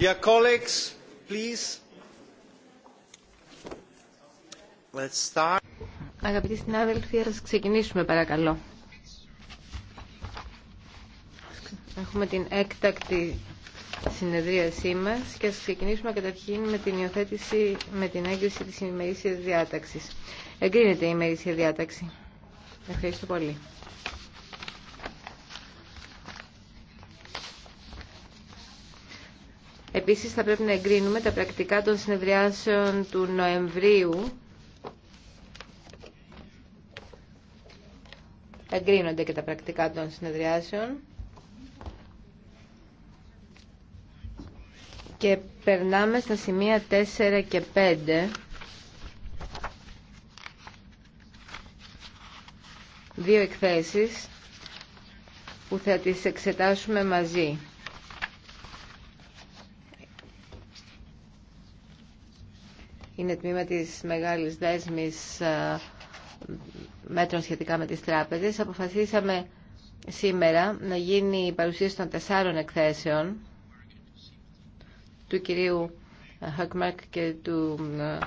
Dear colleagues, please. Let's start. Αγαπητοί συνάδελφοι, ας ξεκινήσουμε παρακαλώ. Έχουμε την έκτακτη συνεδρίασή μας και ας ξεκινήσουμε καταρχήν με την υιοθέτηση, με την έγκριση της ημερήσιας διάταξης. Εγκρίνεται η ημερήσια διάταξη. Ευχαριστώ πολύ. Επίσης θα πρέπει να εγκρίνουμε τα πρακτικά των συνεδριάσεων του Νοεμβρίου. Εγκρίνονται και τα πρακτικά των συνεδριάσεων. Και περνάμε στα σημεία 4 και 5. Δύο εκθέσεις που θα τις εξετάσουμε μαζί. είναι τμήμα της μεγάλης δέσμης ε, μέτρων σχετικά με τις τράπεζες. Αποφασίσαμε σήμερα να γίνει η παρουσίαση των τεσσάρων εκθέσεων του κυρίου Χακμάκ ε, και του ε,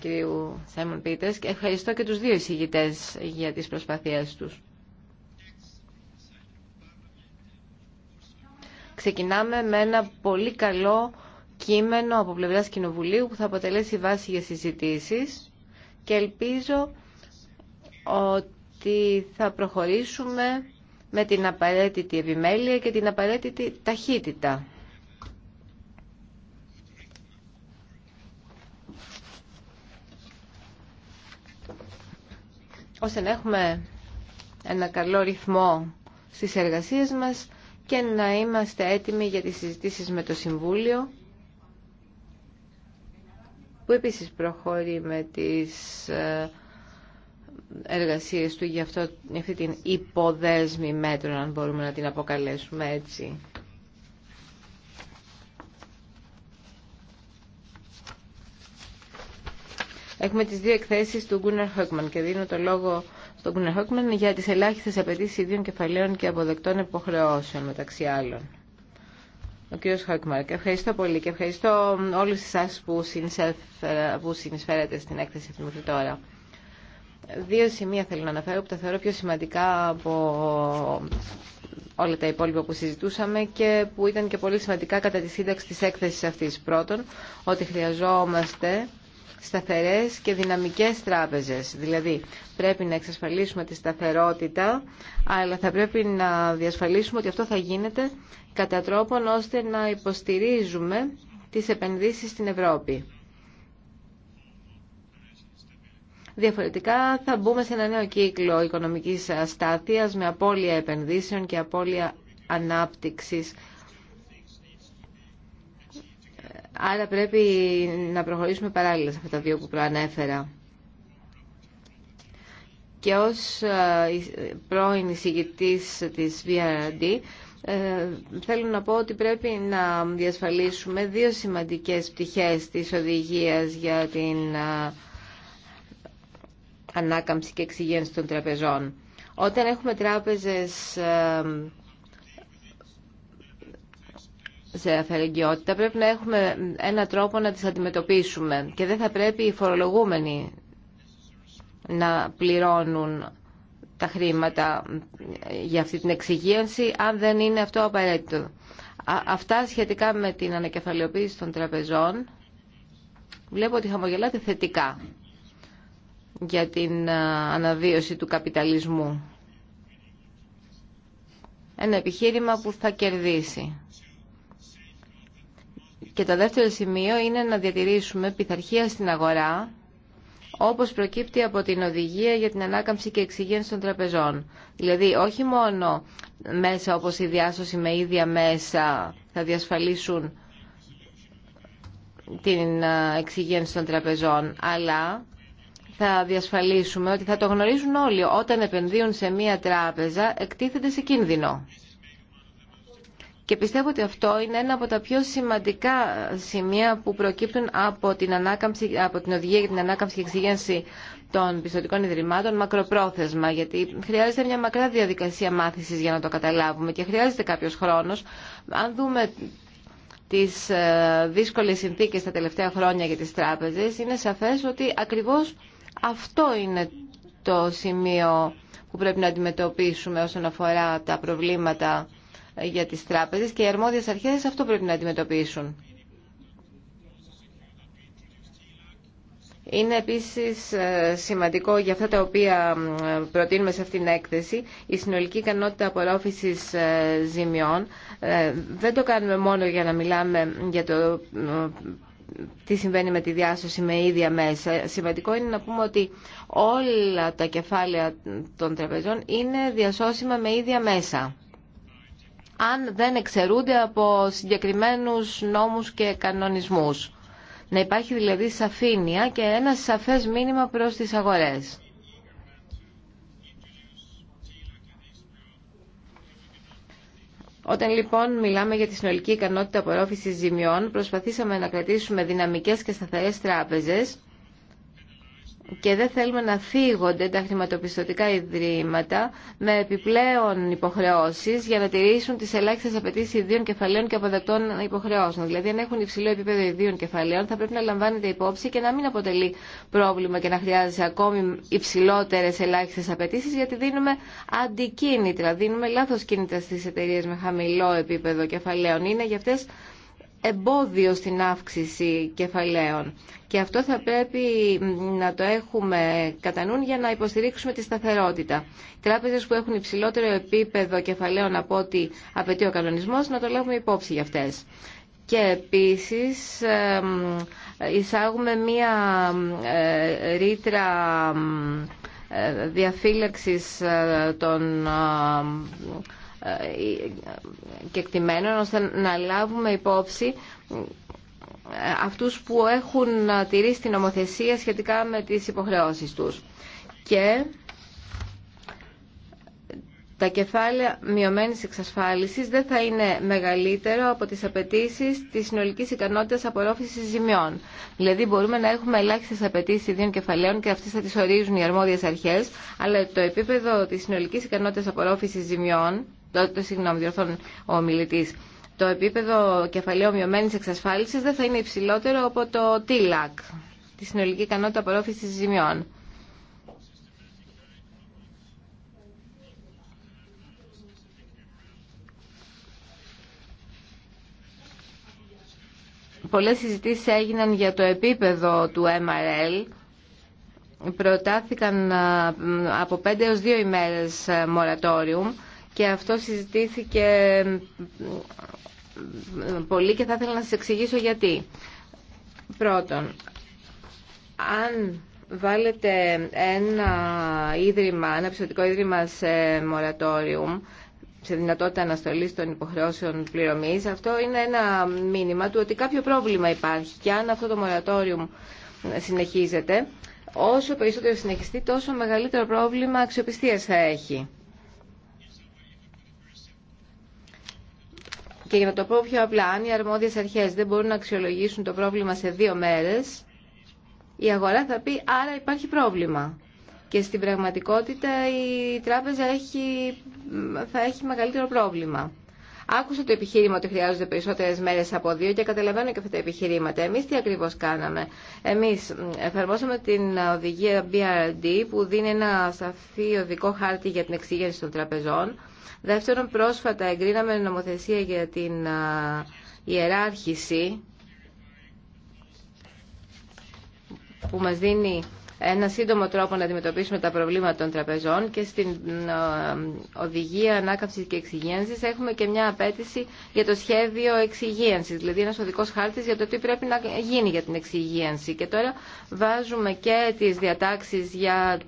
κυρίου Σάιμον Πίτες και ευχαριστώ και τους δύο εισηγητές για τις προσπαθίες τους. Ξεκινάμε με ένα πολύ καλό κείμενο από πλευράς Κοινοβουλίου που θα αποτελέσει βάση για συζητήσεις και ελπίζω ότι θα προχωρήσουμε με την απαραίτητη επιμέλεια και την απαραίτητη ταχύτητα. ώστε να έχουμε ένα καλό ρυθμό στις εργασίες μας και να είμαστε έτοιμοι για τις συζητήσεις με το Συμβούλιο που επίσης προχωρεί με τις ε, εργασίες του για, αυτό, αυτή την υποδέσμη μέτρων, αν μπορούμε να την αποκαλέσουμε έτσι. Έχουμε τις δύο εκθέσεις του Γκούναρ Χόκμαν και δίνω το λόγο στον Γκούνερ Χόκμαν για τις ελάχιστες απαιτήσεις ιδίων κεφαλαίων και αποδεκτών υποχρεώσεων μεταξύ άλλων. Ο κύριος Χόικμαρκ, ευχαριστώ πολύ και ευχαριστώ όλους εσάς που, που συνεισφέρετε στην έκθεση αυτή μέχρι τώρα. Δύο σημεία θέλω να αναφέρω που τα θεωρώ πιο σημαντικά από όλα τα υπόλοιπα που συζητούσαμε και που ήταν και πολύ σημαντικά κατά τη σύνταξη της έκθεσης αυτής. Πρώτον, ότι χρειαζόμαστε σταθερές και δυναμικές τράπεζες. Δηλαδή πρέπει να εξασφαλίσουμε τη σταθερότητα, αλλά θα πρέπει να διασφαλίσουμε ότι αυτό θα γίνεται κατά τρόπον ώστε να υποστηρίζουμε τις επενδύσεις στην Ευρώπη. Διαφορετικά θα μπούμε σε ένα νέο κύκλο οικονομικής αστάθειας με απώλεια επενδύσεων και απώλεια ανάπτυξης Άρα πρέπει να προχωρήσουμε παράλληλα σε αυτά τα δύο που προανέφερα. Και ως ε, πρώην εισηγητής της VRD ε, θέλω να πω ότι πρέπει να διασφαλίσουμε δύο σημαντικές πτυχές της οδηγίας για την ε, ανάκαμψη και εξυγένση των τραπεζών. Όταν έχουμε τράπεζες σε αφαιρεγγιότητα, πρέπει να έχουμε ένα τρόπο να τις αντιμετωπίσουμε και δεν θα πρέπει οι φορολογούμενοι να πληρώνουν τα χρήματα για αυτή την εξυγίανση, αν δεν είναι αυτό απαραίτητο. Αυτά σχετικά με την ανακεφαλαιοποίηση των τραπεζών, βλέπω ότι χαμογελάτε θετικά για την αναβίωση του καπιταλισμού. Ένα επιχείρημα που θα κερδίσει. Και το δεύτερο σημείο είναι να διατηρήσουμε πειθαρχία στην αγορά, όπως προκύπτει από την οδηγία για την ανάκαμψη και εξυγένση των τραπεζών. Δηλαδή, όχι μόνο μέσα όπως η διάσωση με ίδια μέσα θα διασφαλίσουν την ε, εξυγένση των τραπεζών, αλλά θα διασφαλίσουμε ότι θα το γνωρίζουν όλοι όταν επενδύουν σε μία τράπεζα εκτίθεται σε κίνδυνο. Και πιστεύω ότι αυτό είναι ένα από τα πιο σημαντικά σημεία που προκύπτουν από την, ανάκαμψη, από την οδηγία για την ανάκαμψη και εξηγένση των πιστοτικών ιδρυμάτων μακροπρόθεσμα, γιατί χρειάζεται μια μακρά διαδικασία μάθηση για να το καταλάβουμε και χρειάζεται κάποιο χρόνο. Αν δούμε τις ε, δύσκολε συνθήκε τα τελευταία χρόνια για τι τράπεζε, είναι σαφέ ότι ακριβώ αυτό είναι το σημείο που πρέπει να αντιμετωπίσουμε όσον αφορά τα προβλήματα για τις τράπεζες και οι αρμόδιες αρχές αυτό πρέπει να αντιμετωπίσουν. Είναι επίσης ε, σημαντικό για αυτά τα οποία προτείνουμε σε αυτήν την έκθεση η συνολική ικανότητα απορρόφησης ε, ζημιών. Ε, δεν το κάνουμε μόνο για να μιλάμε για το τι συμβαίνει με τη διάσωση με ίδια μέσα. Σημαντικό είναι να πούμε ότι όλα τα κεφάλαια των τραπεζών είναι διασώσιμα με ίδια μέσα αν δεν εξαιρούνται από συγκεκριμένους νόμους και κανονισμούς. Να υπάρχει δηλαδή σαφήνεια και ένα σαφές μήνυμα προς τις αγορές. Όταν λοιπόν μιλάμε για τη συνολική ικανότητα απορρόφησης ζημιών, προσπαθήσαμε να κρατήσουμε δυναμικές και σταθερές τράπεζες, και δεν θέλουμε να θίγονται τα χρηματοπιστωτικά ιδρύματα με επιπλέον υποχρεώσεις για να τηρήσουν τις ελάχιστες απαιτήσει ιδίων κεφαλαίων και αποδεκτών υποχρεώσεων. Δηλαδή, αν έχουν υψηλό επίπεδο ιδίων κεφαλαίων, θα πρέπει να λαμβάνεται υπόψη και να μην αποτελεί πρόβλημα και να χρειάζεται ακόμη υψηλότερε ελάχιστε απαιτήσει, γιατί δίνουμε αντικίνητρα, δίνουμε λάθος κίνητρα στις εταιρείε με χαμηλό επίπεδο κεφαλαίων. Είναι για αυτές εμπόδιο στην αύξηση κεφαλαίων. Και αυτό θα πρέπει να το έχουμε κατά νου για να υποστηρίξουμε τη σταθερότητα. Τράπεζες που έχουν υψηλότερο επίπεδο κεφαλαίων από ό,τι απαιτεί ο κανονισμός, να το λάβουμε υπόψη για αυτές. Και επίσης εισάγουμε μία ε, ρήτρα ε, διαφύλαξης ε, των κεκτημένων ώστε να λάβουμε υπόψη αυτούς που έχουν τηρήσει την νομοθεσία σχετικά με τις υποχρεώσεις τους. Και τα κεφάλαια μειωμένης εξασφάλισης δεν θα είναι μεγαλύτερο από τις απαιτήσει της συνολικής ικανότητας απορρόφησης ζημιών. Δηλαδή μπορούμε να έχουμε ελάχιστες απαιτήσει ιδίων κεφαλαίων και αυτές θα τις ορίζουν οι αρμόδιες αρχές, αλλά το επίπεδο της συνολικής ικανότητας απορρόφησης ζημιών, το, το συγγνώμη, διορθώνει ο το επίπεδο κεφαλαίου μειωμένη εξασφάλισης δεν θα είναι υψηλότερο από το TILAC, τη συνολική ικανότητα απορρόφησης ζημιών. Πολλές συζητήσεις έγιναν για το επίπεδο του MRL. Προτάθηκαν από 5 έως 2 ημέρες μορατόριου και αυτό συζητήθηκε πολύ και θα ήθελα να σας εξηγήσω γιατί. Πρώτον, αν βάλετε ένα ίδρυμα, ένα πιστοτικό ίδρυμα σε μορατόριου, σε δυνατότητα αναστολής των υποχρεώσεων πληρωμής, αυτό είναι ένα μήνυμα του ότι κάποιο πρόβλημα υπάρχει και αν αυτό το μορατόριου συνεχίζεται, όσο περισσότερο συνεχιστεί, τόσο μεγαλύτερο πρόβλημα αξιοπιστίας θα έχει. Και για να το πω πιο απλά, αν οι αρμόδιες αρχές δεν μπορούν να αξιολογήσουν το πρόβλημα σε δύο μέρες, η αγορά θα πει άρα υπάρχει πρόβλημα. Και στην πραγματικότητα η τράπεζα έχει, θα έχει μεγαλύτερο πρόβλημα. Άκουσα το επιχείρημα ότι χρειάζονται περισσότερε μέρε από δύο και καταλαβαίνω και αυτά τα επιχειρήματα. Εμεί τι ακριβώ κάναμε. Εμεί εφαρμόσαμε την οδηγία BRD που δίνει ένα σαφή οδικό χάρτη για την εξήγηση των τραπεζών Δεύτερον, πρόσφατα εγκρίναμε νομοθεσία για την ιεράρχηση που μας δίνει ένα σύντομο τρόπο να αντιμετωπίσουμε τα προβλήματα των τραπεζών και στην οδηγία ανάκαμψη και εξυγίανση έχουμε και μια απέτηση για το σχέδιο εξυγίανση, δηλαδή ένα οδικό χάρτη για το τι πρέπει να γίνει για την εξυγίανση. Και τώρα βάζουμε και τι διατάξει για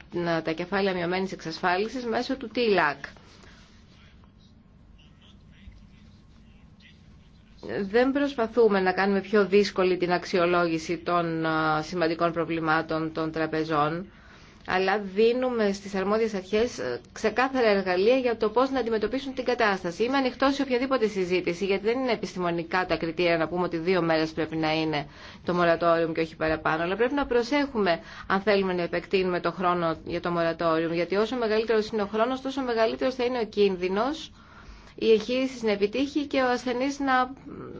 τα κεφάλαια μειωμένη εξασφάλιση μέσω του TILAC. δεν προσπαθούμε να κάνουμε πιο δύσκολη την αξιολόγηση των σημαντικών προβλημάτων των τραπεζών, αλλά δίνουμε στις αρμόδιες αρχές ε, ξεκάθαρα εργαλεία για το πώς να αντιμετωπίσουν την κατάσταση. Είμαι ανοιχτό σε οποιαδήποτε συζήτηση, γιατί δεν είναι επιστημονικά τα κριτήρια να πούμε ότι δύο μέρες πρέπει να είναι το μορατόριο και όχι παραπάνω, αλλά πρέπει να προσέχουμε αν θέλουμε να επεκτείνουμε το χρόνο για το μορατόριο, γιατί όσο μεγαλύτερος είναι ο χρόνος, τόσο μεγαλύτερο θα είναι ο κίνδυνος η εγχείρηση να επιτύχει και ο ασθενής να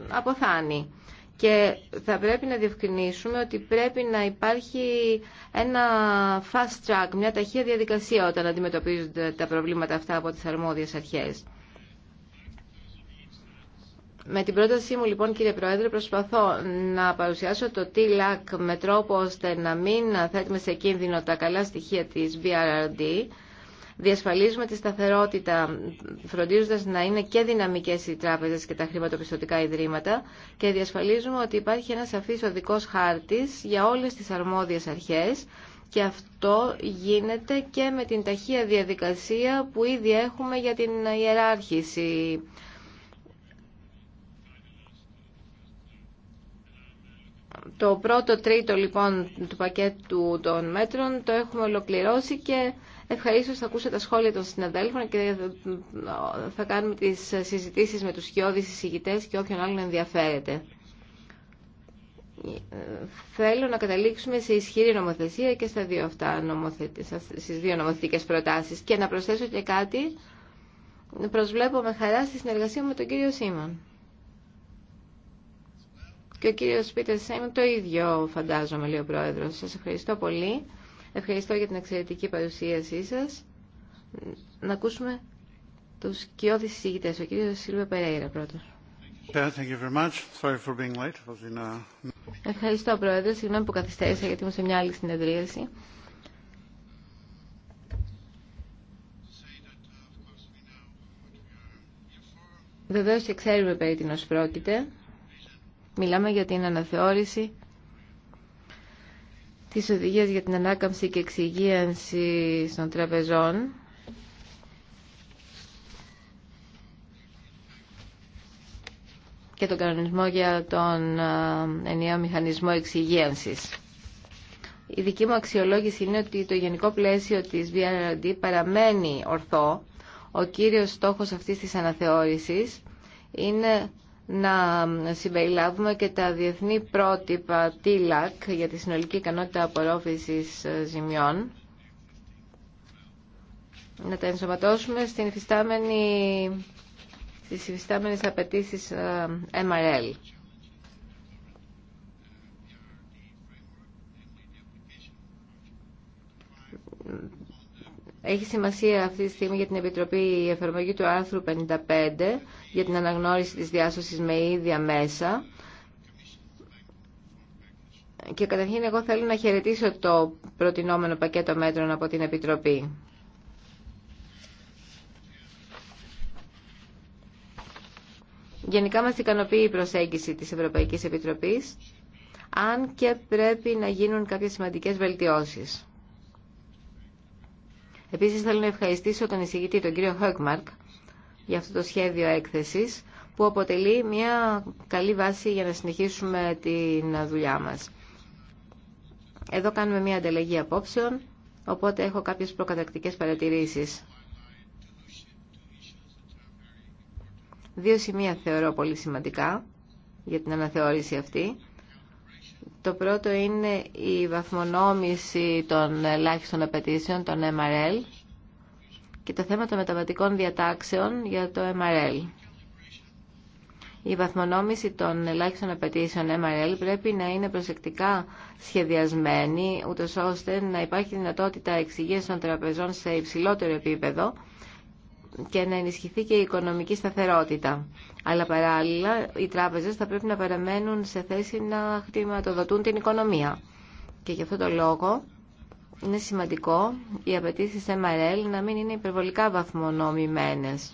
αποθάνει. Και θα πρέπει να διευκρινίσουμε ότι πρέπει να υπάρχει ένα fast track, μια ταχεία διαδικασία όταν αντιμετωπίζονται τα προβλήματα αυτά από τις αρμόδιες αρχές. Με την πρότασή μου λοιπόν κύριε Πρόεδρε προσπαθώ να παρουσιάσω το TLAC με τρόπο ώστε να μην θέτουμε σε κίνδυνο τα καλά στοιχεία της BRRD διασφαλίζουμε τη σταθερότητα φροντίζοντας να είναι και δυναμικές οι τράπεζες και τα χρηματοπιστωτικά ιδρύματα και διασφαλίζουμε ότι υπάρχει ένα σαφής οδικός χάρτης για όλες τις αρμόδιες αρχές και αυτό γίνεται και με την ταχεία διαδικασία που ήδη έχουμε για την ιεράρχηση. Το πρώτο τρίτο λοιπόν του πακέτου των μέτρων το έχουμε ολοκληρώσει και Ευχαρίστω θα ακούσω τα σχόλια των συναδέλφων και θα κάνουμε τι συζητήσει με του χιώδει συζητητέ και όποιον άλλον ενδιαφέρεται. Θέλω να καταλήξουμε σε ισχυρή νομοθεσία και στα δύο αυτά στις δύο νομοθετικές προτάσεις και να προσθέσω και κάτι προσβλέπω με χαρά στη συνεργασία με τον κύριο Σίμαν. Και ο κύριος Πίτερ Σέιμον το ίδιο φαντάζομαι, λέει ο Πρόεδρος. Σας ευχαριστώ πολύ. Ευχαριστώ για την εξαιρετική παρουσίασή σας. Να ακούσουμε τους κοιόδης συζητητές. Ο κύριος Σίλβε Περέιρα πρώτος. Ευχαριστώ, Πρόεδρε. Συγγνώμη που καθυστέρησα γιατί ήμουν σε μια άλλη συνεδρίαση. Βεβαίως και ξέρουμε περί την πρόκειται. Μιλάμε για την αναθεώρηση τις οδηγίες για την Ανάκαμψη και Εξυγίανση των Τραπεζών και τον κανονισμό για τον ενιαίο μηχανισμό εξυγίανσης. Η δική μου αξιολόγηση είναι ότι το γενικό πλαίσιο της BRD παραμένει ορθό. Ο κύριος στόχος αυτής της αναθεώρησης είναι να συμπεριλάβουμε και τα διεθνή πρότυπα TILAC για τη συνολική ικανότητα απορρόφησης ε, ζημιών να τα ενσωματώσουμε στην υφιστάμενη, στις υφιστάμενες απαιτήσεις ε, MRL. Έχει σημασία αυτή τη στιγμή για την Επιτροπή η εφαρμογή του άρθρου 55 για την αναγνώριση της διάσωσης με ίδια μέσα. Και καταρχήν εγώ θέλω να χαιρετήσω το προτινόμενο πακέτο μέτρων από την Επιτροπή. Γενικά μας ικανοποιεί η προσέγγιση της Ευρωπαϊκής Επιτροπής, αν και πρέπει να γίνουν κάποιες σημαντικές βελτιώσεις. Επίσης θέλω να ευχαριστήσω τον εισηγητή, τον κύριο Χόκμαρκ, για αυτό το σχέδιο έκθεσης, που αποτελεί μια καλή βάση για να συνεχίσουμε την δουλειά μας. Εδώ κάνουμε μια ανταλλαγή απόψεων, οπότε έχω κάποιες προκατακτικές παρατηρήσεις. Δύο σημεία θεωρώ πολύ σημαντικά για την αναθεώρηση αυτή. Το πρώτο είναι η βαθμονόμηση των ελάχιστων απαιτήσεων, των MRL, και το θέμα των μεταβατικών διατάξεων για το MRL. Η βαθμονόμηση των ελάχιστων απαιτήσεων MRL πρέπει να είναι προσεκτικά σχεδιασμένη, ούτως ώστε να υπάρχει δυνατότητα εξηγήσεων των τραπεζών σε υψηλότερο επίπεδο και να ενισχυθεί και η οικονομική σταθερότητα. Αλλά παράλληλα οι τράπεζες θα πρέπει να παραμένουν σε θέση να χρηματοδοτούν την οικονομία. Και γι' αυτό το λόγο είναι σημαντικό οι απαιτήσει MRL να μην είναι υπερβολικά βαθμονομημένες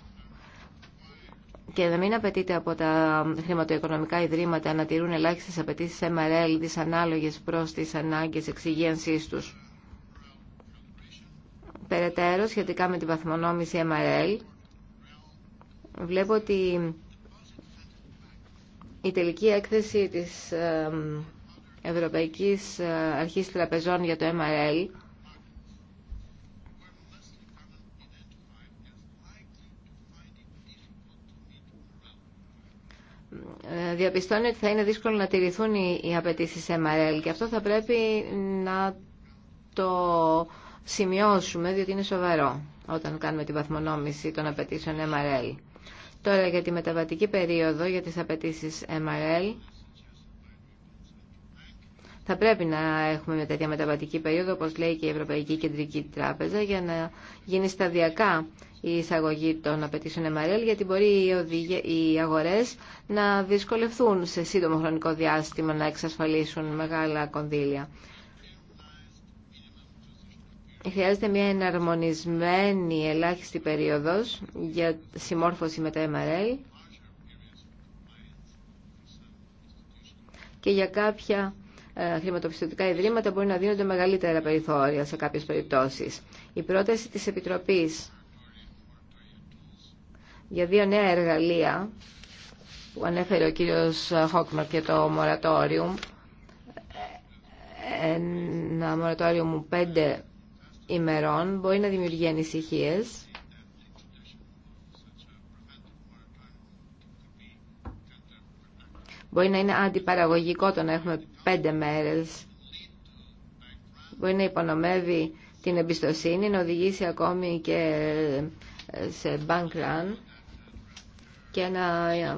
και να μην απαιτείται από τα χρηματοοικονομικά ιδρύματα να τηρούν ελάχιστες απαιτήσει MRL δυσανάλογες προς τις ανάγκες εξυγένσής τους. Περαιτέρω, σχετικά με την βαθμονόμηση MRL, βλέπω ότι η τελική έκθεση της Ευρωπαϊκής ε, Αρχής Τραπεζών για το MRL διαπιστώνει ότι θα είναι δύσκολο να τηρηθούν οι απαιτήσεις MRL και αυτό θα πρέπει να το σημειώσουμε, διότι είναι σοβαρό όταν κάνουμε τη βαθμονόμηση των απαιτήσεων MRL. Τώρα για τη μεταβατική περίοδο για τις απαιτήσει MRL θα πρέπει να έχουμε με τέτοια μεταβατική περίοδο, όπως λέει και η Ευρωπαϊκή Κεντρική Τράπεζα, για να γίνει σταδιακά η εισαγωγή των απαιτήσεων MRL, γιατί μπορεί οι αγορές να δυσκολευθούν σε σύντομο χρονικό διάστημα να εξασφαλίσουν μεγάλα κονδύλια. Χρειάζεται μια εναρμονισμένη ελάχιστη περίοδος για συμμόρφωση με τα MRL και για κάποια ε, χρηματοπιστωτικά ιδρύματα μπορεί να δίνονται μεγαλύτερα περιθώρια σε κάποιες περιπτώσεις. Η πρόταση της Επιτροπής για δύο νέα εργαλεία που ανέφερε ο κύριος Χόκμαρ και το Μορατόριου ε, ε, ένα μορατόριο μου πέντε ημερών μπορεί να δημιουργεί ανησυχίε. Μπορεί να είναι αντιπαραγωγικό το να έχουμε πέντε μέρες. Μπορεί να υπονομεύει την εμπιστοσύνη, να οδηγήσει ακόμη και ε, σε bank run και να ε,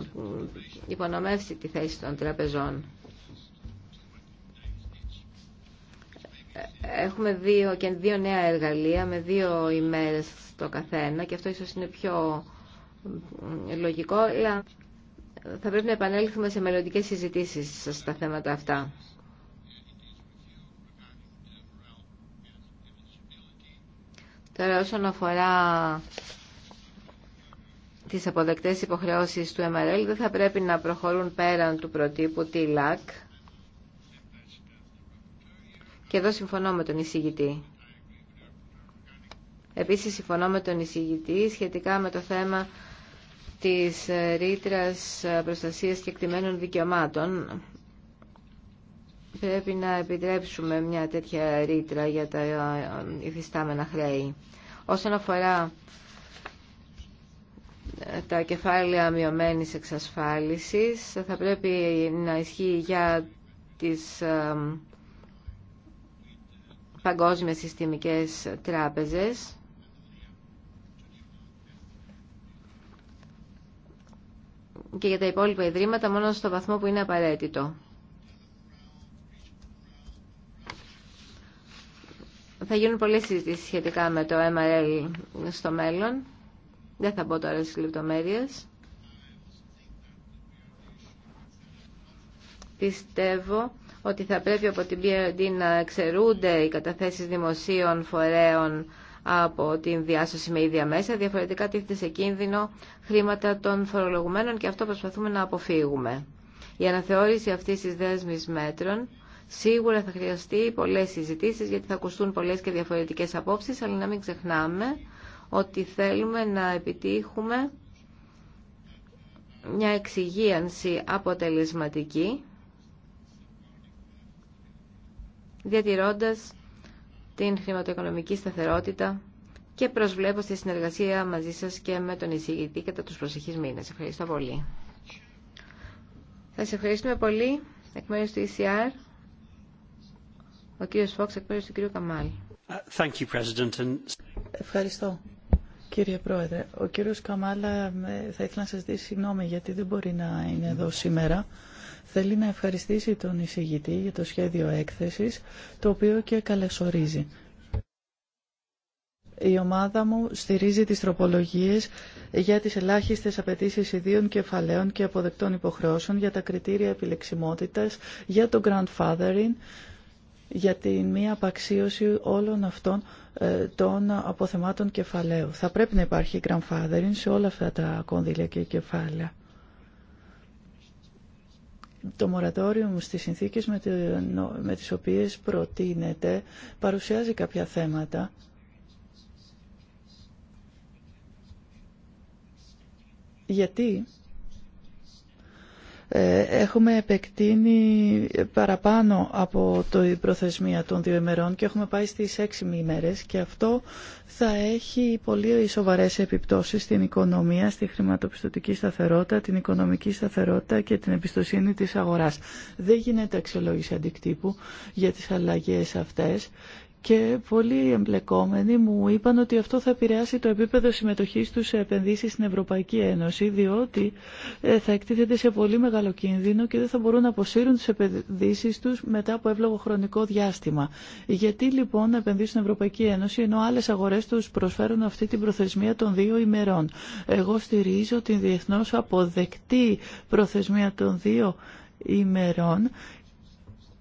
υπονομεύσει τη θέση των τραπεζών. Έχουμε δύο και δύο νέα εργαλεία με δύο ημέρες το καθένα και αυτό ίσως είναι πιο λογικό, αλλά θα πρέπει να επανέλθουμε σε μελλοντικές συζητήσεις στα θέματα αυτά. Τώρα όσον αφορά τις αποδεκτές υποχρεώσεις του MRL δεν θα πρέπει να προχωρούν πέραν του προτύπου ΛΑΚ. Και εδώ συμφωνώ με τον εισηγητή. Επίσης συμφωνώ με τον εισηγητή σχετικά με το θέμα της ε, ρήτρα ε, προστασίας και εκτιμένων δικαιωμάτων. Πρέπει να επιτρέψουμε μια τέτοια ρήτρα για τα ε, υφιστάμενα χρέη. Όσον αφορά τα κεφάλαια μειωμένης εξασφάλισης, θα πρέπει να ισχύει για τις παγκόσμιες συστημικές τράπεζες και για τα υπόλοιπα ιδρύματα μόνο στο βαθμό που είναι απαραίτητο. Θα γίνουν πολλές συζητήσεις σχετικά με το MRL στο μέλλον. Δεν θα μπω τώρα στις λεπτομέρειες. Πιστεύω ότι θα πρέπει από την BRD να εξαιρούνται οι καταθέσεις δημοσίων φορέων από την διάσωση με ίδια μέσα, διαφορετικά τίθεται σε κίνδυνο χρήματα των φορολογουμένων και αυτό προσπαθούμε να αποφύγουμε. Η αναθεώρηση αυτής της δέσμης μέτρων σίγουρα θα χρειαστεί πολλές συζητήσει γιατί θα ακουστούν πολλές και διαφορετικές απόψεις, αλλά να μην ξεχνάμε ότι θέλουμε να επιτύχουμε μια εξυγίανση αποτελεσματική διατηρώντας την χρηματοοικονομική σταθερότητα και προσβλέπω στη συνεργασία μαζί σας και με τον εισηγητή κατά τους προσεχείς μήνες. Ευχαριστώ πολύ. Θα σε ευχαριστούμε πολύ εκ μέρους του ECR. Ο κύριος Φόξ εκ μέρους του κύριου Καμάλ. Ευχαριστώ. Κύριε Πρόεδρε, ο κύριος Καμάλα ε, θα ήθελα να σας δει, συγγνώμη γιατί δεν μπορεί να είναι εδώ σήμερα θέλει να ευχαριστήσει τον εισηγητή για το σχέδιο έκθεσης, το οποίο και καλεσορίζει. Η ομάδα μου στηρίζει τις τροπολογίες για τις ελάχιστες απαιτήσεις ιδίων κεφαλαίων και αποδεκτών υποχρεώσεων για τα κριτήρια επιλεξιμότητας, για το grandfathering, για τη μία απαξίωση όλων αυτών ε, των αποθεμάτων κεφαλαίου. Θα πρέπει να υπάρχει grandfathering σε όλα αυτά τα κονδύλια και κεφάλαια. Το μορατόριο μου στις συνθήκες με, το, με τις οποίες προτείνεται παρουσιάζει κάποια θέματα γιατί ε, έχουμε επεκτείνει παραπάνω από το προθεσμία των δύο ημερών και έχουμε πάει στις έξι ημέρες και αυτό θα έχει πολύ σοβαρές επιπτώσεις στην οικονομία, στη χρηματοπιστωτική σταθερότητα, την οικονομική σταθερότητα και την εμπιστοσύνη της αγοράς. Δεν γίνεται αξιολόγηση αντικτύπου για τις αλλαγές αυτές και πολλοί εμπλεκόμενοι μου είπαν ότι αυτό θα επηρεάσει το επίπεδο συμμετοχής τους σε επενδύσεις στην Ευρωπαϊκή Ένωση διότι ε, θα εκτίθεται σε πολύ μεγάλο κίνδυνο και δεν θα μπορούν να αποσύρουν τις επενδύσεις τους μετά από εύλογο χρονικό διάστημα. Γιατί λοιπόν να επενδύσουν στην Ευρωπαϊκή Ένωση ενώ άλλες αγορές τους προσφέρουν αυτή την προθεσμία των δύο ημερών. Εγώ στηρίζω την διεθνώς αποδεκτή προθεσμία των δύο ημερών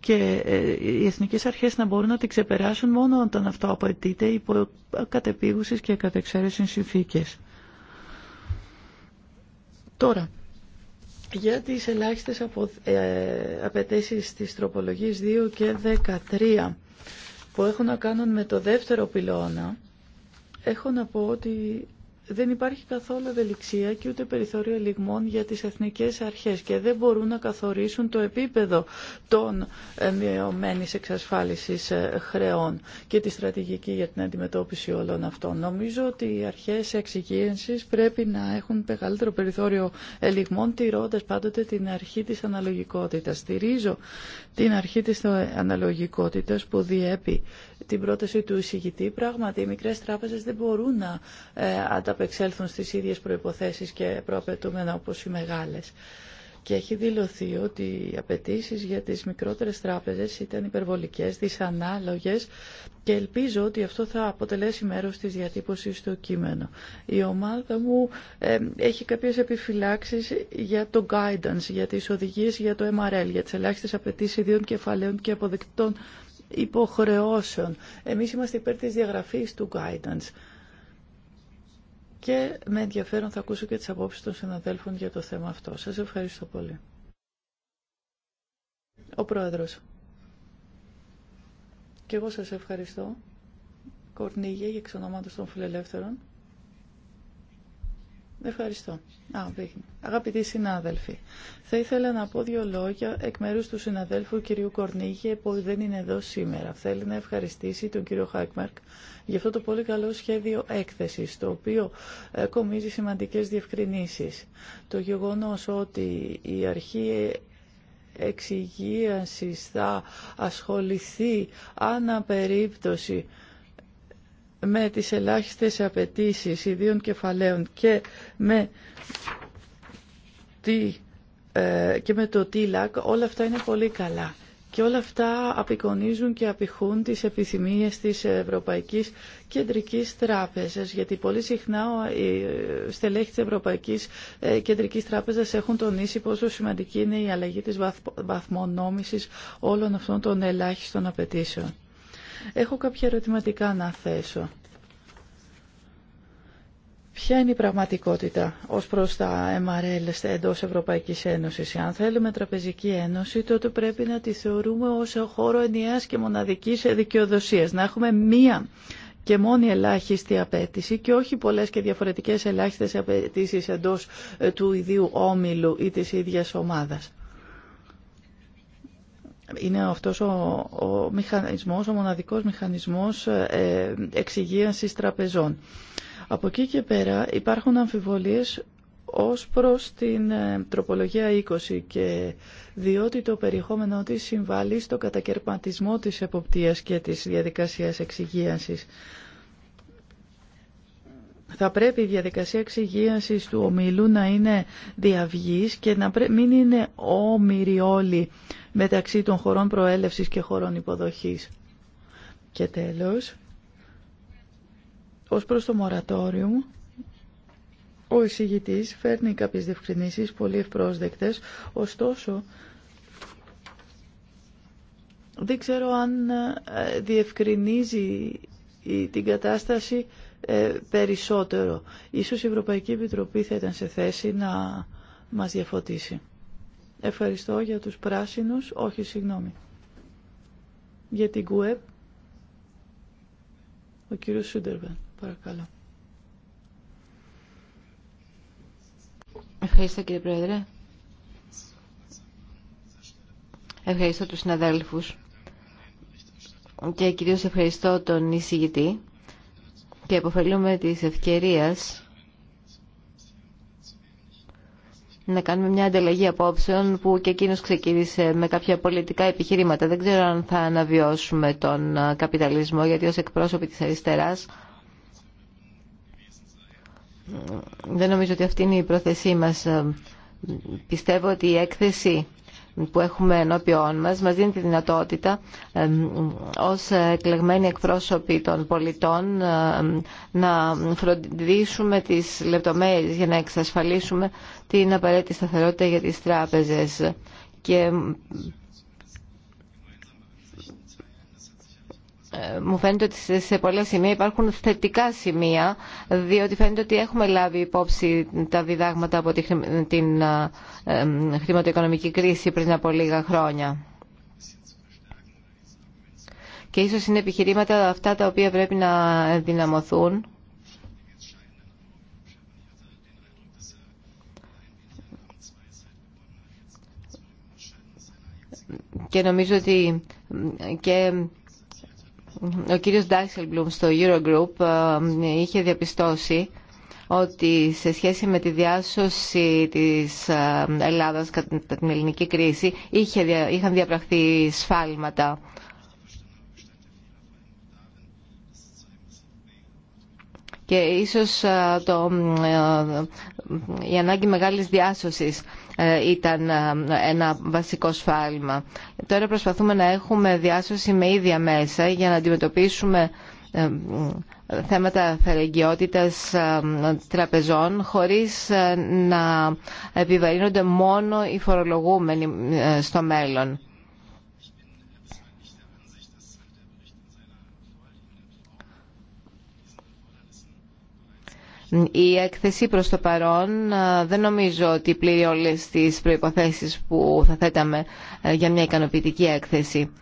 και ε, οι εθνικές αρχές να μπορούν να την ξεπεράσουν μόνο όταν αυτό απαιτείται υπό κατεπίγουσες και κατεξαίρεσιν συνθήκες. Τώρα, για τις ελάχιστες απο... ε, απαιτήσεις της τροπολογίας 2 και 13 που έχουν να κάνουν με το δεύτερο πυλώνα, έχω να πω ότι δεν υπάρχει καθόλου ευελιξία και ούτε περιθώριο ελιγμών για τις εθνικές αρχές και δεν μπορούν να καθορίσουν το επίπεδο των μειωμένης εξασφάλισης ε, χρεών και τη στρατηγική για την αντιμετώπιση όλων αυτών. Νομίζω ότι οι αρχές εξυγίανσης πρέπει να έχουν μεγαλύτερο περιθώριο ελιγμών τηρώντας πάντοτε την αρχή της αναλογικότητας. Στηρίζω την αρχή της αναλογικότητας που διέπει την πρόταση του εισηγητή. Πράγματι, οι μικρές τράπεζες δεν μπορούν να ε, ανταπεξέλθουν στις ίδιες προϋποθέσεις και προαπαιτούμενα όπως οι μεγάλες και έχει δηλωθεί ότι οι απαιτήσει για τις μικρότερες τράπεζες ήταν υπερβολικές, δυσανάλογες και ελπίζω ότι αυτό θα αποτελέσει μέρος της διατύπωσης του κείμενου. Η ομάδα μου έχει κάποιες επιφυλάξεις για το guidance, για τις οδηγίες για το MRL, για τις ελάχιστες απαιτήσει ιδίων κεφαλαίων και αποδεκτών υποχρεώσεων. Εμείς είμαστε υπέρ της διαγραφής του guidance και με ενδιαφέρον θα ακούσω και τις απόψεις των συναδέλφων για το θέμα αυτό. Σας ευχαριστώ πολύ. Ο Πρόεδρος. Και εγώ σας ευχαριστώ, Κορνίγια, για εξ των Φιλελεύθερων. Ευχαριστώ. Α, Αγαπητοί συνάδελφοι, θα ήθελα να πω δύο λόγια εκ μέρου του συναδέλφου κυρίου Κορνίγε που δεν είναι εδώ σήμερα. Θέλει να ευχαριστήσει τον κύριο Χάκμαρκ για αυτό το πολύ καλό σχέδιο έκθεση, το οποίο ε, κομίζει σημαντικέ διευκρινήσει. Το γεγονό ότι η αρχή εξυγίανση θα ασχοληθεί αναπερίπτωση με τις ελάχιστες απαιτήσεις ιδίων κεφαλαίων και με, ε, και με το TILAC, όλα αυτά είναι πολύ καλά. Και όλα αυτά απεικονίζουν και απηχούν τις επιθυμίες της Ευρωπαϊκής Κεντρικής Τράπεζας, γιατί πολύ συχνά οι ε, στελέχοι της Ευρωπαϊκής ε, Κεντρικής Τράπεζας έχουν τονίσει πόσο σημαντική είναι η αλλαγή της βαθμονόμησης όλων αυτών των ελάχιστων απαιτήσεων. Έχω κάποια ερωτηματικά να θέσω. Ποια είναι η πραγματικότητα ως προς τα MRL εντός Ευρωπαϊκής Ένωσης. Αν θέλουμε τραπεζική ένωση, τότε πρέπει να τη θεωρούμε ως χώρο ενιαίας και μοναδικής δικαιοδοσίας. Να έχουμε μία και μόνη ελάχιστη απέτηση και όχι πολλές και διαφορετικές ελάχιστες απαιτήσει εντός ε, του ιδίου όμιλου ή της ίδιας ομάδας είναι αυτός ο, ο μηχανισμός, ο μοναδικός μηχανισμός ε, τραπεζών. Από εκεί και πέρα υπάρχουν αμφιβολίες ως προς την ε, τροπολογία 20 και διότι το περιεχόμενο της συμβάλλει στο κατακαιρματισμό της εποπτείας και της διαδικασίας εξυγίανσης. Θα πρέπει η διαδικασία εξυγίανσης του ομίλου να είναι διαυγής και να μην είναι όμοιροι όλοι μεταξύ των χωρών προέλευσης και χωρών υποδοχής. Και τέλος, ως προς το μορατόριο, ο εισηγητής φέρνει κάποιες διευκρινήσεις πολύ ευπρόσδεκτες, ωστόσο δεν ξέρω αν ε, διευκρινίζει την κατάσταση ε, περισσότερο. Ίσως η Ευρωπαϊκή Επιτροπή θα ήταν σε θέση να μας διαφωτίσει. Ευχαριστώ για τους πράσινους. Όχι, συγγνώμη. Για την ΚΟΕΠ. Ο κύριος Σούντερβεν, παρακαλώ. Ευχαριστώ κύριε Πρόεδρε. Ευχαριστώ τους συναδέλφους και κυρίως ευχαριστώ τον εισηγητή και αποφελούμε της ευκαιρίας να κάνουμε μια ανταλλαγή απόψεων που και εκείνος ξεκίνησε με κάποια πολιτικά επιχειρήματα. Δεν ξέρω αν θα αναβιώσουμε τον καπιταλισμό γιατί ως εκπρόσωποι της αριστεράς δεν νομίζω ότι αυτή είναι η πρόθεσή μας. Πιστεύω ότι η έκθεση που έχουμε ενώπιόν μας μας δίνει τη δυνατότητα ως εκλεγμένοι εκπρόσωποι των πολιτών να φροντίσουμε τις λεπτομέρειες για να εξασφαλίσουμε την απαραίτητη σταθερότητα για τις τράπεζες. Και μου φαίνεται ότι σε πολλά σημεία υπάρχουν θετικά σημεία, διότι φαίνεται ότι έχουμε λάβει υπόψη τα διδάγματα από την ε, χρηματοοικονομική κρίση πριν από λίγα χρόνια. Και ίσως είναι επιχειρήματα αυτά τα οποία πρέπει να δυναμωθούν. Και νομίζω ότι και ο κύριος Ντάισελμπλουμ στο Eurogroup ε, είχε διαπιστώσει ότι σε σχέση με τη διάσωση της ε, Ελλάδας κατά την ελληνική κρίση είχαν διαπραχθεί σφάλματα και ίσως το, η ανάγκη μεγάλης διάσωσης ε, ήταν ένα βασικό σφάλμα. Τώρα προσπαθούμε να έχουμε διάσωση με ίδια μέσα για να αντιμετωπίσουμε ε, θέματα θερεγγιότητας τραπεζών χωρίς ε, να επιβαρύνονται μόνο οι φορολογούμενοι στο μέλλον. Η έκθεση προς το παρόν ε, δεν νομίζω ότι πλήρει όλες τις προϋποθέσεις που θα θέταμε ε, για μια ικανοποιητική έκθεση.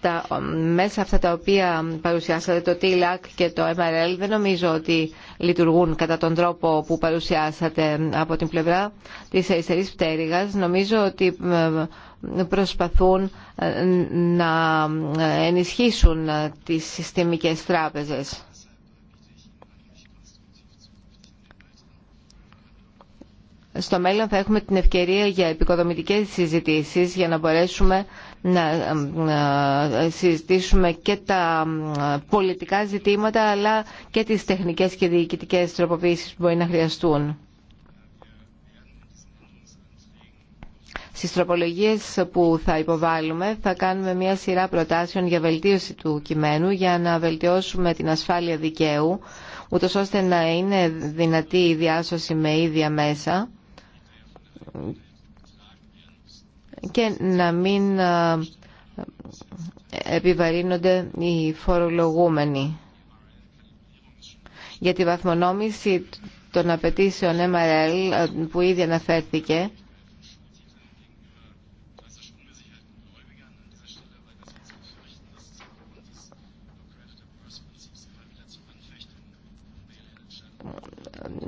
Τα μέσα αυτά τα οποία παρουσιάσατε, το TILAC και το MRL, δεν νομίζω ότι λειτουργούν κατά τον τρόπο που παρουσιάσατε από την πλευρά της αριστερής πτέρυγας. Νομίζω ότι ε, προσπαθούν ε, να ενισχύσουν ε, τις συστημικές τράπεζες. Στο μέλλον θα έχουμε την ευκαιρία για επικοδομητικές συζητήσεις για να μπορέσουμε να ε, συζητήσουμε και τα πολιτικά ζητήματα αλλά και τις τεχνικές και διοικητικές τροποποίησεις που μπορεί να χρειαστούν. Στις τροπολογίες που θα υποβάλουμε θα κάνουμε μια σειρά προτάσεων για βελτίωση του κειμένου για να βελτιώσουμε την ασφάλεια δικαίου ούτως ώστε να είναι δυνατή η διάσωση με ίδια μέσα και να μην επιβαρύνονται οι φορολογούμενοι. Για τη βαθμονόμηση των απαιτήσεων MRL που ήδη αναφέρθηκε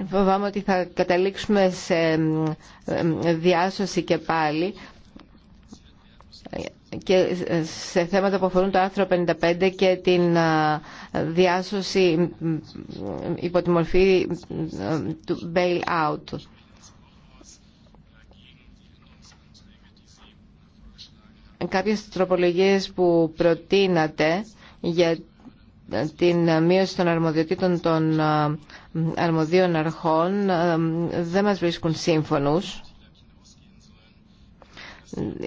φοβάμαι ότι θα καταλήξουμε σε διάσωση και πάλι και σε θέματα που αφορούν το άρθρο 55 και την διάσωση υπό τη μορφή του bail-out. Κάποιες τροπολογίες που προτείνατε για την μείωση των αρμοδιοτήτων των ε, αρμοδίων αρχών ε, δεν μας βρίσκουν σύμφωνους.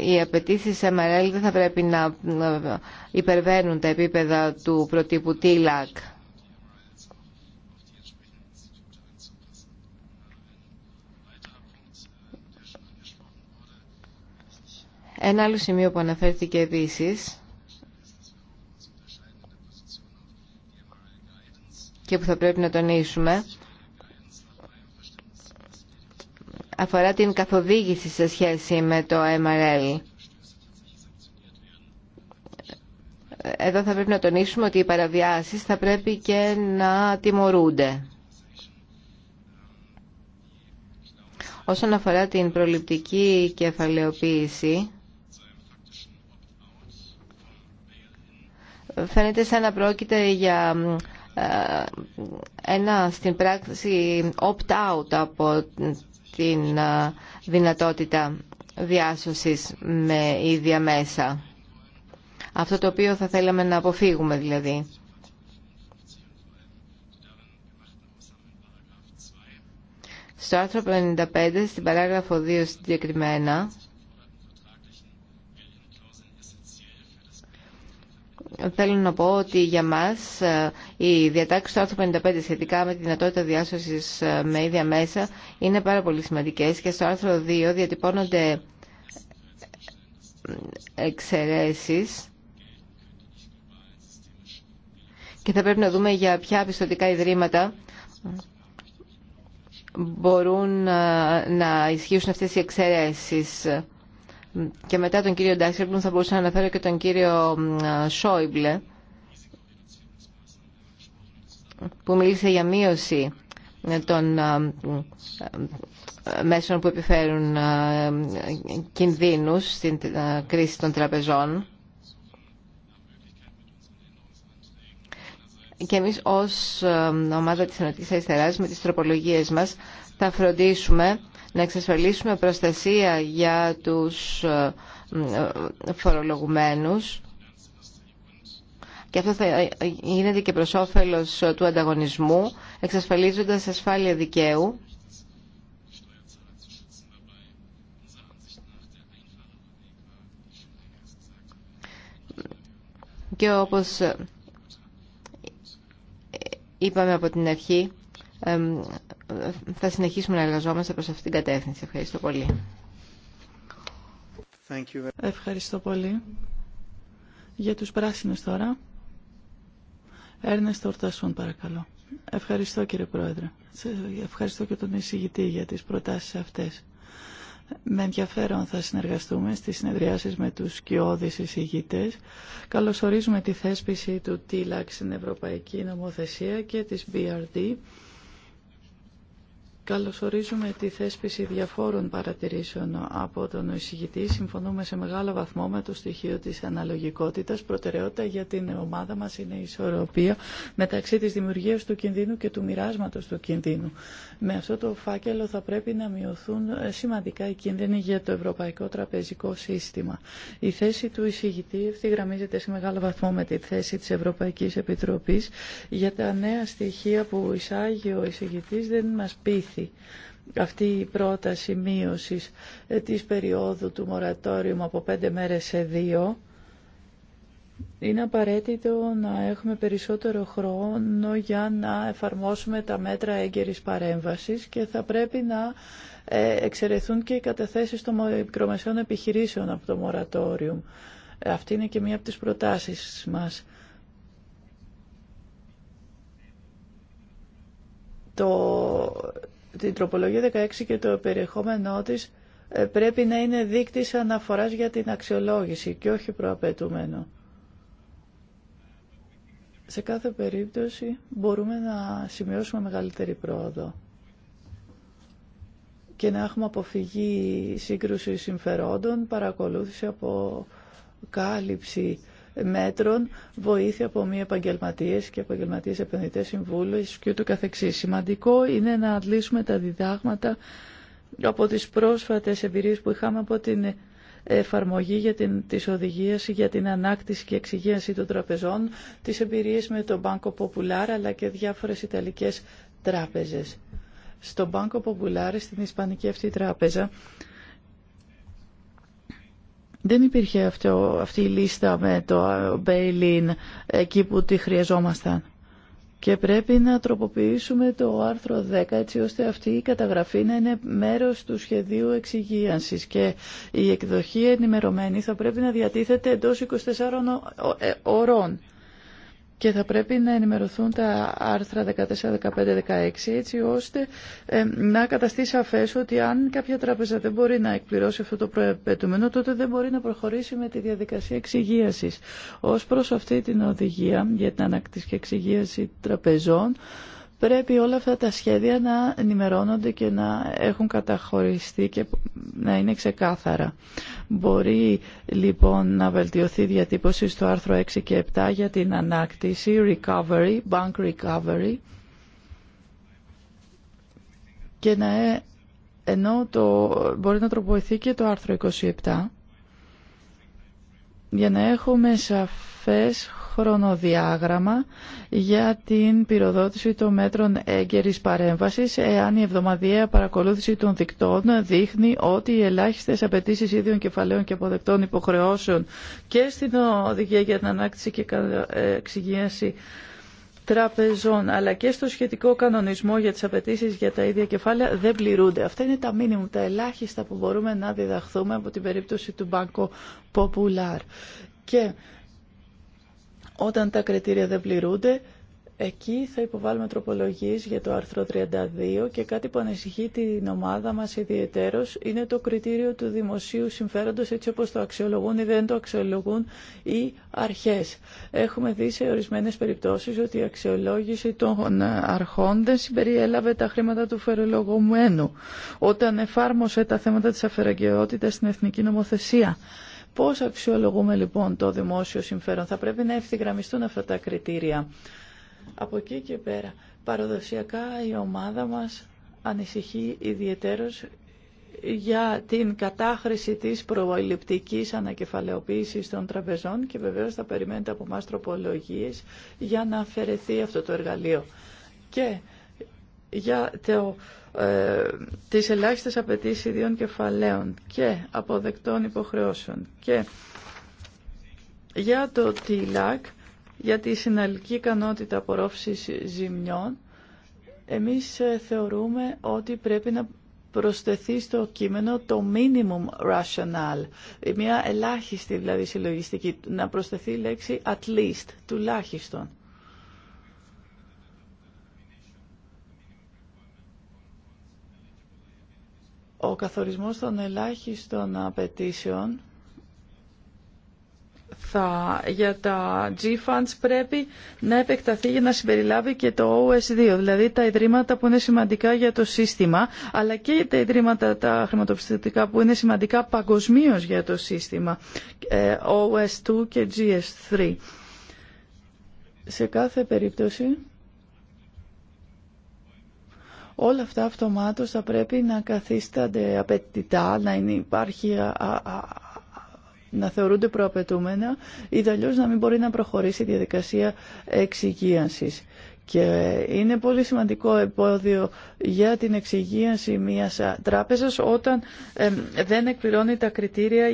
Οι απαιτήσει MRL δεν θα πρέπει να ε, υπερβαίνουν τα επίπεδα του προτύπου TILAC. Ένα άλλο σημείο που αναφέρθηκε επίσης και που θα πρέπει να τονίσουμε αφορά την καθοδήγηση σε σχέση με το MRL. Εδώ θα πρέπει να τονίσουμε ότι οι παραβιάσεις θα πρέπει και να τιμωρούνται. Όσον αφορά την προληπτική κεφαλαιοποίηση, φαίνεται σαν να πρόκειται για ε, ένα στην πράξη opt-out από την ε, δυνατότητα διάσωσης με ίδια μέσα. Αυτό το οποίο θα θέλαμε να αποφύγουμε δηλαδή. Στο άρθρο 55, στην παράγραφο 2 συγκεκριμένα, Θέλω να πω ότι για μας ε, η διατάξεις του άρθρου 55 σχετικά με τη δυνατότητα διάσωσης ε, με ίδια μέσα είναι πάρα πολύ σημαντικές και στο άρθρο 2 διατυπώνονται ε, εξαιρέσεις και θα πρέπει να δούμε για ποια πιστοτικά ιδρύματα μπορούν να ισχύσουν αυτές οι εξαιρέσεις και μετά τον κύριο Ντάξερπλουν θα μπορούσα να αναφέρω και τον κύριο Σόιμπλε που μίλησε για μείωση ε, των ε, ε, μέσων που επιφέρουν κινδύνους στην κρίση των τραπεζών. Και εμείς ως ομάδα της Ενωτικής Αριστεράς με τις τροπολογίες μας θα φροντίσουμε να εξασφαλίσουμε προστασία για τους ε, ε, φορολογουμένους και αυτό θα γίνεται και προς όφελος ε, του ανταγωνισμού, εξασφαλίζοντας ασφάλεια δικαίου και όπως είπαμε από την αρχή θα συνεχίσουμε να εργαζόμαστε προς αυτήν την κατεύθυνση. Ευχαριστώ πολύ. Ευχαριστώ πολύ. Για τους πράσινους τώρα. Έρνες Ορτασούν, παρακαλώ. Ευχαριστώ κύριε Πρόεδρε. Ευχαριστώ και τον εισηγητή για τις προτάσεις αυτές. Με ενδιαφέρον θα συνεργαστούμε στις συνεδριάσεις με τους σκιώδεις εισηγητές. Καλωσορίζουμε τη θέσπιση του TILAC στην Ευρωπαϊκή Νομοθεσία και της BRD Καλωσορίζουμε τη θέσπιση διαφόρων παρατηρήσεων από τον εισηγητή. Συμφωνούμε σε μεγάλο βαθμό με το στοιχείο της αναλογικότητας. Προτεραιότητα για την ομάδα μας είναι η ισορροπία μεταξύ της δημιουργίας του κινδύνου και του μοιράσματο του κινδύνου. Με αυτό το φάκελο θα πρέπει να μειωθούν σημαντικά οι κίνδυνοι για το ευρωπαϊκό τραπεζικό σύστημα. Η θέση του εισηγητή ευθυγραμμίζεται σε μεγάλο βαθμό με τη θέση της Ευρωπαϊκής Επιτροπής για τα νέα στοιχεία που εισάγει ο εισηγητής δεν μας πείθει αυτή η πρόταση μείωσης ε, της περίοδου του μορατόριου από πέντε μέρες σε δύο. Είναι απαραίτητο να έχουμε περισσότερο χρόνο για να εφαρμόσουμε τα μέτρα έγκαιρης παρέμβασης και θα πρέπει να ε, εξαιρεθούν και οι καταθέσεις των μικρομεσαίων επιχειρήσεων από το μορατόριο. Ε, αυτή είναι και μία από τις προτάσεις μας. Το την τροπολογία 16 και το περιεχόμενό της ε, πρέπει να είναι δείκτης αναφοράς για την αξιολόγηση και όχι προαπαιτούμενο. Σε κάθε περίπτωση μπορούμε να σημειώσουμε μεγαλύτερη πρόοδο και να έχουμε αποφυγή σύγκρουση συμφερόντων, παρακολούθηση από κάλυψη μέτρων, βοήθεια από μη επαγγελματίε και επαγγελματίε επενδυτέ συμβούλου και ούτω καθεξή. Σημαντικό είναι να αντλήσουμε τα διδάγματα από τις πρόσφατες εμπειρίες που είχαμε από την εφαρμογή για την, της για την ανάκτηση και εξυγίανση των τραπεζών, τις εμπειρίες με τον Banco Popular αλλά και διάφορες Ιταλικές τράπεζες. Στο Banco Popular, στην Ισπανική αυτή τράπεζα, δεν υπήρχε αυτή η λίστα με το bail-in εκεί που τη χρειαζόμασταν. Και πρέπει να τροποποιήσουμε το άρθρο 10 έτσι ώστε αυτή η καταγραφή να είναι μέρος του σχεδίου εξυγίανσης και η εκδοχή ενημερωμένη θα πρέπει να διατίθεται εντός 24 ε, ωρών και θα πρέπει να ενημερωθούν τα άρθρα 14, 15, 16 έτσι ώστε ε, να καταστεί σαφές ότι αν κάποια τράπεζα δεν μπορεί να εκπληρώσει αυτό το προεπαιτούμενο τότε δεν μπορεί να προχωρήσει με τη διαδικασία εξυγίασης. Ως προς αυτή την οδηγία για την ανακτήση και εξυγίαση τραπεζών πρέπει όλα αυτά τα σχέδια να ενημερώνονται και να έχουν καταχωριστεί και να είναι ξεκάθαρα. Μπορεί λοιπόν να βελτιωθεί η διατύπωση στο άρθρο 6 και 7 για την ανάκτηση, recovery, bank recovery και να ε, ενώ το, μπορεί να τροποποιηθεί και το άρθρο 27 για να έχουμε σαφές χρονοδιάγραμμα για την πυροδότηση των μέτρων έγκαιρης παρέμβασης εάν η εβδομαδιαία παρακολούθηση των δικτών δείχνει ότι οι ελάχιστες απαιτήσει ίδιων κεφαλαίων και αποδεκτών υποχρεώσεων και στην οδηγία για την ανάκτηση και εξυγίαση τραπεζών αλλά και στο σχετικό κανονισμό για τις απαιτήσει για τα ίδια κεφάλαια δεν πληρούνται. Αυτά είναι τα μήνυμα, τα ελάχιστα που μπορούμε να διδαχθούμε από την περίπτωση του Banco Popular. Όταν τα κριτήρια δεν πληρούνται, εκεί θα υποβάλουμε τροπολογίες για το άρθρο 32 και κάτι που ανησυχεί την ομάδα μας ιδιαιτέρως είναι το κριτήριο του δημοσίου συμφέροντος έτσι όπως το αξιολογούν ή δεν το αξιολογούν οι αρχές. Έχουμε δει σε ορισμένες περιπτώσεις ότι η αξιολόγηση των αρχών δεν συμπεριέλαβε τα χρήματα του φερολογωμένου όταν εφάρμοσε τα θέματα της αφαιραγκαιότητας στην εθνική νομοθεσία. Πώς αξιολογούμε λοιπόν το δημόσιο συμφέρον. Θα πρέπει να ευθυγραμμιστούν αυτά τα κριτήρια. Από εκεί και πέρα, παραδοσιακά η ομάδα μας ανησυχεί ιδιαίτερος για την κατάχρηση της προληπτικής ανακεφαλαιοποίησης των τραπεζών και βεβαίως θα περιμένετε από εμάς τροπολογίες για να αφαιρεθεί αυτό το εργαλείο. Και για το, ε, τις ελάχιστες απαιτήσει ιδίων κεφαλαίων και αποδεκτών υποχρεώσεων και για το ΤΙΛΑΚ, για τη συναλλική ικανότητα απορρόφησης ζημιών, εμείς ε, θεωρούμε ότι πρέπει να προσθεθεί στο κείμενο το minimum rational, μια ελάχιστη δηλαδή συλλογιστική, να προσθεθεί η λέξη at least, τουλάχιστον. Ο καθορισμός των ελάχιστων απαιτήσεων θα, για τα G-Funds πρέπει να επεκταθεί για να συμπεριλάβει και το OS2, δηλαδή τα ιδρύματα που είναι σημαντικά για το σύστημα, αλλά και τα ιδρύματα τα χρηματοπιστωτικά που είναι σημαντικά παγκοσμίω για το σύστημα, ε, OS2 και GS3. Σε κάθε περίπτωση όλα αυτά αυτομάτως θα πρέπει να καθίστανται απαιτητά, να υπάρχει να θεωρούνται προαπαιτούμενα, ή αλλιώ να μην μπορεί να προχωρήσει η διαδικασία εξυγίανσης. Και είναι πολύ σημαντικό επόδιο για την εξυγίανση μιας τράπεζας όταν δεν εκπληρώνει τα κριτήρια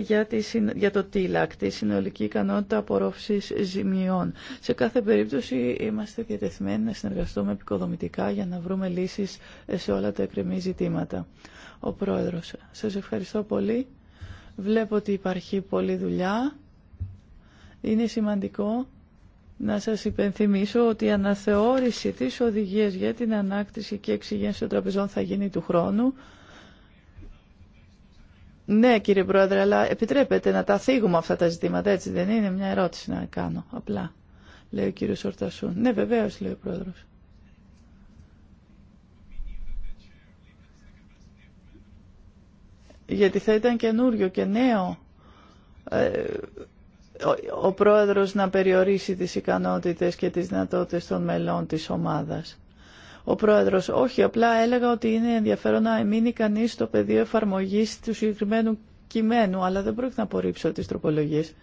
για, το TILAC, τη συνολική ικανότητα απορρόφησης ζημιών. Σε κάθε περίπτωση είμαστε διατεθειμένοι να συνεργαστούμε επικοδομητικά για να βρούμε λύσεις σε όλα τα εκκρεμή ζητήματα. Ο Πρόεδρος, σας ευχαριστώ πολύ. Βλέπω ότι υπάρχει πολλή δουλειά. Είναι σημαντικό να σας υπενθυμίσω ότι η αναθεώρηση της οδηγίας για την ανάκτηση και εξηγένση των τραπεζών θα γίνει του χρόνου. Ναι, κύριε Πρόεδρε, αλλά επιτρέπετε να τα θίγουμε αυτά τα ζητήματα, έτσι δεν είναι μια ερώτηση να κάνω, απλά, λέει ο κύριος Ορτασούν. Ναι, βεβαίως, λέει ο Πρόεδρος. Γιατί θα ήταν καινούριο και νέο ε, ο πρόεδρος να περιορίσει τις ικανότητες και τις δυνατότητες των μελών της ομάδας. Ο πρόεδρος, όχι, απλά έλεγα ότι είναι ενδιαφέρον να μείνει κανείς στο πεδίο εφαρμογής του συγκεκριμένου κειμένου, αλλά δεν πρόκειται να απορρίψω τις τροπολογίες.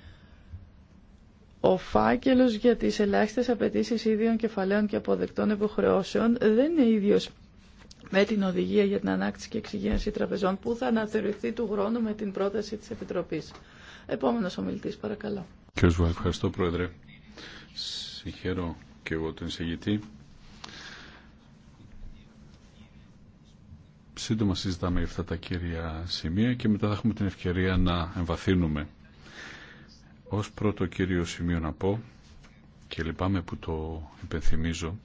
Ο φάκελος για τις ελάχιστες απαιτήσει ίδιων κεφαλαίων και αποδεκτών υποχρεώσεων δεν είναι ίδιος με την οδηγία για την ανάκτηση και εξυγίανση τραπεζών που θα αναθεωρηθεί του χρόνου με την πρόταση της Επιτροπής. Επόμενος ομιλητής, παρακαλώ. Κύριε Βουά, ευχαριστώ Πρόεδρε. Συγχαίρω και εγώ τον εισηγητή. Σύντομα συζητάμε για αυτά τα κύρια σημεία και μετά θα έχουμε την ευκαιρία να εμβαθύνουμε. Ως πρώτο κύριο σημείο να πω και λυπάμαι που το υπενθυμίζω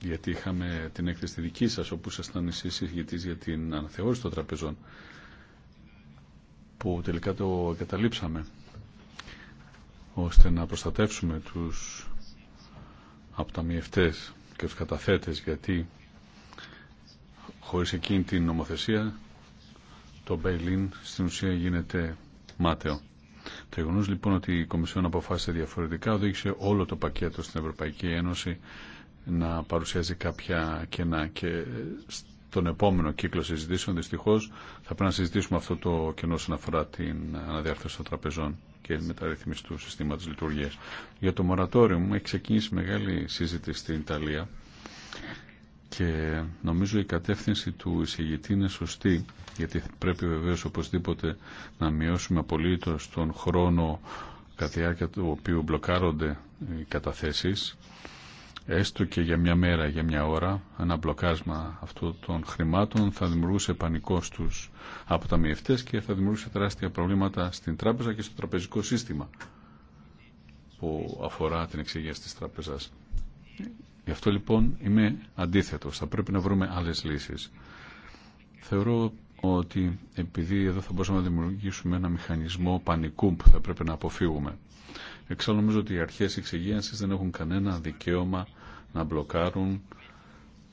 γιατί είχαμε την έκθεση δική σας όπου ήσασταν εσείς για την αναθεώρηση των τραπεζών που τελικά το καταλήψαμε ώστε να προστατεύσουμε τους αποταμιευτές και τους καταθέτες γιατί χωρίς εκείνη την νομοθεσία το Μπέιλιν στην ουσία γίνεται μάταιο. Το γεγονό λοιπόν ότι η Κομισιόν αποφάσισε διαφορετικά οδήγησε όλο το πακέτο στην Ευρωπαϊκή Ένωση να παρουσιάζει κάποια κενά και τον επόμενο κύκλο συζητήσεων. Δυστυχώ θα πρέπει να συζητήσουμε αυτό το κενό όσον αφορά την αναδιάρθρωση των τραπεζών και μεταρρύθμιση του συστήματο λειτουργία. Για το μορατόριο μου έχει ξεκινήσει μεγάλη συζήτηση στην Ιταλία και νομίζω η κατεύθυνση του εισηγητή είναι σωστή γιατί πρέπει βεβαίω οπωσδήποτε να μειώσουμε απολύτω τον χρόνο κατά του οποίου μπλοκάρονται οι καταθέσεις έστω και για μια μέρα, για μια ώρα, ένα μπλοκάσμα αυτών των χρημάτων θα δημιουργούσε πανικό στους αποταμιευτές και θα δημιουργούσε τεράστια προβλήματα στην τράπεζα και στο τραπεζικό σύστημα που αφορά την εξηγία της τράπεζας. Γι' αυτό λοιπόν είμαι αντίθετος. Θα πρέπει να βρούμε άλλες λύσεις. Θεωρώ ότι επειδή εδώ θα μπορούσαμε να δημιουργήσουμε ένα μηχανισμό πανικού που θα πρέπει να αποφύγουμε. Εξάλλου νομίζω ότι οι αρχές εξυγίανσης δεν έχουν κανένα δικαίωμα να μπλοκάρουν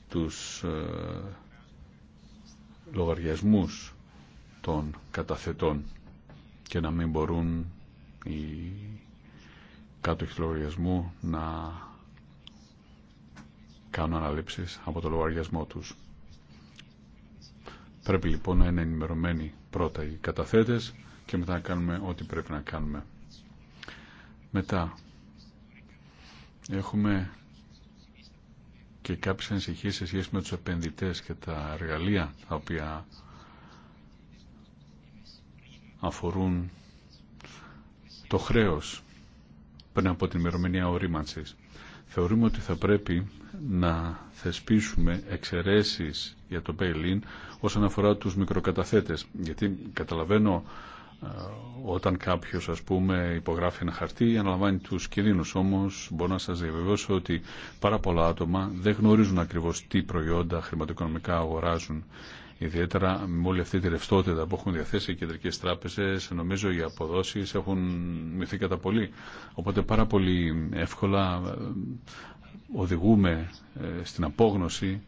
τους ε, λογαριασμούς των καταθετών και να μην μπορούν οι κάτοχοι λογαριασμού να κάνουν αναλήψεις από το λογαριασμό τους. Πρέπει λοιπόν να είναι ενημερωμένοι πρώτα οι καταθέτες και μετά να κάνουμε ό,τι πρέπει να κάνουμε. Μετά έχουμε και κάποιες ανησυχίες σε σχέση με τους επενδυτές και τα εργαλεία τα οποία αφορούν το χρέος πριν από την ημερομηνία ορίμανσης. Θεωρούμε ότι θα πρέπει να θεσπίσουμε εξαιρέσεις για το bail-in όσον αφορά τους μικροκαταθέτες. Γιατί καταλαβαίνω ε, όταν κάποιος ας πούμε υπογράφει ένα χαρτί αναλαμβάνει τους κινδύνους όμως μπορώ να σας διαβεβαιώσω ότι πάρα πολλά άτομα δεν γνωρίζουν ακριβώς τι προϊόντα χρηματοοικονομικά αγοράζουν ιδιαίτερα με όλη αυτή τη ρευστότητα που έχουν διαθέσει οι κεντρικές τράπεζες νομίζω οι αποδόσεις έχουν μυθεί κατά πολύ οπότε πάρα πολύ εύκολα ε, οδηγούμε ε, στην απόγνωση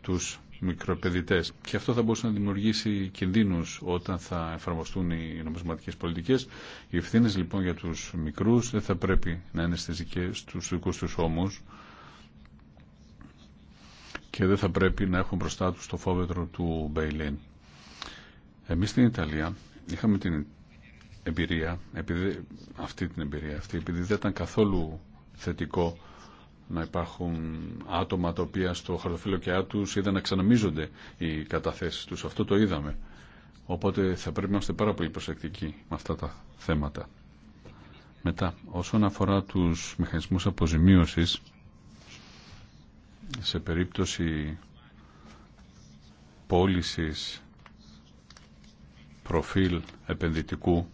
τους μικροπαιδητές. Και αυτό θα μπορούσε να δημιουργήσει κινδύνους όταν θα εφαρμοστούν οι νομισματικές πολιτικές. Οι ευθύνε λοιπόν για τους μικρούς δεν θα πρέπει να είναι στις δικές, του τους ώμου και δεν θα πρέπει να έχουν μπροστά του το φόβετρο του Μπέιλιν. Εμείς στην Ιταλία είχαμε την εμπειρία, επειδή, αυτή την εμπειρία αυτή, επειδή δεν ήταν καθόλου θετικό να υπάρχουν άτομα τα οποία στο χαρτοφύλλο του είδαν να ξαναμίζονται οι καταθέσεις τους. Αυτό το είδαμε. Οπότε θα πρέπει να είμαστε πάρα πολύ προσεκτικοί με αυτά τα θέματα. Μετά, όσον αφορά τους μηχανισμούς αποζημίωσης, σε περίπτωση πώλησης προφίλ επενδυτικού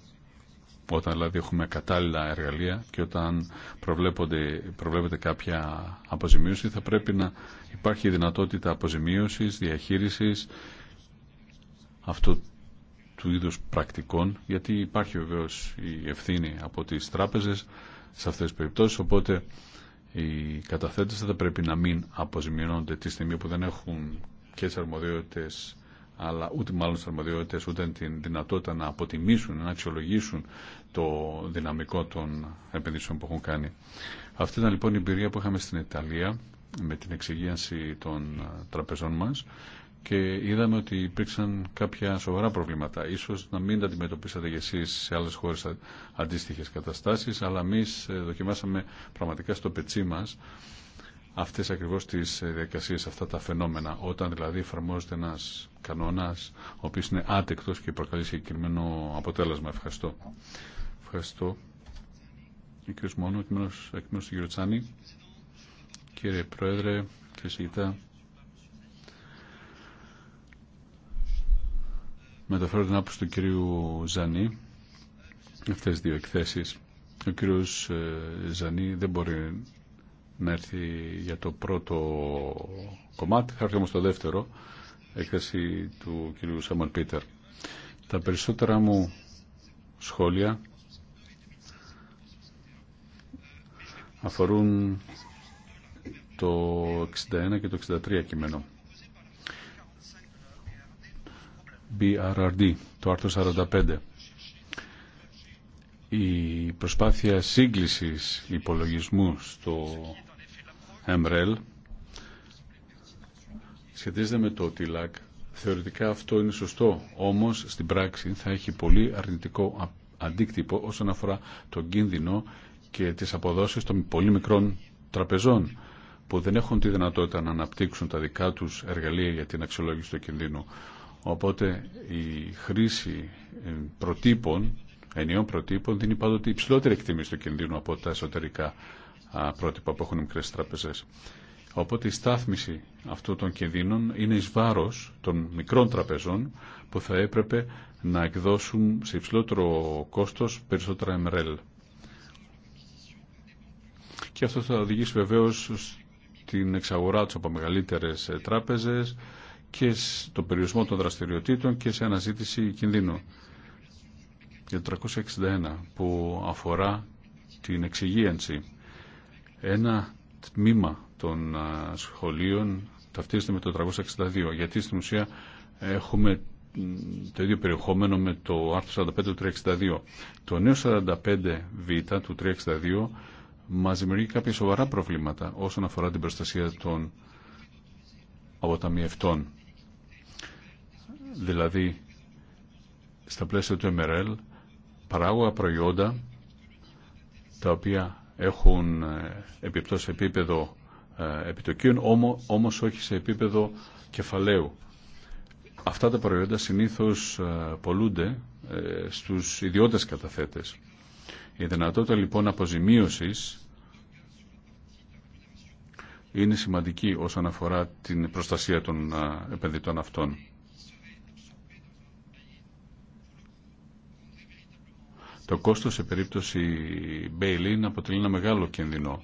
όταν δηλαδή έχουμε κατάλληλα εργαλεία και όταν προβλέπεται κάποια αποζημίωση θα πρέπει να υπάρχει δυνατότητα αποζημίωσης, διαχείρισης αυτού του είδους πρακτικών γιατί υπάρχει βεβαίω η ευθύνη από τις τράπεζες σε αυτές τις περιπτώσεις οπότε οι καταθέτες θα πρέπει να μην αποζημιώνονται τη στιγμή που δεν έχουν και τις αρμοδιότητες αλλά ούτε μάλλον στις αρμοδιότητες ούτε την δυνατότητα να αποτιμήσουν, να αξιολογήσουν το δυναμικό των επενδύσεων που έχουν κάνει. Αυτή ήταν λοιπόν η εμπειρία που είχαμε στην Ιταλία με την εξυγίανση των ε, τραπεζών μας και είδαμε ότι υπήρξαν κάποια σοβαρά προβλήματα. Ίσως να μην τα αντιμετωπίσατε και εσείς σε άλλες χώρες αντίστοιχες καταστάσεις, αλλά εμεί ε, δοκιμάσαμε πραγματικά στο πετσί μας αυτές ακριβώς τις ε, διακασίες, αυτά τα φαινόμενα. Όταν δηλαδή εφαρμόζεται ένας κανόνας, ο οποίος είναι άτεκτος και προκαλεί συγκεκριμένο αποτέλεσμα. Ευχαριστώ. Ευχαριστώ. Ο κ. Μόνο, εκ μέρους του Τσάνη. Κύριε Πρόεδρε, κύριε Σιγητά. Μεταφέρω την άποψη του κυρίου Ζανή αυτές τις δύο εκθέσεις. Ο κύριος ε, Ζανή δεν μπορεί να έρθει για το πρώτο κομμάτι, Θα έρθει όμως το δεύτερο, έκθεση του κ. Σάμαν Πίτερ. Τα περισσότερα μου σχόλια αφορούν το 61 και το 63 κείμενο. BRRD, το άρθρο 45. Η προσπάθεια σύγκλησης υπολογισμού στο ΕΜΡΕΛ σχετίζεται με το TILAC. Θεωρητικά αυτό είναι σωστό, όμως στην πράξη θα έχει πολύ αρνητικό αντίκτυπο όσον αφορά τον κίνδυνο και τις αποδόσεις των πολύ μικρών τραπεζών που δεν έχουν τη δυνατότητα να αναπτύξουν τα δικά τους εργαλεία για την αξιολόγηση του κινδύνου. Οπότε η χρήση ε, προτύπων, ενιών προτύπων, δίνει πάντοτε υψηλότερη εκτίμηση του κινδύνου από τα εσωτερικά πρότυπα που έχουν μικρές τραπεζές. Οπότε η στάθμιση αυτών των κινδύνων είναι εις βάρος των μικρών τραπεζών που θα έπρεπε να εκδώσουν σε υψηλότερο κόστος περισσότερα MRL. Και αυτό θα οδηγήσει βεβαίως στην εξαγορά του από μεγαλύτερες τράπεζες και στον περιορισμό των δραστηριοτήτων και σε αναζήτηση κινδύνου. Για 361 που αφορά την εξυγίανση ένα τμήμα των σχολείων ταυτίζεται με το 362 γιατί στην ουσία έχουμε το ίδιο περιεχόμενο με το άρθρο 45 του 362. Το νέο 45β του 362 μας δημιουργεί κάποια σοβαρά προβλήματα όσον αφορά την προστασία των αποταμιευτών. Δηλαδή, στα πλαίσια του MRL παράγωγα προϊόντα τα οποία έχουν ε, επιπτώσει επίπεδο ε, επιτοκίων, όμως όχι σε επίπεδο κεφαλαίου. Αυτά τα προϊόντα συνήθως ε, πολλούνται στους ιδιώτες καταθέτες. Η δυνατότητα λοιπόν αποζημίωσης είναι σημαντική όσον αφορά την προστασία των επενδυτών αυτών. Το κόστος σε περίπτωση bail-in αποτελεί ένα μεγάλο κίνδυνο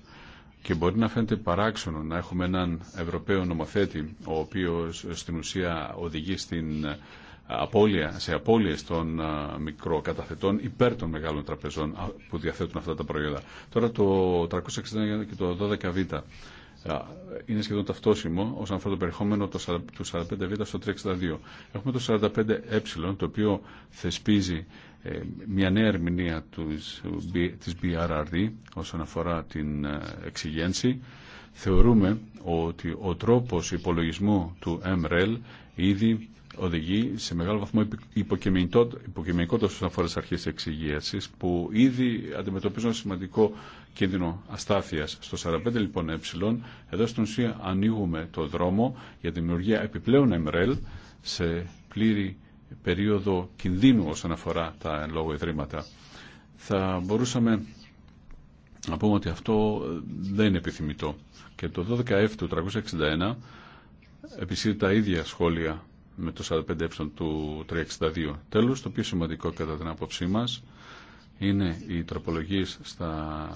και μπορεί να φαίνεται παράξενο να έχουμε έναν Ευρωπαίο νομοθέτη ο οποίος στην ουσία οδηγεί στην ε, απώλεια, σε απώλειες των ε, μικροκαταθετών υπέρ των μεγάλων τραπεζών που διαθέτουν αυτά τα προϊόντα. Τώρα το 361 και το 12β είναι σχεδόν ταυτόσιμο όσον αφορά το περιεχόμενο του 45β στο 362. Έχουμε το 45ε, ε, το οποίο θεσπίζει ε, μια νέα ερμηνεία ε, της BRRD όσον αφορά την εξηγένση. Θεωρούμε ότι ο τρόπος υπολογισμού του MREL ήδη οδηγεί σε μεγάλο βαθμό υποκειμενικότητα όσον αφορά τι αρχέ εξυγίαση, που ήδη αντιμετωπίζουν σημαντικό κίνδυνο αστάθεια. Στο 45 λοιπόν ε, εδώ στην ουσία ανοίγουμε το δρόμο για τη δημιουργία επιπλέον Εμρελ σε πλήρη περίοδο κινδύνου όσον αφορά τα λόγω ιδρύματα. Θα μπορούσαμε να πούμε ότι αυτό δεν είναι επιθυμητό. Και το 12F του 361 επισύρει τα ίδια σχόλια με το 45 ε του 362. Τέλος, το πιο σημαντικό κατά την άποψή μας είναι οι τροπολογίες στα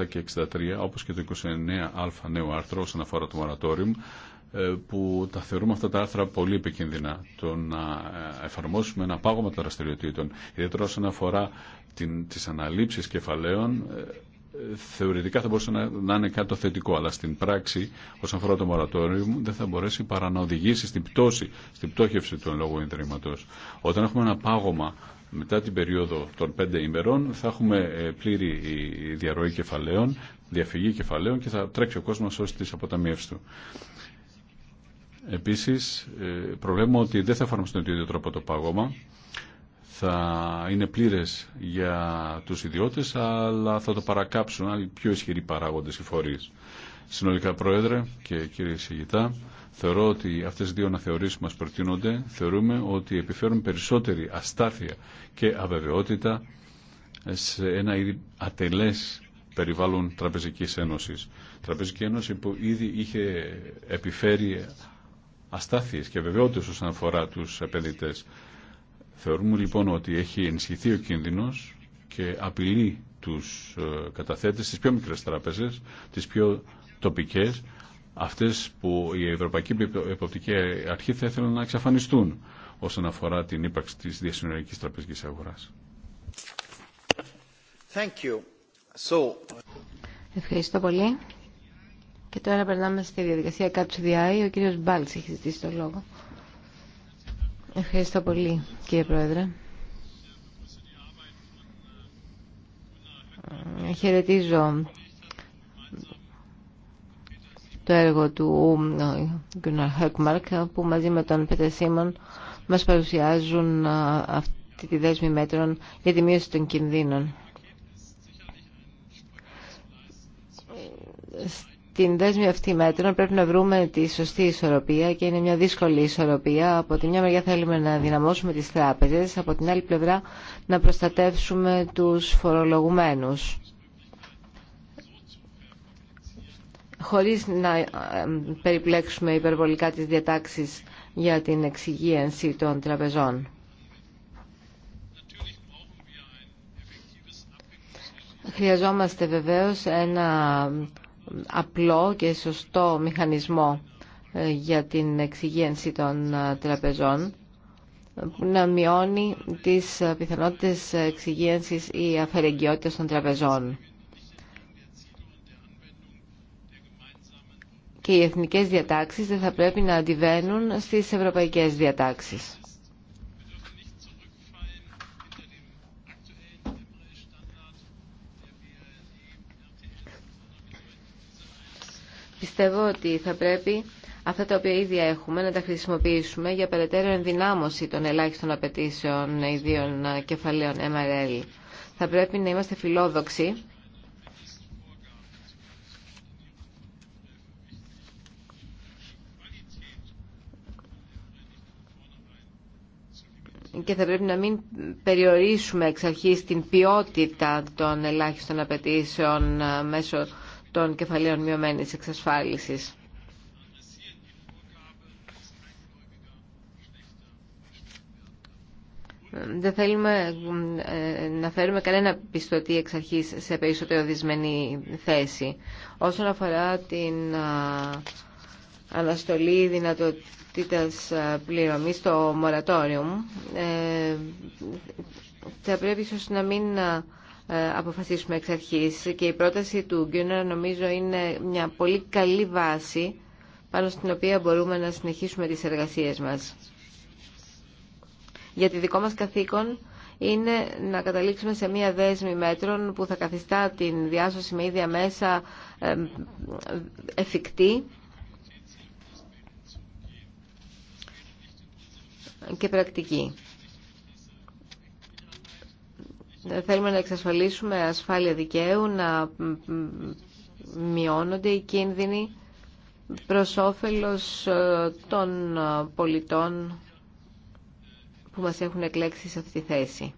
27 και 63, όπως και το 29α νέο άρθρο όσον αφορά το μορατόριου, ε, που τα θεωρούμε αυτά τα άρθρα πολύ επικίνδυνα. Το να ε, εφαρμόσουμε ένα πάγωμα των δραστηριοτήτων, ιδιαίτερα όσον αφορά την, τις αναλήψεις κεφαλαίων, ε, θεωρητικά θα μπορούσε να, να είναι κάτι το θετικό, αλλά στην πράξη, όσον αφορά το μορατόριο μου, δεν θα μπορέσει παρά να οδηγήσει στην πτώση, στην πτώχευση του λόγου Όταν έχουμε ένα πάγωμα μετά την περίοδο των πέντε ημερών, θα έχουμε ε, πλήρη διαρροή κεφαλαίων, διαφυγή κεφαλαίων και θα τρέξει ο κόσμο ω τι αποταμιεύσει του. Επίση, ε, προβλέπουμε ότι δεν θα εφαρμοστεί τον ίδιο τρόπο το πάγωμα θα είναι πλήρες για τους ιδιώτες, αλλά θα το παρακάψουν άλλοι πιο ισχυροί παράγοντες ή φορείς. Συνολικά, Πρόεδρε και κύριε Σιγητά, θεωρώ ότι αυτές οι δύο αναθεωρήσεις που μας προτείνονται, θεωρούμε ότι επιφέρουν περισσότερη αστάθεια και αβεβαιότητα σε ένα ήδη ατελές περιβάλλον Τραπεζικής Ένωσης. Τραπεζική Ένωση που ήδη είχε επιφέρει αστάθειες και αβεβαιότητες όσον αφορά τους επενδυτές. Θεωρούμε λοιπόν ότι έχει ενισχυθεί ο κίνδυνος και απειλεί τους ε, καταθέτες στις πιο μικρές τράπεζες, τις πιο τοπικές, αυτές που η Ευρωπαϊκή Εποπτική Αρχή θα ήθελε να εξαφανιστούν όσον αφορά την ύπαρξη της διασυνοριακή τραπεζικής αγοράς. Ευχαριστώ πολύ. Και τώρα περνάμε στη διαδικασία the Eye. Ο κύριος Μπάλτς έχει ζητήσει το λόγο. Ευχαριστώ πολύ, κύριε Πρόεδρε. Ε, χαιρετίζω το έργο του Γκουναρ ε, Χέκμαρκ που μαζί με τον Πέτερ Σίμων μας παρουσιάζουν ε, αυτή τη δέσμη μέτρων για τη μείωση των κινδύνων την δέσμη αυτή μέτρων πρέπει να βρούμε τη σωστή ισορροπία και είναι μια δύσκολη ισορροπία. Από τη μια μεριά θέλουμε να δυναμώσουμε τις τράπεζες, από την άλλη πλευρά να προστατεύσουμε τους φορολογουμένους. Χωρίς να ε, περιπλέξουμε υπερβολικά τις διατάξεις για την εξυγίανση των τραπεζών. Χρειαζόμαστε βεβαίως ένα απλό και σωστό μηχανισμό ε, για την εξυγένση των ε, τραπεζών που να μειώνει τις ε, πιθανότητες εξυγένσης ή αφαιρεγγιότητας των τραπεζών. Και οι εθνικές διατάξεις δεν θα πρέπει να αντιβαίνουν στις ευρωπαϊκές διατάξεις. Πιστεύω ότι θα πρέπει αυτά τα οποία ήδη έχουμε να τα χρησιμοποιήσουμε για περαιτέρω ενδυνάμωση των ελάχιστων απαιτήσεων ιδίων κεφαλαίων MRL. Θα πρέπει να είμαστε φιλόδοξοι και θα πρέπει να μην περιορίσουμε εξ αρχής την ποιότητα των ελάχιστων απαιτήσεων μέσω των κεφαλαίων μειωμένης εξασφάλισης. Δεν θέλουμε ε, να φέρουμε κανένα πιστωτή εξ αρχής σε περισσότερο δυσμενή θέση. Όσον αφορά την αναστολή δυνατότητα πληρωμής στο μορατόριο, ε, θα πρέπει ίσως να μην ε, αποφασίσουμε εξ αρχής και η πρόταση του Γκίνερ νομίζω είναι μια πολύ καλή βάση πάνω στην οποία μπορούμε να συνεχίσουμε τις εργασίες μας. Γιατί δικό μας καθήκον είναι να καταλήξουμε σε μια δέσμη μέτρων που θα καθιστά την διάσωση με ίδια μέσα ε, εφικτή και πρακτική. Θέλουμε να εξασφαλίσουμε ασφάλεια δικαίου, να μειώνονται οι κίνδυνοι προς όφελος ε, των ε, πολιτών που μας έχουν εκλέξει σε αυτή τη θέση.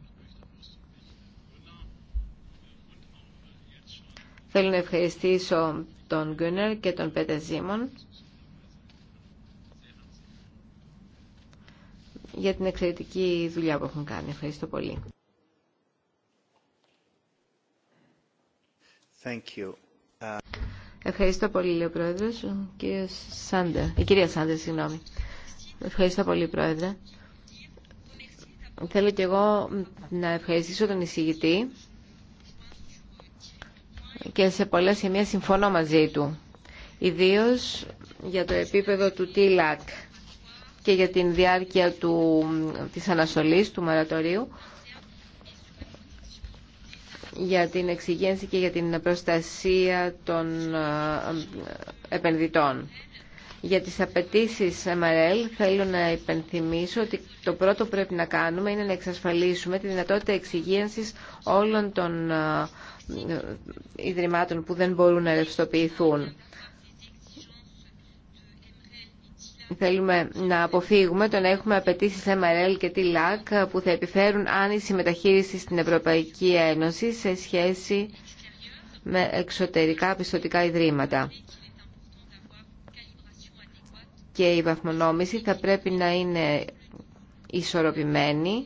Θέλω να ευχαριστήσω τον Γκούνερ και τον Πέτερ Ζήμον για την εξαιρετική δουλειά που έχουν κάνει. Ευχαριστώ πολύ. Uh, Ευχαριστώ πολύ, λέει ο Πρόεδρος. Η κυρία Σάντερ, συγγνώμη. Ευχαριστώ πολύ, Πρόεδρε. Θέλω και εγώ να ευχαριστήσω τον εισηγητή και σε πολλά σημεία συμφωνώ μαζί του. Ιδίως για το επίπεδο του ΤΙΛΑΚ και για την διάρκεια του, της ανασολής, του μαρατορίου για την εξυγένση και για την προστασία των ε, επενδυτών. Για τις απαιτήσει MRL θέλω να υπενθυμίσω ότι το πρώτο που πρέπει να κάνουμε είναι να εξασφαλίσουμε τη δυνατότητα εξυγίανσης όλων των ε, ιδρυμάτων που δεν μπορούν να ρευστοποιηθούν. Θέλουμε να αποφύγουμε το να έχουμε απαιτήσει MRL και TLAC που θα επιφέρουν άνηση μεταχείριση στην Ευρωπαϊκή Ένωση σε σχέση με εξωτερικά πιστοτικά ιδρύματα. Και η βαθμονόμηση θα πρέπει να είναι ισορροπημένη,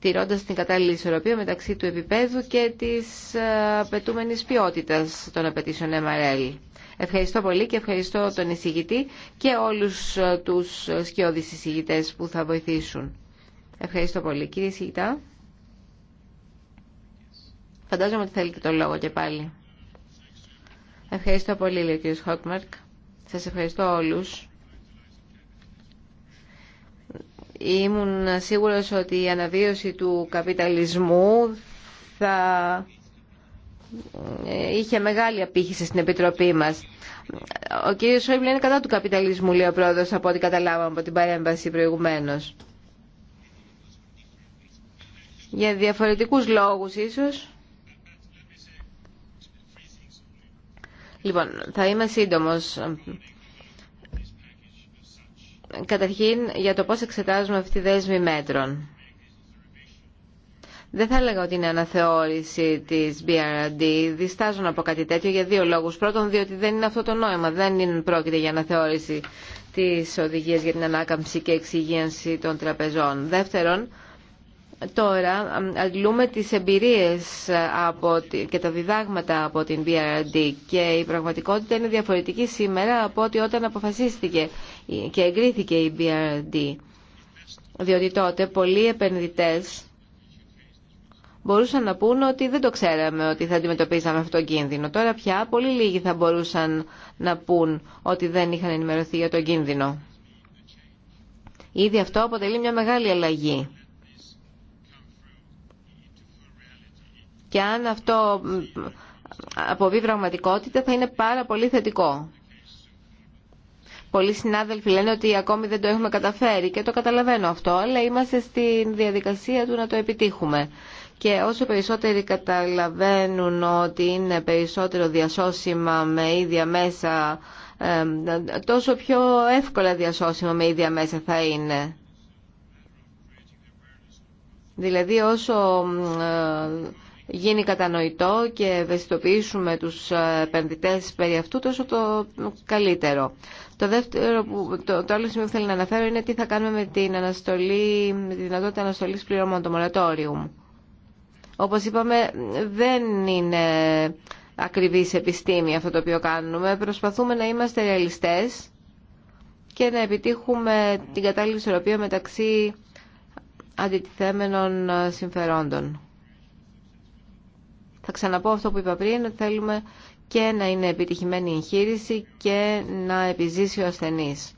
τηρώντας την κατάλληλη ισορροπία μεταξύ του επίπεδου και της ε, απαιτούμενης ποιότητας των απαιτήσεων MRL. Ευχαριστώ πολύ και ευχαριστώ τον εισηγητή και όλους ε, τους σκιώδεις εισηγητές που θα βοηθήσουν. Ευχαριστώ πολύ. Κύριε εισηγητά, φαντάζομαι ότι θέλετε το λόγο και πάλι. Ευχαριστώ πολύ, λέει ο κύριος Χόκμαρκ. Σας ευχαριστώ όλους. Ήμουν σίγουρος ότι η αναβίωση του καπιταλισμού θα είχε μεγάλη απήχηση στην Επιτροπή μας. Ο κύριος Σόιμπλε είναι κατά του καπιταλισμού, λέει ο πρόεδρος, από ό,τι καταλάβαμε από την παρέμβαση προηγουμένως. Για διαφορετικούς λόγους ίσως. Λοιπόν, θα είμαι σύντομος. Καταρχήν, για το πώς εξετάζουμε αυτή τη δέσμη μέτρων. Δεν θα έλεγα ότι είναι αναθεώρηση τη BRD. Διστάζω να πω κάτι τέτοιο για δύο λόγου. Πρώτον, διότι δεν είναι αυτό το νόημα. Δεν είναι πρόκειται για αναθεώρηση τη οδηγία για την ανάκαμψη και εξυγίανση των τραπεζών. Δεύτερον, τώρα αγγλούμε τι εμπειρίε και τα διδάγματα από την BRD και η πραγματικότητα είναι διαφορετική σήμερα από ότι όταν αποφασίστηκε και εγκρίθηκε η BRD. Διότι τότε πολλοί επενδυτές μπορούσαν να πούν ότι δεν το ξέραμε ότι θα αντιμετωπίσαμε αυτόν τον κίνδυνο. Τώρα πια πολύ λίγοι θα μπορούσαν να πούν ότι δεν είχαν ενημερωθεί για τον κίνδυνο. Ήδη αυτό αποτελεί μια μεγάλη αλλαγή. Και αν αυτό αποβεί πραγματικότητα θα είναι πάρα πολύ θετικό. Πολλοί συνάδελφοι λένε ότι ακόμη δεν το έχουμε καταφέρει και το καταλαβαίνω αυτό, αλλά είμαστε στη διαδικασία του να το επιτύχουμε και όσο περισσότεροι καταλαβαίνουν ότι είναι περισσότερο διασώσιμα με ίδια μέσα, τόσο πιο εύκολα διασώσιμα με ίδια μέσα θα είναι. Δηλαδή όσο ε, γίνει κατανοητό και ευαισθητοποιήσουμε τους ε, επενδυτές περί αυτού, τόσο το καλύτερο. Το, άλλο σημείο που θέλω να αναφέρω είναι τι θα κάνουμε με την, αναστολή, με τη δυνατότητα αναστολής πληρώματο μορατόριου. Όπως είπαμε, δεν είναι ακριβής επιστήμη αυτό το οποίο κάνουμε. Προσπαθούμε να είμαστε ρεαλιστές και να επιτύχουμε την κατάλληλη ισορροπία μεταξύ αντιτιθέμενων συμφερόντων. Θα ξαναπώ αυτό που είπα πριν, ότι θέλουμε και να είναι επιτυχημένη η εγχείρηση και να επιζήσει ο ασθενής.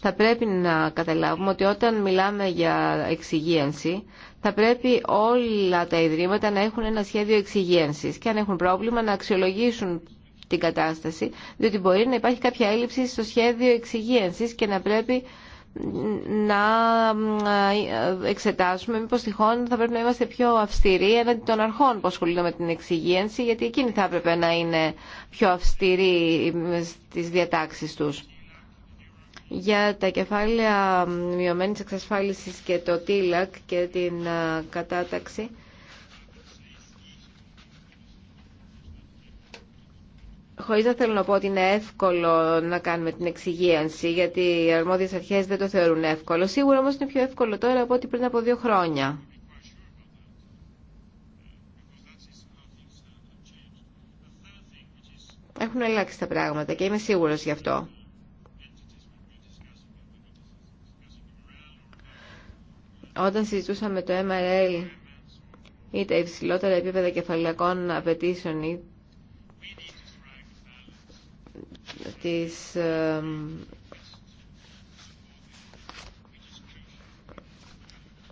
θα πρέπει να καταλάβουμε ότι όταν μιλάμε για εξυγίανση, θα πρέπει όλα τα ιδρύματα να έχουν ένα σχέδιο εξυγίανσης και αν έχουν πρόβλημα να αξιολογήσουν την κατάσταση, διότι μπορεί να υπάρχει κάποια έλλειψη στο σχέδιο εξυγίανσης και να πρέπει να εξετάσουμε μήπως τυχόν θα πρέπει να είμαστε πιο αυστηροί έναντι των αρχών που ασχολούνται με την εξυγίανση γιατί εκείνοι θα έπρεπε να είναι πιο αυστηροί στις διατάξεις τους για τα κεφάλαια μειωμένης εξασφάλισης και το ΤΙΛΑΚ και την κατάταξη. Χωρίς να θέλω να πω ότι είναι εύκολο να κάνουμε την εξυγίανση, γιατί οι αρμόδιες αρχές δεν το θεωρούν εύκολο. Σίγουρα όμως είναι πιο εύκολο τώρα από ό,τι πριν από δύο χρόνια. Έχουν αλλάξει τα πράγματα και είμαι σίγουρος γι' αυτό. Όταν συζητούσαμε το MRL ή τα υψηλότερα επίπεδα κεφαλαιακών απαιτήσεων ή τις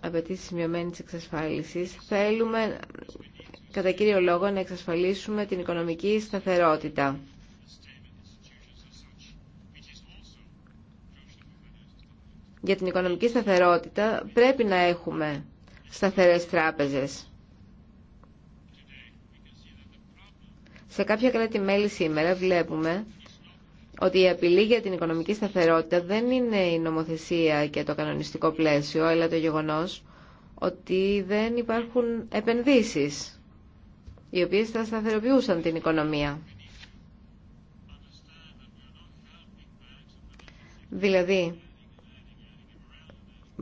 απαιτήσεις μειωμένης εξασφάλισης, θέλουμε κατά κύριο λόγο να εξασφαλίσουμε την οικονομική σταθερότητα. για την οικονομική σταθερότητα πρέπει να έχουμε σταθερές τράπεζες. Σε κάποια κράτη-μέλη σήμερα βλέπουμε ότι η απειλή για την οικονομική σταθερότητα δεν είναι η νομοθεσία και το κανονιστικό πλαίσιο, αλλά το γεγονός ότι δεν υπάρχουν επενδύσεις οι οποίες θα σταθεροποιούσαν την οικονομία. Δηλαδή,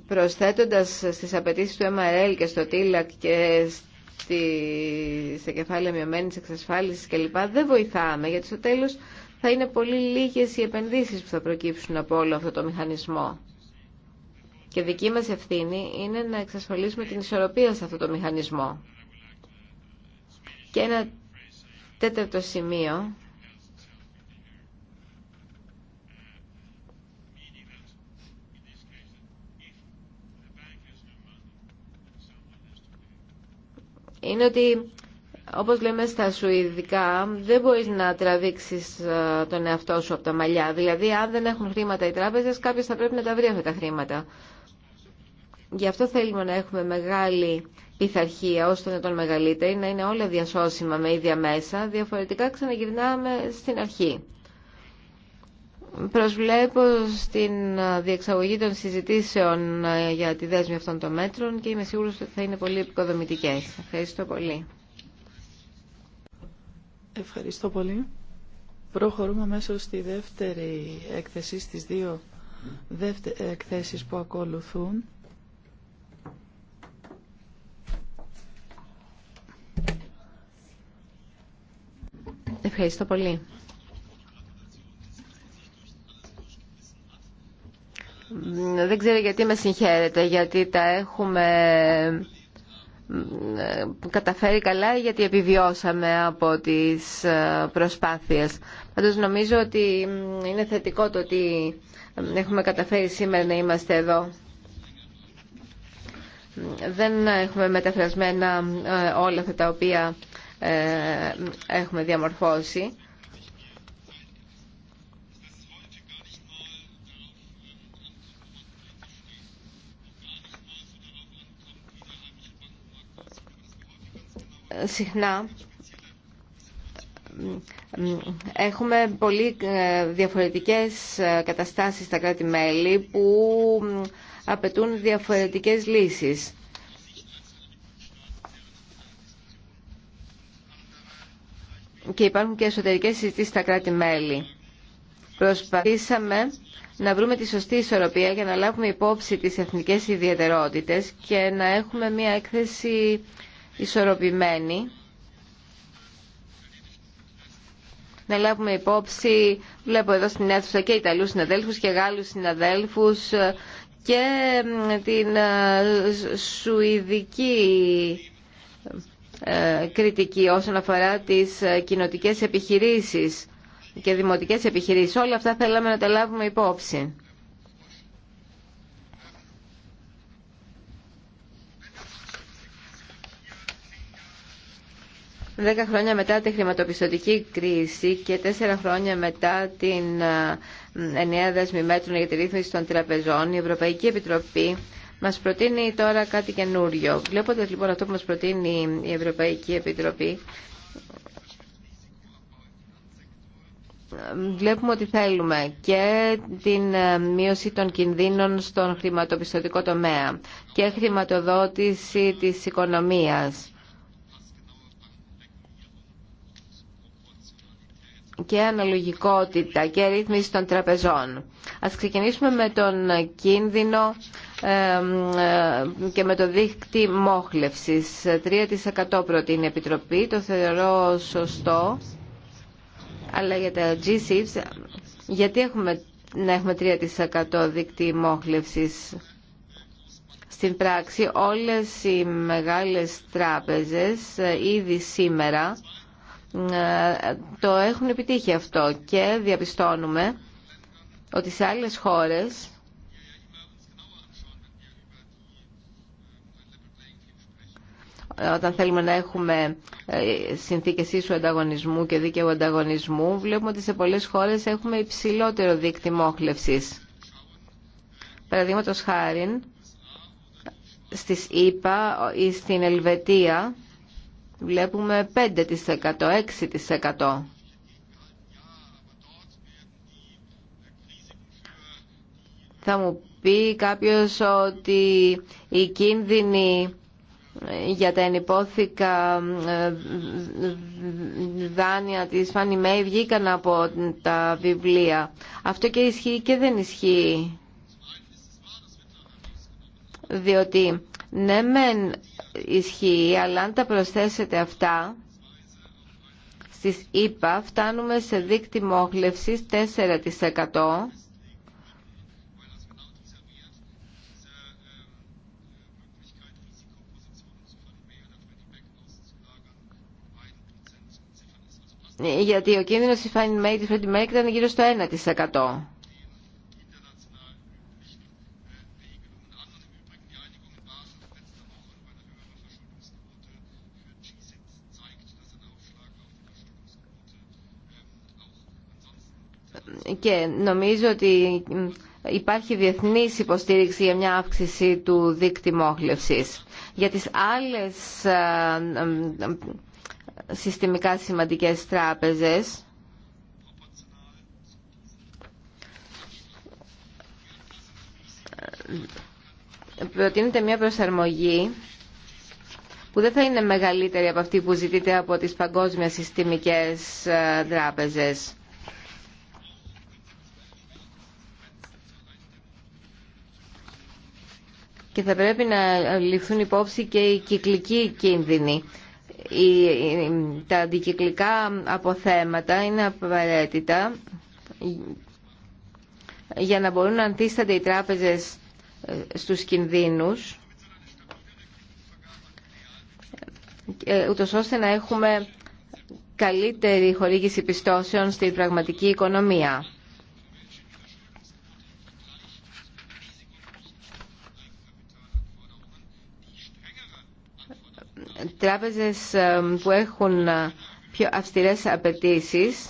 Προσθέτοντας στις απαιτήσεις του MRL και στο TILAC και στη, σε κεφάλαια Μειωμένη εξασφάλιση κλπ. δεν βοηθάμε γιατί στο τέλος θα είναι πολύ λίγες οι επενδύσεις που θα προκύψουν από όλο αυτό το μηχανισμό. Και δική μας ευθύνη είναι να εξασφαλίσουμε την ισορροπία σε αυτό το μηχανισμό. Και ένα τέταρτο σημείο είναι ότι όπως λέμε στα σουηδικά, δεν μπορείς να τραβήξεις ε, τον εαυτό σου από τα μαλλιά. Δηλαδή, αν δεν έχουν χρήματα οι τράπεζες, κάποιος θα πρέπει να τα βρει αυτά τα χρήματα. Γι' αυτό θέλουμε να έχουμε μεγάλη πειθαρχία, ώστε να τον μεγαλύτερη, να είναι όλα διασώσιμα με ίδια μέσα, διαφορετικά ξαναγυρνάμε στην αρχή. Προσβλέπω στην διεξαγωγή των συζητήσεων ε, για τη δέσμη αυτών των μέτρων και είμαι σίγουρος ότι θα είναι πολύ επικοδομητικές. Ευχαριστώ πολύ. Ευχαριστώ πολύ. Προχωρούμε μέσα στη δεύτερη έκθεση, στις δύο δεύτερη εκθέσεις που ακολουθούν. Ευχαριστώ πολύ. Δεν ξέρω γιατί με συγχαίρετε, γιατί τα έχουμε καταφέρει καλά γιατί επιβιώσαμε από τις ε, προσπάθειες. Πάντως νομίζω ότι είναι θετικό το ότι έχουμε καταφέρει σήμερα να είμαστε εδώ. Δεν έχουμε μεταφρασμένα ε, όλα αυτά τα οποία ε, έχουμε διαμορφώσει. συχνά έχουμε πολύ ε, διαφορετικές ε, καταστάσεις στα κράτη-μέλη που απαιτούν διαφορετικές λύσεις. Και υπάρχουν και εσωτερικές συζητήσεις στα κράτη-μέλη. Προσπαθήσαμε να βρούμε τη σωστή ισορροπία για να λάβουμε υπόψη τις εθνικές ιδιαιτερότητες και να έχουμε μια έκθεση ισορροπημένη, να λάβουμε υπόψη, βλέπω εδώ στην αίθουσα και Ιταλούς συναδέλφους και Γάλλους συναδέλφους και την ε, Σουηδική ε, κριτική όσον αφορά τις ε, κοινοτικές επιχειρήσεις και δημοτικές επιχειρήσεις. Όλα αυτά θέλαμε να τα λάβουμε υπόψη. Δέκα χρόνια μετά τη χρηματοπιστωτική κρίση και τέσσερα χρόνια μετά την ε, ε, ενιαία δέσμη μέτρων για τη ρύθμιση των τραπεζών, η Ευρωπαϊκή Επιτροπή μας προτείνει τώρα κάτι καινούριο. Βλέποντα λοιπόν αυτό που μας προτείνει η Ευρωπαϊκή Επιτροπή, βλέπουμε ότι θέλουμε και την ε, μείωση των κινδύνων στον χρηματοπιστωτικό τομέα και χρηματοδότηση της οικονομίας και αναλογικότητα και ρύθμιση των τραπεζών. Ας ξεκινήσουμε με τον κίνδυνο ε, και με το δίκτυ μόχλευσης. 3% προτείνει η Επιτροπή, το θεωρώ σωστό, αλλά για τα g γιατί έχουμε, να έχουμε 3% δίκτυ μόχλευσης. Στην πράξη όλες οι μεγάλες τράπεζες ε, ήδη σήμερα ε, το έχουν επιτύχει αυτό και διαπιστώνουμε ότι σε άλλες χώρες όταν θέλουμε να έχουμε ε, συνθήκες ίσου ανταγωνισμού και δίκαιου ανταγωνισμού, βλέπουμε ότι σε πολλές χώρες έχουμε υψηλότερο δίκτυ μόχλευσης. Παραδείγματος χάριν, στις ΗΠΑ ή στην Ελβετία, βλέπουμε 5%, 6%. Θα μου πει κάποιος ότι οι κίνδυνοι ε, για τα ενυπόθηκα ε, δάνεια της φανή μέη βγήκαν από τα βιβλία. Αυτό και ισχύει και δεν ισχύει. Διότι ναι μεν ισχύει, αλλά αν τα προσθέσετε αυτά, στις ΕΠΑ φτάνουμε σε δίκτυ μόχλευσης 4%. Γιατί ο κίνδυνος της Fannie Mae, της Freddie Mac ήταν γύρω στο 1%. και νομίζω ότι υπάρχει διεθνής υποστήριξη για μια αύξηση του δίκτυ Για τις άλλες ε, ε, συστημικά σημαντικές τράπεζες προτείνεται μια προσαρμογή που δεν θα είναι μεγαλύτερη από αυτή που ζητείται από τις παγκόσμιες συστημικές ε, τράπεζες. και θα πρέπει να ληφθούν υπόψη και οι κυκλικοί κίνδυνοι. Τα αντικυκλικά αποθέματα είναι απαραίτητα για να μπορούν να αντίσταται οι τράπεζες ε, στους κινδύνους ε, ούτως ώστε να έχουμε καλύτερη χορήγηση πιστώσεων στην πραγματική οικονομία. τράπεζες που έχουν ε, πιο αυστηρές απαιτήσεις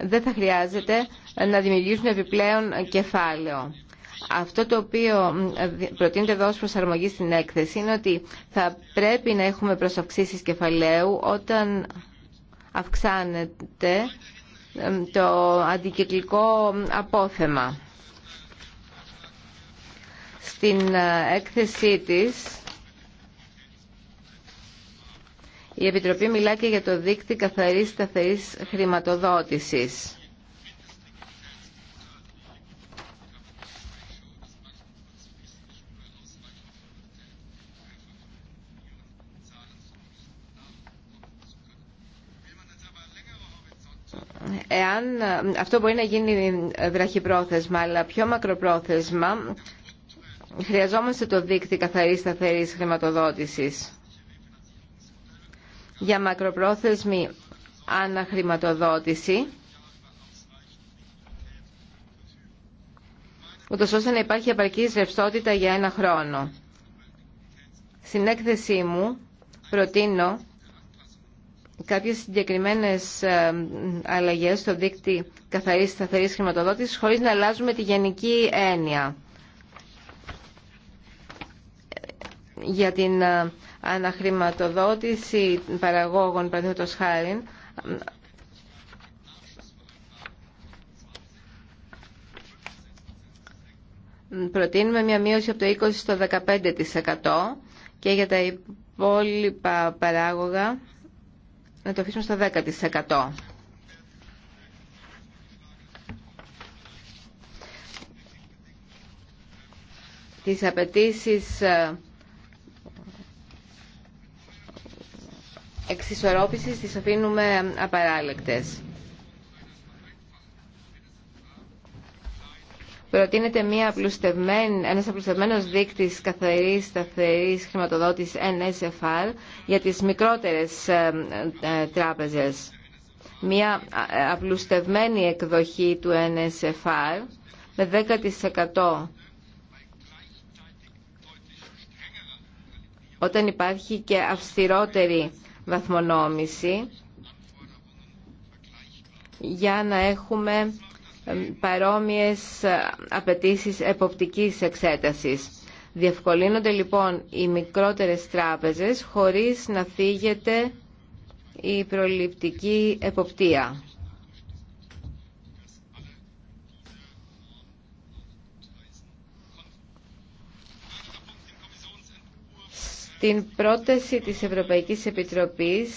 δεν θα χρειάζεται να δημιουργήσουν επιπλέον κεφάλαιο. Αυτό το οποίο προτείνεται εδώ ως προσαρμογή στην έκθεση είναι ότι θα πρέπει να έχουμε προσαυξήσεις κεφαλαίου όταν αυξάνεται το αντικυκλικό απόθεμα. Στην ε, έκθεσή της η Επιτροπή μιλά και για το δίκτυ καθαρής σταθερής χρηματοδότησης. εάν ε, αυτό μπορεί να γίνει βραχυπρόθεσμα, αλλά πιο μακροπρόθεσμα, Χρειαζόμαστε το δίκτυο καθαρή σταθερή χρηματοδότηση Για μακροπρόθεσμη αναχρηματοδότηση, ούτως ώστε να υπάρχει επαρκής ρευστότητα για ένα χρόνο. Στην έκθεσή μου προτείνω κάποιες συγκεκριμένες ε, αλλαγές στο δίκτυο καθαρής σταθερής χρηματοδότησης χωρίς να αλλάζουμε τη γενική έννοια. για την ε, αναχρηματοδότηση παραγόγων, παραδείγματος χάρη, προτείνουμε μια μείωση από το 20% στο 15% και για τα υπόλοιπα παράγωγα να το αφήσουμε στο 10%. Τις απαιτήσει ε, εξισορρόπησης τις αφήνουμε απαράλλεκτες. Προτείνεται μια απλουστευμένη, ένας απλουστευμένος δείκτης καθαρής σταθερής χρηματοδότης NSFR για τις μικρότερες ε, ε, τράπεζες. Μια ε, απλουστευμένη εκδοχή του NSFR με 10% όταν υπάρχει και αυστηρότερη βαθμονόμηση για να έχουμε παρόμοιες ε, απαιτήσεις εποπτικής εξέτασης. Διευκολύνονται λοιπόν οι μικρότερες τράπεζες χωρίς να φύγεται η προληπτική εποπτεία. Στην πρόταση της Ευρωπαϊκής Επιτροπής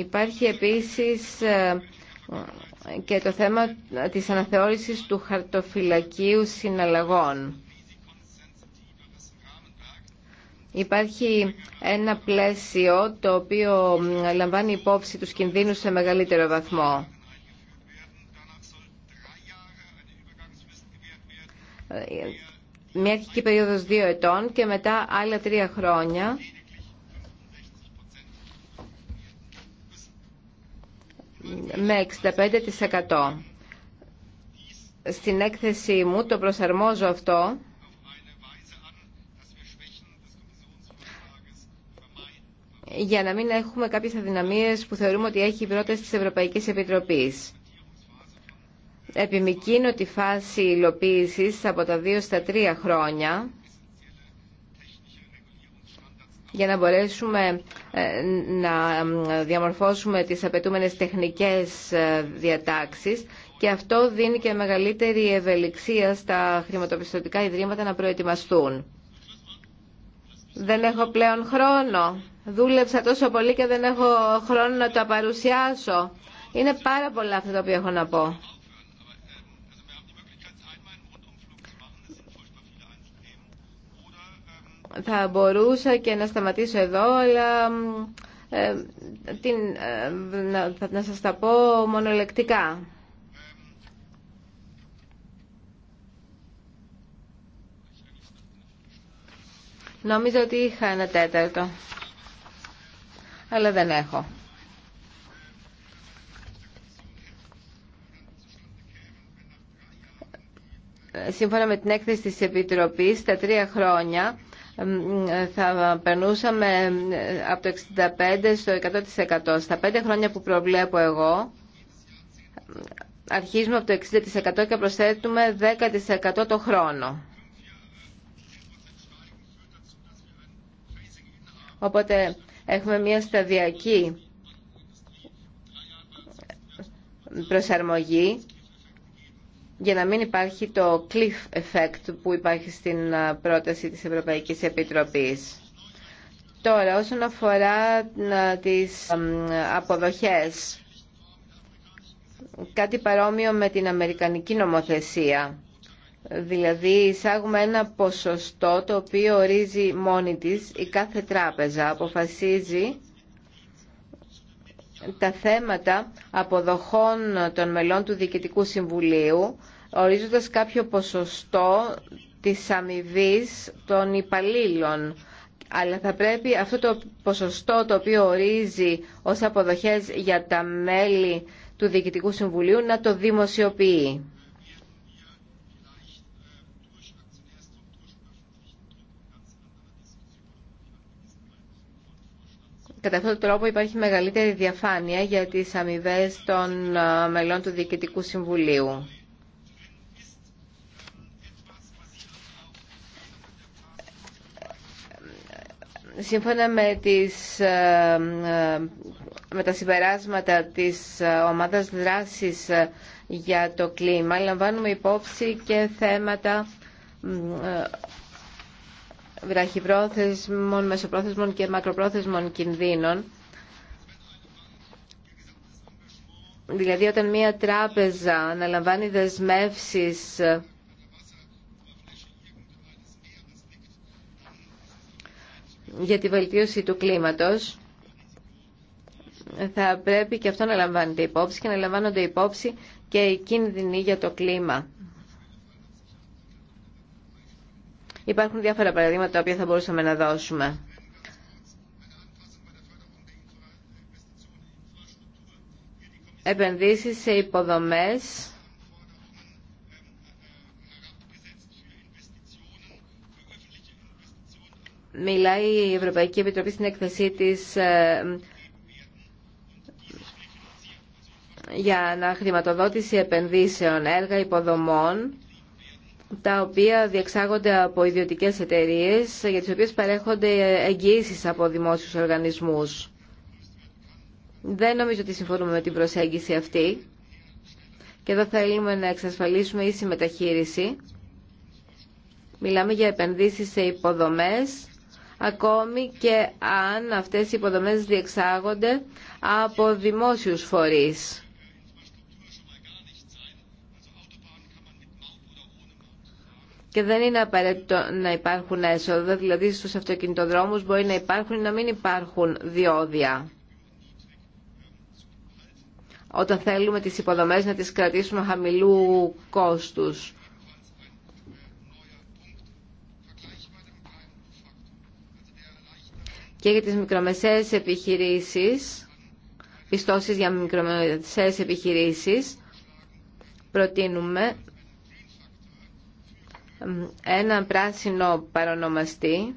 υπάρχει επίσης και το θέμα της αναθεώρησης του χαρτοφυλακίου συναλλαγών. Υπάρχει ένα πλαίσιο το οποίο λαμβάνει υπόψη τους κινδύνους σε μεγαλύτερο βαθμό μια αρχική περίοδος δύο ετών και μετά άλλα τρία χρόνια με 65%. Στην έκθεσή μου το προσαρμόζω αυτό για να μην έχουμε κάποιες αδυναμίες που θεωρούμε ότι έχει η πρόταση της Ευρωπαϊκής Επιτροπής επιμηκύνω τη φάση υλοποίησης από τα δύο στα τρία χρόνια για να μπορέσουμε ε, να διαμορφώσουμε τις απαιτούμενες τεχνικές ε, διατάξεις και αυτό δίνει και μεγαλύτερη ευελιξία στα χρηματοπιστωτικά ιδρύματα να προετοιμαστούν. Δεν έχω πλέον χρόνο. Δούλεψα τόσο πολύ και δεν έχω χρόνο να τα παρουσιάσω. Είναι πάρα πολλά αυτά τα οποία έχω να πω. Θα μπορούσα και να σταματήσω εδώ, αλλά ε, την, ε, να, θα, σας τα πω μονολεκτικά. Νομίζω ότι είχα ένα τέταρτο, αλλά δεν έχω. Ε, σύμφωνα με την έκθεση της Επιτροπής, τα τρία χρόνια θα περνούσαμε ε, από το 65% στο 100%. Στα πέντε χρόνια που προβλέπω εγώ, αρχίζουμε από το 60% και προσθέτουμε 10% το χρόνο. Οπότε έχουμε μια σταδιακή προσαρμογή για να μην υπάρχει το cliff effect που υπάρχει στην ε, πρόταση της Ευρωπαϊκής Επιτροπής. Τώρα, όσον αφορά ε, τις ε, αποδοχές, κάτι παρόμοιο με την Αμερικανική νομοθεσία. Δηλαδή, εισάγουμε ένα ποσοστό το οποίο ορίζει μόνη της η κάθε τράπεζα. Αποφασίζει τα θέματα αποδοχών των μελών του Διοικητικού Συμβουλίου ορίζοντας κάποιο ποσοστό της αμοιβή των υπαλλήλων. Αλλά θα πρέπει αυτό το ποσοστό το οποίο ορίζει ως αποδοχές για τα μέλη του Διοικητικού Συμβουλίου να το δημοσιοποιεί. Κατά αυτόν τον τρόπο υπάρχει μεγαλύτερη διαφάνεια για τις αμοιβέ των ε, μελών του Διοικητικού Συμβουλίου. Σύμφωνα με, τις, ε, ε, με τα συμπεράσματα της ομάδας δράσης για το κλίμα, λαμβάνουμε υπόψη και θέματα βραχυπρόθεσμων, μεσοπρόθεσμων και μακροπρόθεσμων κινδύνων. Δηλαδή όταν μια τράπεζα αναλαμβάνει δεσμεύσεις για τη βελτίωση του κλίματος, θα πρέπει και αυτό να λαμβάνεται υπόψη και να λαμβάνονται υπόψη και οι κίνδυνοι για το κλίμα. Υπάρχουν διάφορα παραδείγματα τα οποία θα μπορούσαμε να δώσουμε. Επενδύσεις σε υποδομές μιλάει η Ευρωπαϊκή Επιτροπή στην έκθεσή της ε, για αναχρηματοδότηση επενδύσεων, έργα υποδομών τα οποία διεξάγονται από ιδιωτικές εταιρείες για τις οποίες παρέχονται εγγυήσεις από δημόσιους οργανισμούς. Δεν νομίζω ότι συμφωνούμε με την προσέγγιση αυτή και εδώ θέλουμε να εξασφαλίσουμε ίση μεταχείριση. Μιλάμε για επενδύσεις σε υποδομές, ακόμη και αν αυτές οι υποδομές διεξάγονται από δημόσιους φορείς. και δεν είναι απαραίτητο να υπάρχουν έσοδα, δηλαδή στους αυτοκινητοδρόμους μπορεί να υπάρχουν ή να μην υπάρχουν διόδια. Όταν θέλουμε τις υποδομές να τις κρατήσουμε χαμηλού κόστους. Και για τις μικρομεσαίες επιχειρήσεις, πιστώσεις για μικρομεσαίες επιχειρήσεις, προτείνουμε ένα πράσινο παρονομαστή,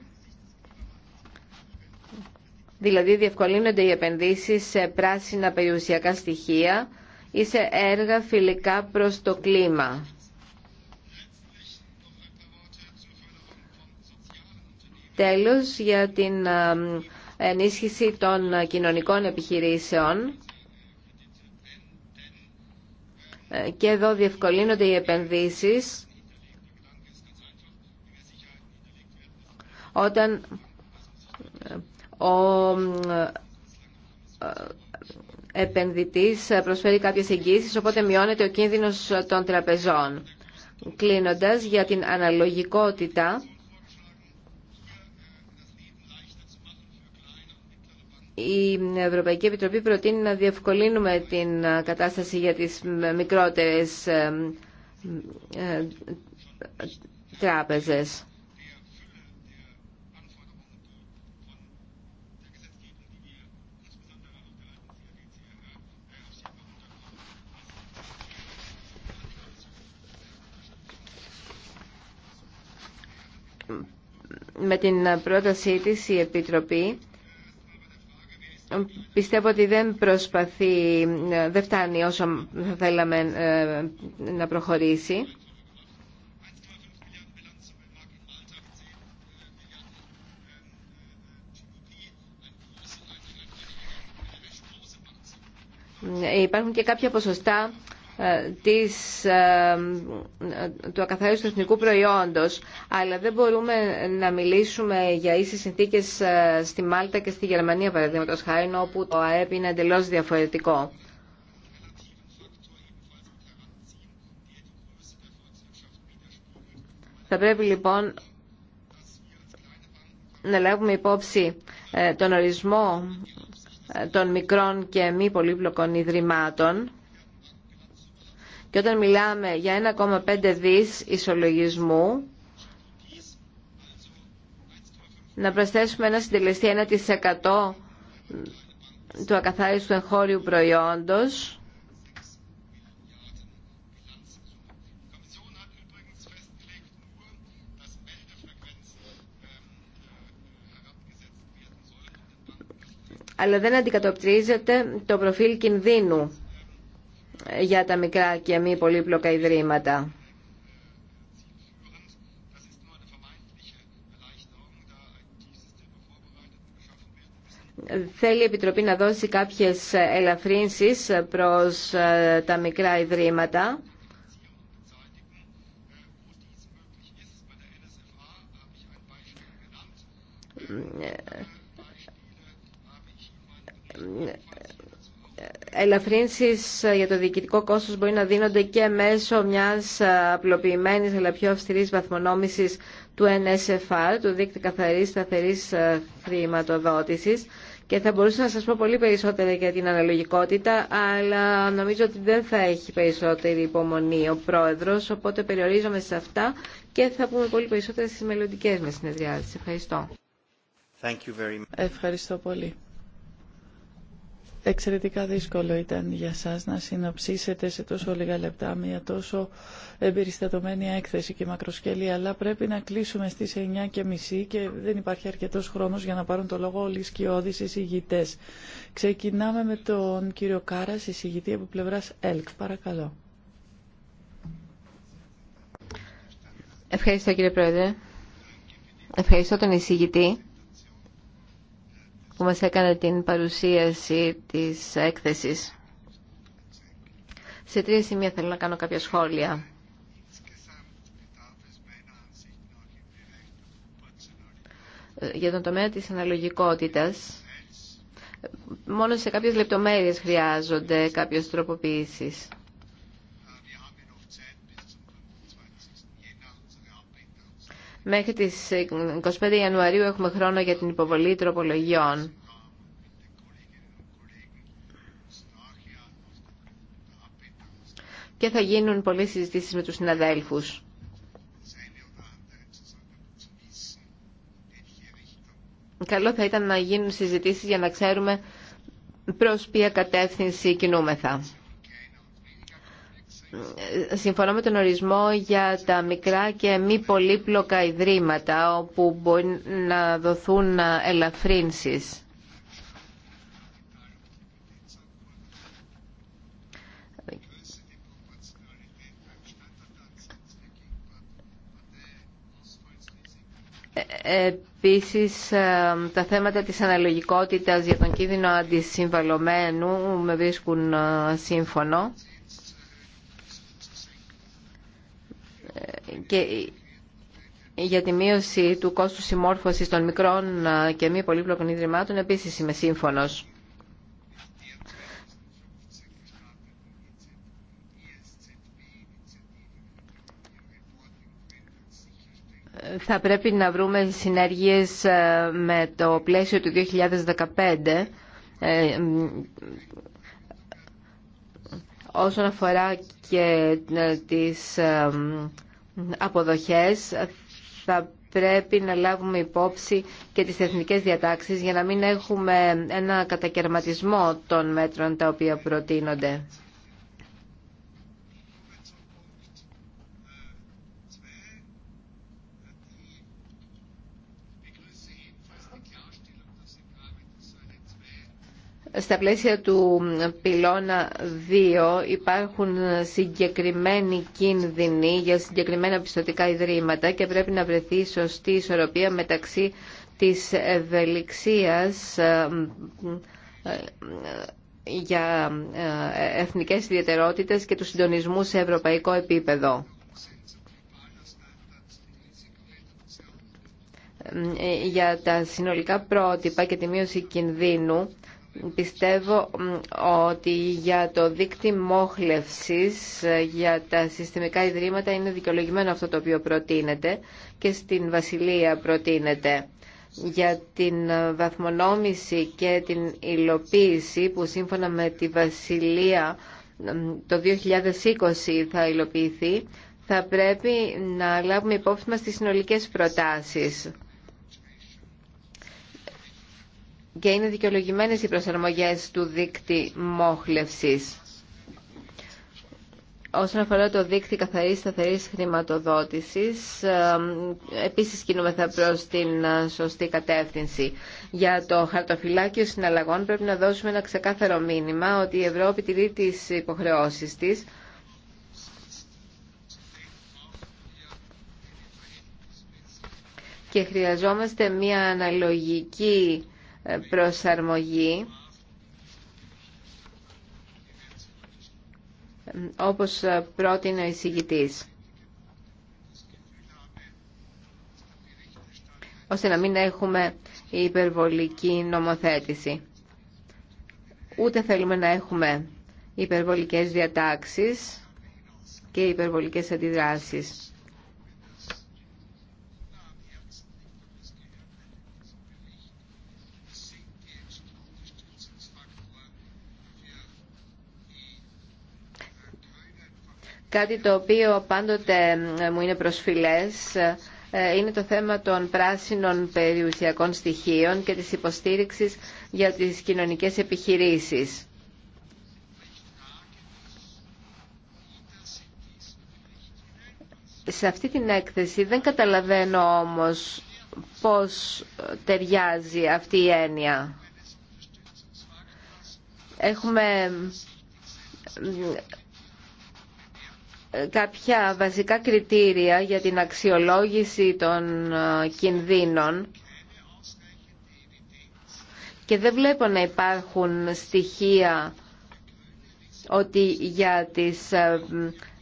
δηλαδή διευκολύνονται οι επενδύσεις σε πράσινα περιουσιακά στοιχεία ή σε έργα φιλικά προς το κλίμα. Τέλος, για την ενίσχυση των κοινωνικών επιχειρήσεων. Ε, και εδώ διευκολύνονται οι επενδύσεις όταν ο ε, επενδυτής προσφέρει κάποιες εγγύσεις, οπότε μειώνεται ο κίνδυνος των τραπεζών. Κλείνοντας για την αναλογικότητα, η Ευρωπαϊκή Επιτροπή προτείνει να διευκολύνουμε την κατάσταση για τις μικρότερες ε, ε, τράπεζες. με την πρότασή της η Επιτροπή πιστεύω ότι δεν προσπαθεί, δεν φτάνει όσο θα θέλαμε ε, να προχωρήσει. Ε, υπάρχουν και κάποια ποσοστά ε, της, ε, του ακαθαρίστου εθνικού προϊόντος αλλά δεν μπορούμε να μιλήσουμε για ίσες συνθήκες ε, στη Μάλτα και στη Γερμανία παραδείγματος χάρη όπου το ΑΕΠ είναι εντελώς διαφορετικό. Θα πρέπει λοιπόν να λάβουμε υπόψη τον ορισμό των μικρών και μη πολύπλοκων ιδρυμάτων και όταν μιλάμε για 1,5 δις ισολογισμού, να προσθέσουμε ένα συντελεστή 1% του ακαθάριστου εγχώριου προϊόντος, αλλά δεν αντικατοπτρίζεται το προφίλ κινδύνου για τα μικρά και μη πολύπλοκα ιδρύματα. Θέλει η Επιτροπή να δώσει κάποιες ελαφρύνσεις προς ε, τα μικρά ιδρύματα. ελαφρύνσεις ε, για το διοικητικό κόστος μπορεί να δίνονται και μέσω μιας ε, απλοποιημένης αλλά πιο αυστηρής βαθμονόμησης του NSFR, του Δίκτυου Καθαρής Σταθερής ε, Χρηματοδότησης και θα μπορούσα να σας πω πολύ περισσότερα για την αναλογικότητα αλλά νομίζω ότι δεν θα έχει περισσότερη υπομονή ο Πρόεδρος οπότε περιορίζομαι σε αυτά και θα πούμε πολύ περισσότερα στις μελλοντικές μας συνεδριάσεις. Ευχαριστώ. Thank you very much. Ευχαριστώ πολύ. Εξαιρετικά δύσκολο ήταν για σας να συνοψίσετε σε τόσο λίγα λεπτά μια τόσο εμπεριστατωμένη έκθεση και μακροσκελή, αλλά πρέπει να κλείσουμε στις 9.30 και και δεν υπάρχει αρκετός χρόνος για να πάρουν το λόγο όλοι οι σκιώδεις εισηγητές. Ξεκινάμε με τον κύριο Κάρα, εισηγητή από πλευράς ΕΛΚ. Παρακαλώ. Ευχαριστώ κύριε Πρόεδρε. Ευχαριστώ τον εισηγητή που μας έκανε την παρουσίαση της έκθεσης. Σε τρία σημεία θέλω να κάνω κάποια σχόλια. Για τον τομέα της αναλογικότητας, μόνο σε κάποιες λεπτομέρειες χρειάζονται κάποιες τροποποιήσεις. Μέχρι τις 25 Ιανουαρίου έχουμε χρόνο για την υποβολή τροπολογιών. Και θα γίνουν πολλές συζητήσεις με τους συναδέλφους. Καλό θα ήταν να γίνουν συζητήσεις για να ξέρουμε προς ποια κατεύθυνση κινούμεθα. Ε, συμφωνώ με τον ορισμό για τα μικρά και μη πολύπλοκα ιδρύματα όπου μπορεί να δοθούν ελαφρύνσεις. Ε, επίσης, ε, τα θέματα της αναλογικότητας για τον κίνδυνο αντισυμβαλωμένου με βρίσκουν σύμφωνο. και για τη μείωση του κόστου συμμόρφωσης των μικρών και μη πολύπλοκων ιδρυμάτων επίσης είμαι σύμφωνος. Θα πρέπει να βρούμε συνέργειες με το πλαίσιο του 2015 ε, όσον αφορά και ε, τις ε, αποδοχές θα πρέπει να λάβουμε υπόψη και τις εθνικές διατάξεις για να μην έχουμε ένα κατακαιρματισμό των μέτρων τα οποία προτείνονται. Στα πλαίσια του πυλώνα 2 υπάρχουν συγκεκριμένοι κίνδυνοι για συγκεκριμένα πιστοτικά ιδρύματα και πρέπει να βρεθεί σωστή ισορροπία μεταξύ της ευελιξίας ε, ε, ε, για εθνικές ιδιαιτερότητες και του συντονισμού σε ευρωπαϊκό επίπεδο. Για τα συνολικά πρότυπα και τη μείωση κινδύνου Πιστεύω ότι για το δίκτυ μόχλευσης ε, για τα συστημικά ιδρύματα είναι δικαιολογημένο αυτό το οποίο προτείνεται και στην Βασιλεία προτείνεται για την ε, βαθμονόμηση και την υλοποίηση που σύμφωνα με τη Βασιλεία το 2020 θα υλοποιηθεί θα πρέπει να λάβουμε υπόψη μας τις συνολικές προτάσεις και είναι δικαιολογημένες οι προσαρμογές του δίκτυ μόχλευσης. Όσον αφορά το δίκτυ καθαρής σταθερής χρηματοδότησης, επίσης κινούμεθα προς την ε, σωστή κατεύθυνση. Για το χαρτοφυλάκιο συναλλαγών πρέπει να δώσουμε ένα ξεκάθαρο μήνυμα ότι η Ευρώπη τηρεί τις υποχρεώσεις της και χρειαζόμαστε μια αναλογική ε, προσαρμογή ε, όπως ε, πρότεινε ο εισηγητής. ώστε να μην έχουμε υπερβολική νομοθέτηση. Ούτε θέλουμε να έχουμε υπερβολικές διατάξεις και υπερβολικές αντιδράσεις. Κάτι το οποίο πάντοτε ε, μου είναι προσφυλές ε, είναι το θέμα των πράσινων περιουσιακών στοιχείων και της υποστήριξης για τις κοινωνικές επιχειρήσεις. Σε αυτή την έκθεση δεν καταλαβαίνω όμως πώς ταιριάζει αυτή η έννοια. Έχουμε κάποια βασικά κριτήρια για την αξιολόγηση των ε, κινδύνων και δεν βλέπω να υπάρχουν στοιχεία ότι για, τις, ε,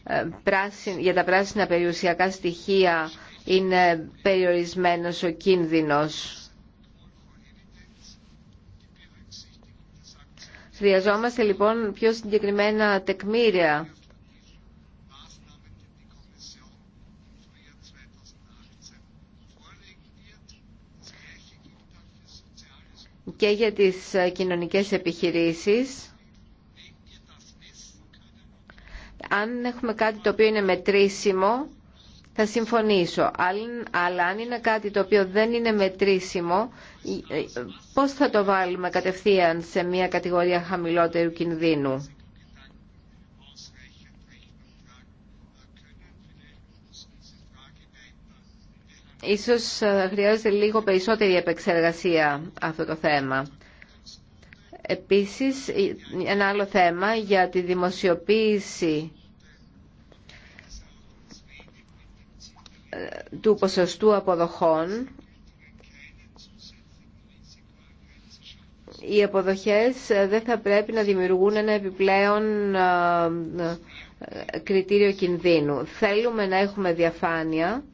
ε, για τα πράσινα περιουσιακά στοιχεία είναι περιορισμένος ο κίνδυνος. Χρειαζόμαστε λοιπόν πιο συγκεκριμένα τεκμήρια και για τις ε, κοινωνικές επιχειρήσεις. Αν έχουμε κάτι το οποίο είναι μετρήσιμο, θα συμφωνήσω. Αλλά αν είναι κάτι το οποίο δεν είναι μετρήσιμο, ε, ε, πώς θα το βάλουμε κατευθείαν σε μια κατηγορία χαμηλότερου κινδύνου. Ίσως ε, χρειάζεται λίγο περισσότερη επεξεργασία αυτό το θέμα. Επίσης, ένα άλλο θέμα για τη δημοσιοποίηση ε, του ποσοστού αποδοχών οι αποδοχές ε, δεν θα πρέπει να δημιουργούν ένα επιπλέον κριτήριο κινδύνου. Θέλουμε να έχουμε διαφάνεια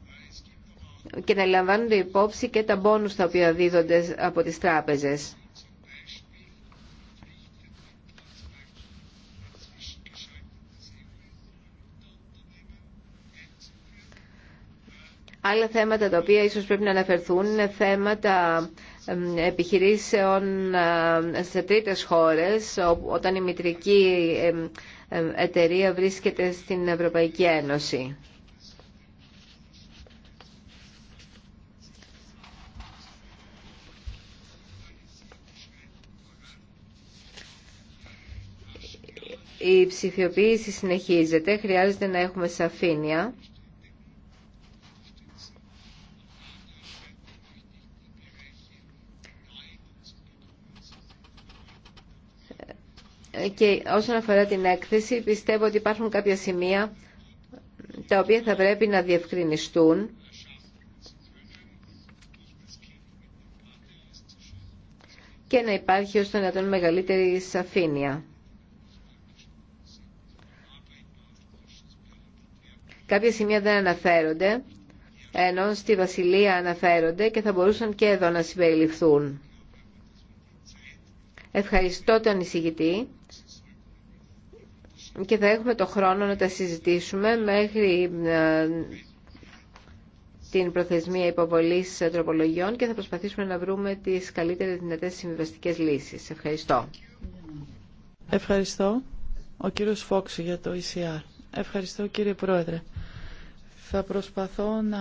και να λαμβάνονται υπόψη και τα μπόνους τα οποία δίδονται από τις τράπεζες. Άλλα θέματα τα οποία ίσως πρέπει να αναφερθούν είναι θέματα επιχειρήσεων σε τρίτες χώρες όταν η μητρική εταιρεία βρίσκεται στην Ευρωπαϊκή Ένωση. Η ψηφιοποίηση συνεχίζεται, χρειάζεται να έχουμε σαφήνεια. Και όσον αφορά την έκθεση, πιστεύω ότι υπάρχουν κάποια σημεία τα οποία θα πρέπει να διευκρινιστούν. και να υπάρχει ώστε να τον μεγαλύτερη σαφήνεια. Κάποια σημεία δεν αναφέρονται, ενώ στη Βασιλεία αναφέρονται και θα μπορούσαν και εδώ να συμπεριληφθούν. Ευχαριστώ τον εισηγητή και θα έχουμε το χρόνο να τα συζητήσουμε μέχρι ε, την προθεσμία υποβολής τροπολογιών και θα προσπαθήσουμε να βρούμε τις καλύτερες δυνατές συμβιβαστικές λύσεις. Ευχαριστώ. Ευχαριστώ. Ο κύριος Φόξου για το ECR. Ευχαριστώ κύριε Πρόεδρε. Θα προσπαθώ να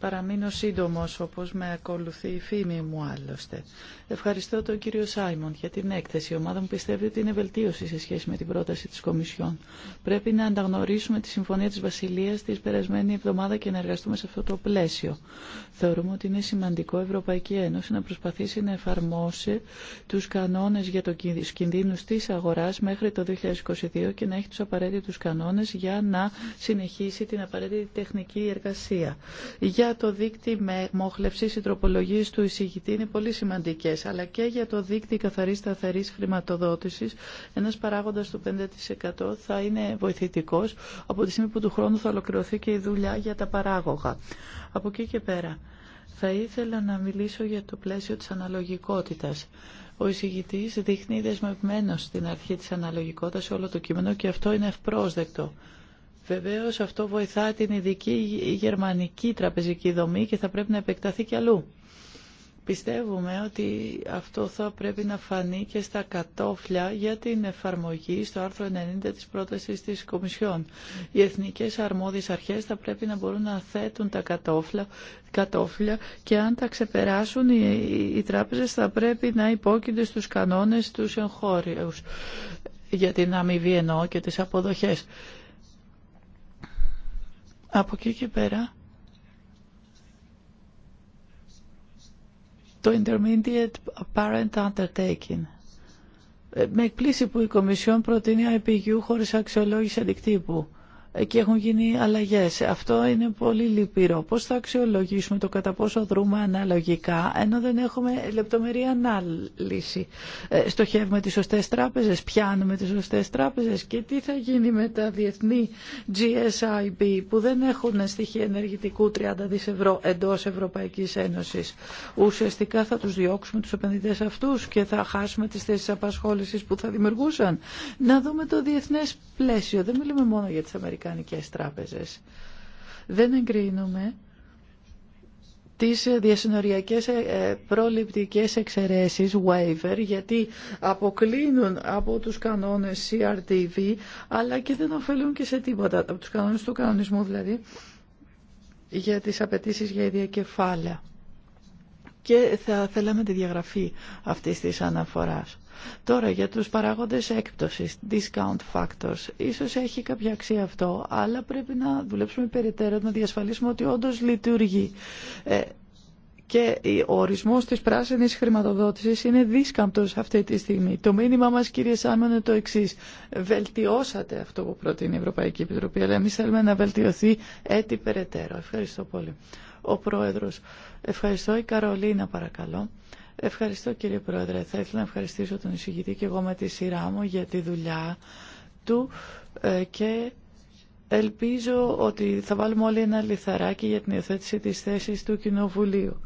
παραμείνω σύντομος, όπως με ακολουθεί η φήμη μου άλλωστε. Ευχαριστώ τον κύριο Σάιμον για την έκθεση. Η ομάδα μου πιστεύει ότι είναι βελτίωση σε σχέση με την πρόταση της Κομισιόν. Πρέπει να ανταγνωρίσουμε τη Συμφωνία της Βασιλείας τη περασμένη εβδομάδα και να εργαστούμε σε αυτό το πλαίσιο. Θεωρούμε ότι είναι σημαντικό η Ευρωπαϊκή Ένωση να προσπαθήσει να εφαρμόσει τους κανόνες για του κινδύνου τη αγορά μέχρι το 2022 και να έχει τους απαραίτητους κανόνες για να συνεχίσει την απαραίτητη τεχνική εργασία. Για το δίκτυο με μόχλευση οι του εισηγητή είναι πολύ σημαντικέ, αλλά και για το δίκτυο καθαρή σταθερή χρηματοδότηση, ένας παράγοντα του 5% θα είναι βοηθητικό από τη στιγμή που του χρόνου θα ολοκληρωθεί και η δουλειά για τα παράγωγα. Από εκεί και πέρα. Θα ήθελα να μιλήσω για το πλαίσιο της αναλογικότητας. Ο εισηγητή δείχνει δεσμευμένο στην αρχή της αναλογικότητας σε όλο το κείμενο και αυτό είναι ευπρόσδεκτο. Βεβαίως αυτό βοηθά την ειδική γερμανική τραπεζική δομή και θα πρέπει να επεκταθεί κι αλλού. Πιστεύουμε ότι αυτό θα πρέπει να φανεί και στα κατόφλια για την εφαρμογή στο άρθρο 90 της πρότασης της Κομισιόν. Οι εθνικές αρμόδιες αρχές θα πρέπει να μπορούν να θέτουν τα κατόφλια, κατόφλια και αν τα ξεπεράσουν οι, οι τράπεζες θα πρέπει να υπόκεινται στους κανόνες τους εγχώριους για την αμοιβή εννοώ και τις αποδοχές. Από εκεί και πέρα, το Intermediate Parent Undertaking. Ε, με εκπλήσι που η Κομισιόν προτείνει IPU χωρίς αξιολόγηση αντικτύπου και έχουν γίνει αλλαγέ. Αυτό είναι πολύ λυπηρό. Πώ θα αξιολογήσουμε το κατά πόσο δρούμε αναλογικά, ενώ δεν έχουμε λεπτομερή ανάλυση. Ε, στοχεύουμε τι σωστέ τράπεζε, πιάνουμε τι σωστέ τράπεζε και τι θα γίνει με τα διεθνή GSIB που δεν έχουν στοιχεία ενεργητικού 30 δις ευρώ εντό Ευρωπαϊκή Ένωση. Ουσιαστικά θα του διώξουμε του επενδυτέ αυτού και θα χάσουμε τις θέσεις απασχόληση που θα δημιουργούσαν. Να δούμε το διεθνέ πλαίσιο. Δεν μιλούμε μόνο για τι αμερικάνικέ τράπεζες. Δεν εγκρίνουμε τις διασυνοριακές ε, ε, προληπτικές εξαιρέσεις waiver γιατί αποκλίνουν από τους κανόνες CRTV αλλά και δεν ωφελούν και σε τίποτα από τους κανόνες του κανονισμού δηλαδή για τις απαιτήσει για ίδια κεφάλαια. Και θα θέλαμε τη διαγραφή αυτής της αναφοράς. Τώρα για τους παράγοντες έκπτωσης, discount factors, ίσως έχει κάποια αξία αυτό, αλλά πρέπει να δουλέψουμε περιττέρω, να διασφαλίσουμε ότι όντως λειτουργεί. Ε, και ο ορισμός της πράσινης χρηματοδότησης είναι δίσκαμπτος αυτή τη στιγμή. Το μήνυμα μας, κύριε Σάμιον είναι το εξής. Βελτιώσατε αυτό που προτείνει η Ευρωπαϊκή Επιτροπή, αλλά εμείς θέλουμε να βελτιωθεί έτσι περαιτέρω. Ευχαριστώ πολύ. Ο Πρόεδρος. Ευχαριστώ. Η Καρολίνα, παρακαλώ. Ευχαριστώ κύριε Πρόεδρε. Θα ήθελα να ευχαριστήσω τον εισηγητή και εγώ με τη σειρά μου για τη δουλειά του ε, και ελπίζω ότι θα βάλουμε όλοι ένα λιθαράκι για την υιοθέτηση της θέσης του Κοινοβουλίου.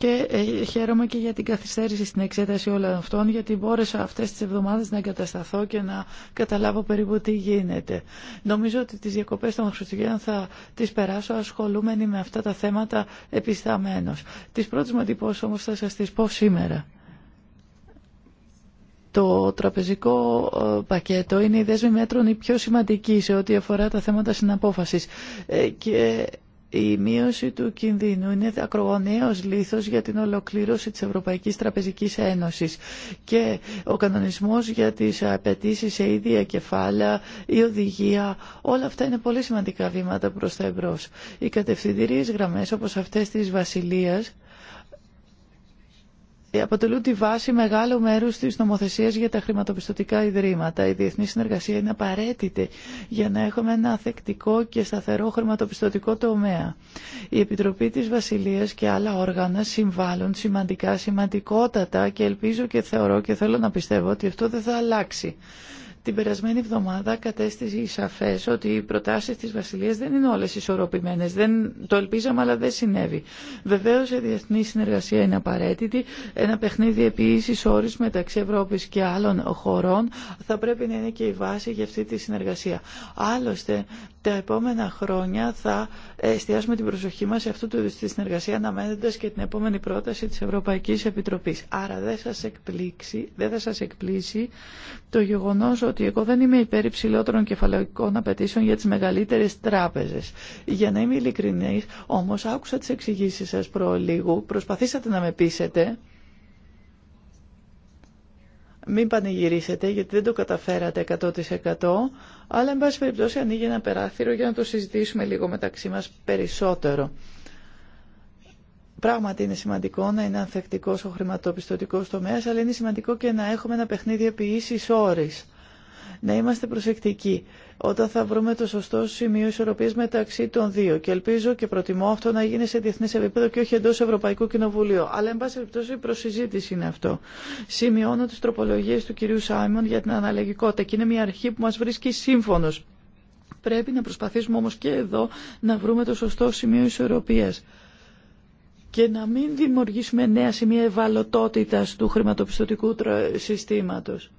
Και ε, χαίρομαι και για την καθυστέρηση στην εξέταση όλων αυτών, γιατί μπόρεσα αυτέ τι εβδομάδε να εγκατασταθώ και να καταλάβω περίπου τι γίνεται. Νομίζω ότι τι διακοπέ των Χριστουγέννων θα τι περάσω ασχολούμενοι με αυτά τα θέματα επισταμμένω. Τι πρώτε μου εντυπώσει όμως θα σα τι πω σήμερα. Το τραπεζικό ε, πακέτο είναι η δέσμη μέτρων η πιο σημαντική σε ό,τι αφορά τα θέματα συναπόφασης. Ε, και η μείωση του κινδύνου είναι ακρογωνιαίος λήθος για την ολοκλήρωση της Ευρωπαϊκής Τραπεζικής Ένωσης και ο κανονισμός για τις απαιτήσει σε ίδια κεφάλαια, η οδηγία, όλα αυτά είναι πολύ σημαντικά βήματα προς τα εμπρός. Οι κατευθυντηρίες γραμμές όπως αυτές της Βασιλείας αποτελούν τη βάση μεγάλου μέρους της νομοθεσίας για τα χρηματοπιστωτικά ιδρύματα. Η διεθνή συνεργασία είναι απαραίτητη για να έχουμε ένα αθεκτικό και σταθερό χρηματοπιστωτικό τομέα. Η Επιτροπή της Βασιλείας και άλλα όργανα συμβάλλουν σημαντικά, σημαντικότατα και ελπίζω και θεωρώ και θέλω να πιστεύω ότι αυτό δεν θα αλλάξει. Την περασμένη εβδομάδα κατέστησε σαφές ότι οι προτάσεις της Βασιλείας δεν είναι όλες ισορροπημένε. Δεν... Το ελπίζαμε, αλλά δεν συνέβη. Βεβαίως η διεθνή συνεργασία είναι απαραίτητη. Ένα παιχνίδι επίσης όρου μεταξύ Ευρώπη και άλλων χωρών θα πρέπει να είναι και η βάση για αυτή τη συνεργασία. Άλλωστε, τα επόμενα χρόνια θα εστιάσουμε την προσοχή μας σε αυτού του είδους τη συνεργασία αναμένοντας και την επόμενη πρόταση της Ευρωπαϊκής Επιτροπής. Άρα δεν σας εκπλήξει, δεν θα σας εκπλήσει το γεγονός ότι εγώ δεν είμαι υπέρ υψηλότερων κεφαλαϊκών απαιτήσεων για τις μεγαλύτερες τράπεζες. Για να είμαι ειλικρινής, όμως άκουσα τις εξηγήσεις σας προλίγου, προσπαθήσατε να με πείσετε μην πανηγυρίσετε γιατί δεν το καταφέρατε 100% αλλά εν πάση περιπτώσει ανοίγει ένα περάθυρο για να το συζητήσουμε λίγο μεταξύ μας περισσότερο. Πράγματι είναι σημαντικό να είναι ανθεκτικός ο χρηματοπιστωτικός τομέας αλλά είναι σημαντικό και να έχουμε ένα παιχνίδι επί ίσης όρης. Να είμαστε προσεκτικοί όταν θα βρούμε το σωστό σημείο ισορροπίας μεταξύ των δύο. Και ελπίζω και προτιμώ αυτό να γίνει σε διεθνές επίπεδο και όχι εντό Ευρωπαϊκού Κοινοβουλίου. Αλλά, εν πάση περιπτώσει, η προσυζήτηση είναι αυτό. Σημειώνω τι τροπολογίε του κυρίου Σάιμον για την αναλογικότητα και είναι μια αρχή που μα βρίσκει σύμφωνο. Πρέπει να προσπαθήσουμε όμω και εδώ να βρούμε το σωστό σημείο ισορροπίας και να μην δημιουργήσουμε νέα σημεία ευαλωτότητα του χρηματοπιστωτικού συστήματος.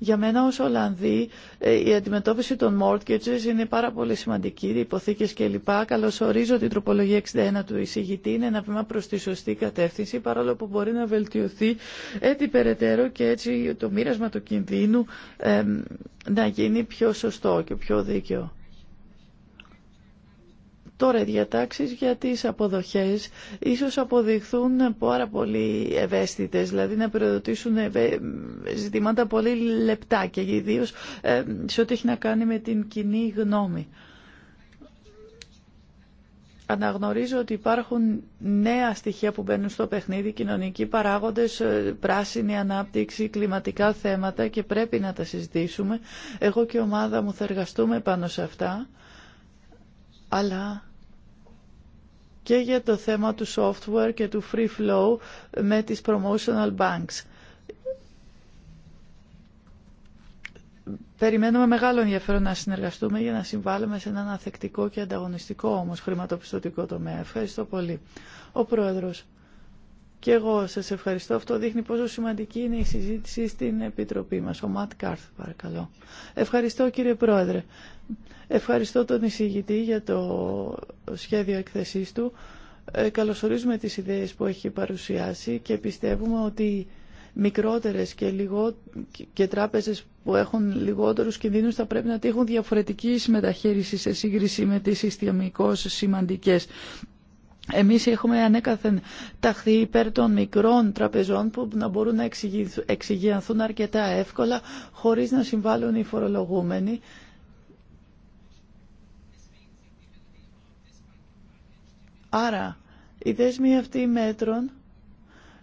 Για μένα ως Ολλανδή ε, η αντιμετώπιση των mortgages είναι πάρα πολύ σημαντική, υποθήκες κλπ. Καλωσορίζω την τροπολογία 61 του εισηγητή, είναι ένα βήμα προς τη σωστή κατεύθυνση, παρόλο που μπορεί να βελτιωθεί έτσι περαιτέρω και έτσι το μοίρασμα του κινδύνου να γίνει πιο σωστό και πιο δίκαιο. Τώρα, οι διατάξεις για τις αποδοχές ίσως αποδειχθούν πάρα πολύ ευαίσθητες, δηλαδή να περιοδοτήσουν ζητημάτα πολύ λεπτά και ιδίω ε, σε ό,τι έχει να κάνει με την κοινή γνώμη. Αναγνωρίζω ότι υπάρχουν νέα στοιχεία που μπαίνουν στο παιχνίδι, κοινωνικοί παράγοντες, ε, πράσινη ανάπτυξη, κλιματικά θέματα και πρέπει να τα συζητήσουμε. Εγώ και η ομάδα μου θα εργαστούμε πάνω σε αυτά, αλλά και για το θέμα του software και του free flow με τις promotional banks. Περιμένουμε μεγάλο ενδιαφέρον να συνεργαστούμε για να συμβάλλουμε σε έναν αθεκτικό και ανταγωνιστικό όμως χρηματοπιστωτικό τομέα. Ευχαριστώ πολύ. Ο Πρόεδρος. Και εγώ σας ευχαριστώ. Αυτό δείχνει πόσο σημαντική είναι η συζήτηση στην Επιτροπή μας. Ο Ματ Κάρθ, παρακαλώ. Ευχαριστώ κύριε Πρόεδρε. Ευχαριστώ τον εισηγητή για το σχέδιο εκθεσής του. Ε, καλωσορίζουμε τις ιδέες που έχει παρουσιάσει και πιστεύουμε ότι μικρότερες και, λιγό... και τράπεζες που έχουν λιγότερους κινδύνους θα πρέπει να τύχουν διαφορετική μεταχείριση σε σύγκριση με τις συστημικώς σημαντικές. Εμείς έχουμε ανέκαθεν ταχθεί υπέρ των μικρών τραπεζών που να μπορούν να εξηγηθούν αρκετά εύκολα χωρίς να συμβάλλουν οι φορολογούμενοι Άρα, η δέσμη αυτή μέτρων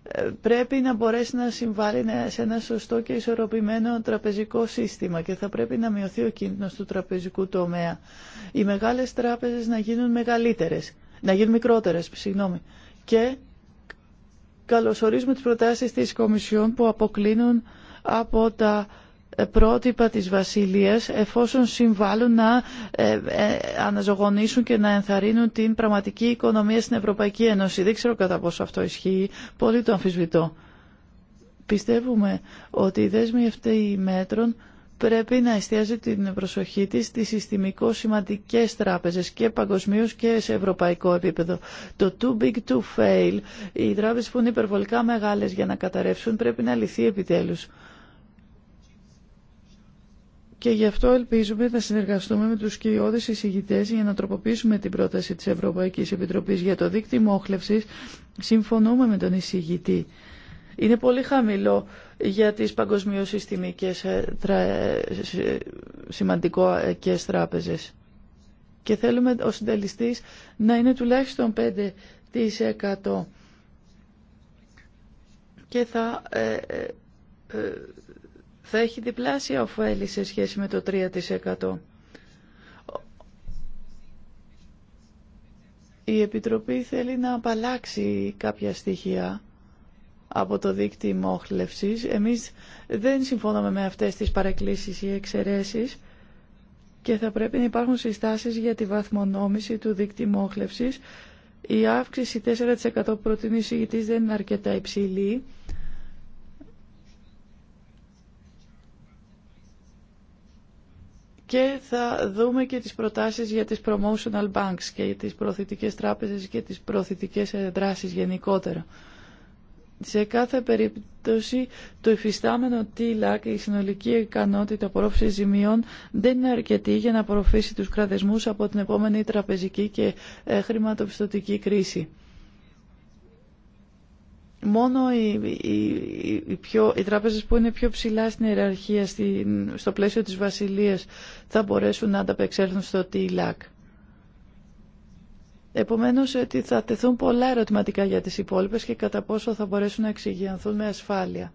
ε, πρέπει να μπορέσει να συμβάλλει σε ένα σωστό και ισορροπημένο τραπεζικό σύστημα και θα πρέπει να μειωθεί ο κίνδυνος του τραπεζικού τομέα. Οι μεγάλες τράπεζες να γίνουν μεγαλύτερες, να γίνουν μικρότερες, συγγνώμη. Και καλωσορίζουμε τις προτάσεις της Κομισιόν που αποκλίνουν από τα πρότυπα της Βασιλείας εφόσον συμβάλλουν να ε, ε, αναζωογονήσουν και να ενθαρρύνουν την πραγματική οικονομία στην Ευρωπαϊκή Ένωση. Δεν ξέρω κατά πόσο αυτό ισχύει. Πολύ το αμφισβητώ. Πιστεύουμε ότι η δέσμη αυτή μέτρων πρέπει να εστιάζει την προσοχή της στις συστημικό σημαντικές τράπεζες και παγκοσμίως και σε ευρωπαϊκό επίπεδο. Το too big to fail, οι τράπεζες που είναι υπερβολικά μεγάλες για να καταρρεύσουν πρέπει να λυθεί επιτέλους. Και γι' αυτό ελπίζουμε να συνεργαστούμε με τους κυριώδες εισηγητές για να τροποποιήσουμε την πρόταση της Ευρωπαϊκής Επιτροπής για το δίκτυο μόχλευσης. Συμφωνούμε με τον εισηγητή. Είναι πολύ χαμηλό για τις παγκοσμιοσυστημικές ε, σημαντικές ε, τράπεζες. Και θέλουμε ο συντελιστής να είναι τουλάχιστον 5% και θα ε, θα έχει διπλάσια ωφέλη σε σχέση με το 3%. Η Επιτροπή θέλει να απαλλάξει κάποια στοιχεία από το δίκτυο μόχλευσης. Εμείς δεν συμφώναμε με αυτές τις παρακλήσεις ή εξαιρέσεις και θα πρέπει να υπάρχουν συστάσεις για τη βαθμονόμηση του δίκτυου μόχλευσης. Η αύξηση 4% που προτείνει ο δεν είναι αρκετά υψηλή. και θα δούμε και τις προτάσεις για τις promotional banks και τις προωθητικές τράπεζες και τις προωθητικές ε, δράσεις γενικότερα. Σε κάθε περίπτωση το υφιστάμενο TILAC, η συνολική ικανότητα απορρόφησης ζημιών, δεν είναι αρκετή για να απορροφήσει τους κραδεσμούς από την επόμενη τραπεζική και ε, χρηματοπιστωτική κρίση μόνο οι, οι, πιο, οι τράπεζες που είναι πιο ψηλά στην ιεραρχία, στην, στο πλαίσιο της βασιλείας, θα μπορέσουν να ανταπεξέλθουν στο ΤΙΛΑΚ. Επομένως, ότι θα τεθούν πολλά ερωτηματικά για τις υπόλοιπες και κατά πόσο θα μπορέσουν να εξηγιανθούν με ασφάλεια.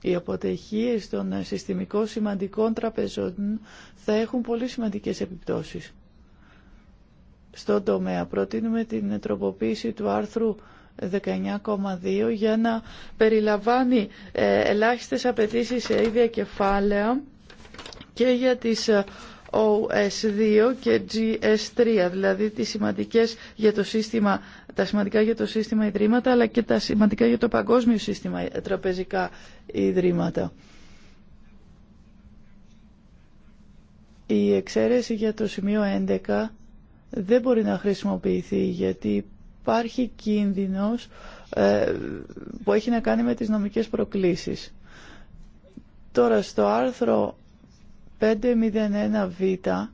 Οι αποτεχίες των συστημικών σημαντικών τραπεζών θα έχουν πολύ σημαντικές επιπτώσεις στον τομέα. Προτείνουμε την τροποποίηση του άρθρου 19,2 για να περιλαμβάνει ε, ελάχιστες απαιτήσει σε ίδια κεφάλαια και για τις OS2 ε, και GS3, δηλαδή τις σημαντικές για το σύστημα, τα σημαντικά για το σύστημα ιδρύματα αλλά και τα σημαντικά για το παγκόσμιο σύστημα ε, τραπεζικά ιδρύματα. Η εξαίρεση για το σημείο 11 δεν μπορεί να χρησιμοποιηθεί γιατί υπάρχει κίνδυνος ε, που έχει να κάνει με τις νομικές προκλήσεις. Τώρα στο άρθρο 501β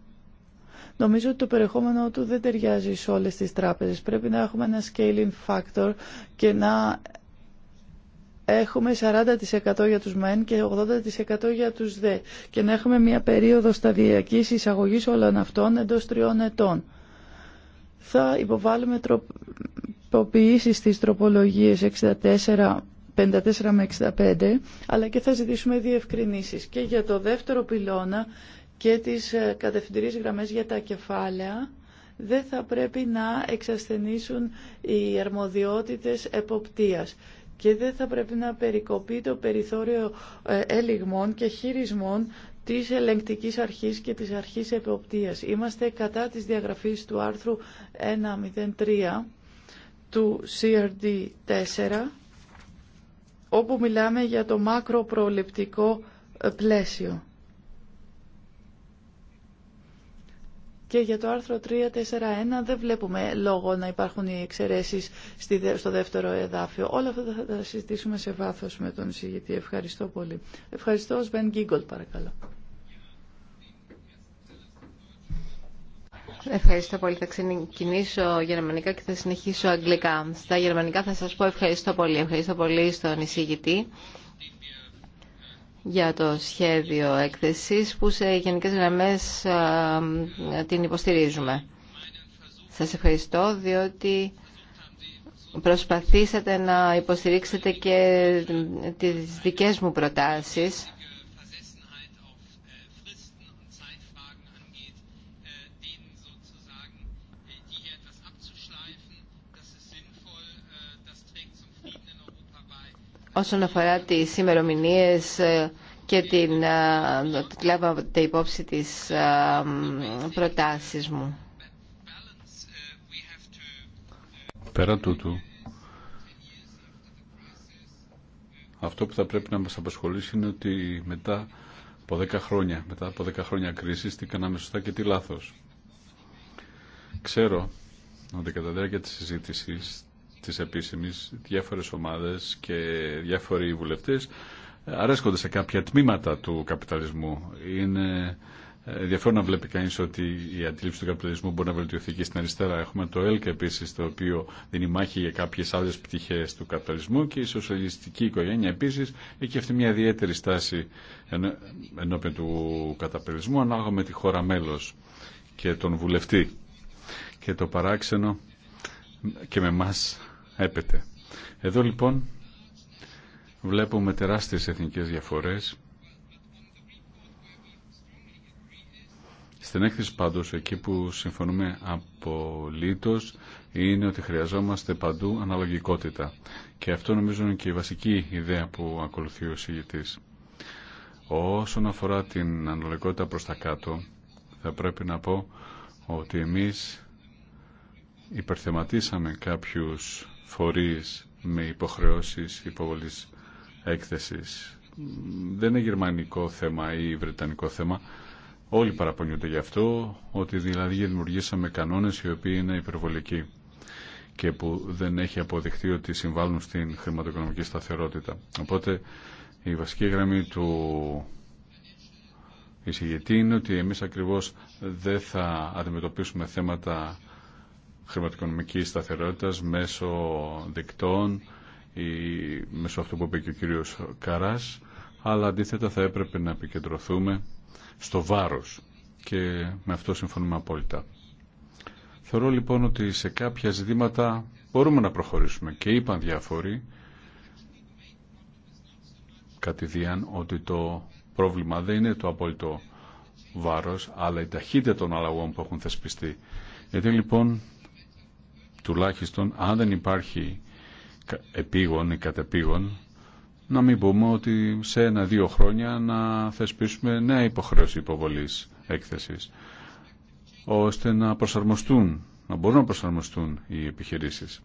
Νομίζω ότι το περιεχόμενό του δεν ταιριάζει σε όλες τις τράπεζες. Πρέπει να έχουμε ένα scaling factor και να έχουμε 40% για τους μεν και 80% για τους δε. Και να έχουμε μια περίοδο σταδιακής εισαγωγής όλων αυτών εντός τριών ετών θα υποβάλουμε τροποποιήσεις στις τροπολογίες 64 54 με 65, αλλά και θα ζητήσουμε διευκρινήσεις και για το δεύτερο πυλώνα και τις ε, κατευθυντηρίες γραμμές για τα κεφάλαια δεν θα πρέπει να εξασθενήσουν οι αρμοδιότητες εποπτείας και δεν θα πρέπει να περικοπεί το περιθώριο έλιγμων ε, και χειρισμών της ελεγκτικής αρχής και της αρχής εποπτείας. Είμαστε κατά της διαγραφής του άρθρου 103 του CRD4 όπου μιλάμε για το μακροπροληπτικό πλαίσιο. Και για το άρθρο 341 δεν βλέπουμε λόγο να υπάρχουν οι εξαιρέσεις στο δεύτερο εδάφιο. Όλα αυτά θα τα συζητήσουμε σε βάθος με τον εισηγητή. Ευχαριστώ πολύ. Ευχαριστώ, Σβεν Γκίγκολ, παρακαλώ. Ευχαριστώ πολύ. Θα ξεκινήσω γερμανικά και θα συνεχίσω αγγλικά. Στα γερμανικά θα σας πω ευχαριστώ πολύ. Ευχαριστώ πολύ στον εισηγητή για το σχέδιο έκθεσης που σε γενικές γραμμές την υποστηρίζουμε. Σας ευχαριστώ διότι προσπαθήσατε να υποστηρίξετε και τις δικές μου προτάσεις Όσον αφορά τις ημερομηνίε ε, και την ε, λάβατε υπόψη τι ε, προτάσεις μου. Πέρα τούτου, αυτό που θα πρέπει να μας απασχολήσει είναι ότι μετά από 10 χρόνια, μετά από 10 χρόνια κρίσης, τι κάναμε σωστά και τι λάθος. Ξέρω ότι κατά τη διάρκεια της συζήτησης της επίσημης, διάφορες ομάδες και διάφοροι βουλευτές ε, αρέσκονται σε κάποια τμήματα του καπιταλισμού. Είναι ε, ενδιαφέρον να βλέπει κανείς ότι η αντίληψη του καπιταλισμού μπορεί να βελτιωθεί και στην αριστερά. Έχουμε το ΕΛΚ επίσης, το οποίο δίνει μάχη για κάποιες άλλες πτυχές του καπιταλισμού και η σοσιαλιστική οικογένεια επίσης έχει αυτή μια ιδιαίτερη στάση ενώπιον του καταπερισμού ανάγω με τη χώρα μέλος και τον βουλευτή. Και το παράξενο και με εμά. Εδώ λοιπόν βλέπουμε τεράστιες εθνικές διαφορές. Στην έκθεση πάντως, εκεί που συμφωνούμε απολύτως, είναι ότι χρειαζόμαστε παντού αναλογικότητα. Και αυτό νομίζω είναι και η βασική ιδέα που ακολουθεί ο συγητής. Όσον αφορά την αναλογικότητα προς τα κάτω, θα πρέπει να πω ότι εμείς υπερθεματίσαμε κάποιους φορείς με υποχρεώσεις υποβολής έκθεσης. Δεν είναι γερμανικό θέμα ή βρετανικό θέμα. Όλοι παραπονιούνται γι' αυτό, ότι δηλαδή δημιουργήσαμε κανόνες οι οποίοι είναι υπερβολικοί και που δεν έχει αποδειχθεί ότι συμβάλλουν στην χρηματοοικονομική σταθερότητα. Οπότε η βασική γραμμή του εισηγητή είναι ότι εμείς ακριβώς δεν θα αντιμετωπίσουμε θέματα χρηματοοικονομικής σταθερότητας μέσω δικτών ή μέσω αυτού που είπε και ο κύριος Καράς, αλλά αντίθετα θα έπρεπε να επικεντρωθούμε στο βάρος και με αυτό συμφωνούμε απόλυτα. Θεωρώ λοιπόν ότι σε κάποια ζητήματα μπορούμε να προχωρήσουμε και είπαν διάφοροι κατηδίαν ότι το πρόβλημα δεν είναι το απόλυτο βάρος αλλά η ταχύτητα των αλλαγών που έχουν θεσπιστεί. Γιατί λοιπόν τουλάχιστον αν δεν υπάρχει επίγον ή κατεπίγον να μην πούμε ότι σε ένα-δύο χρόνια να θεσπίσουμε νέα υποχρέωση υποβολής έκθεσης ώστε να προσαρμοστούν, να μπορούν να προσαρμοστούν οι επιχειρήσεις.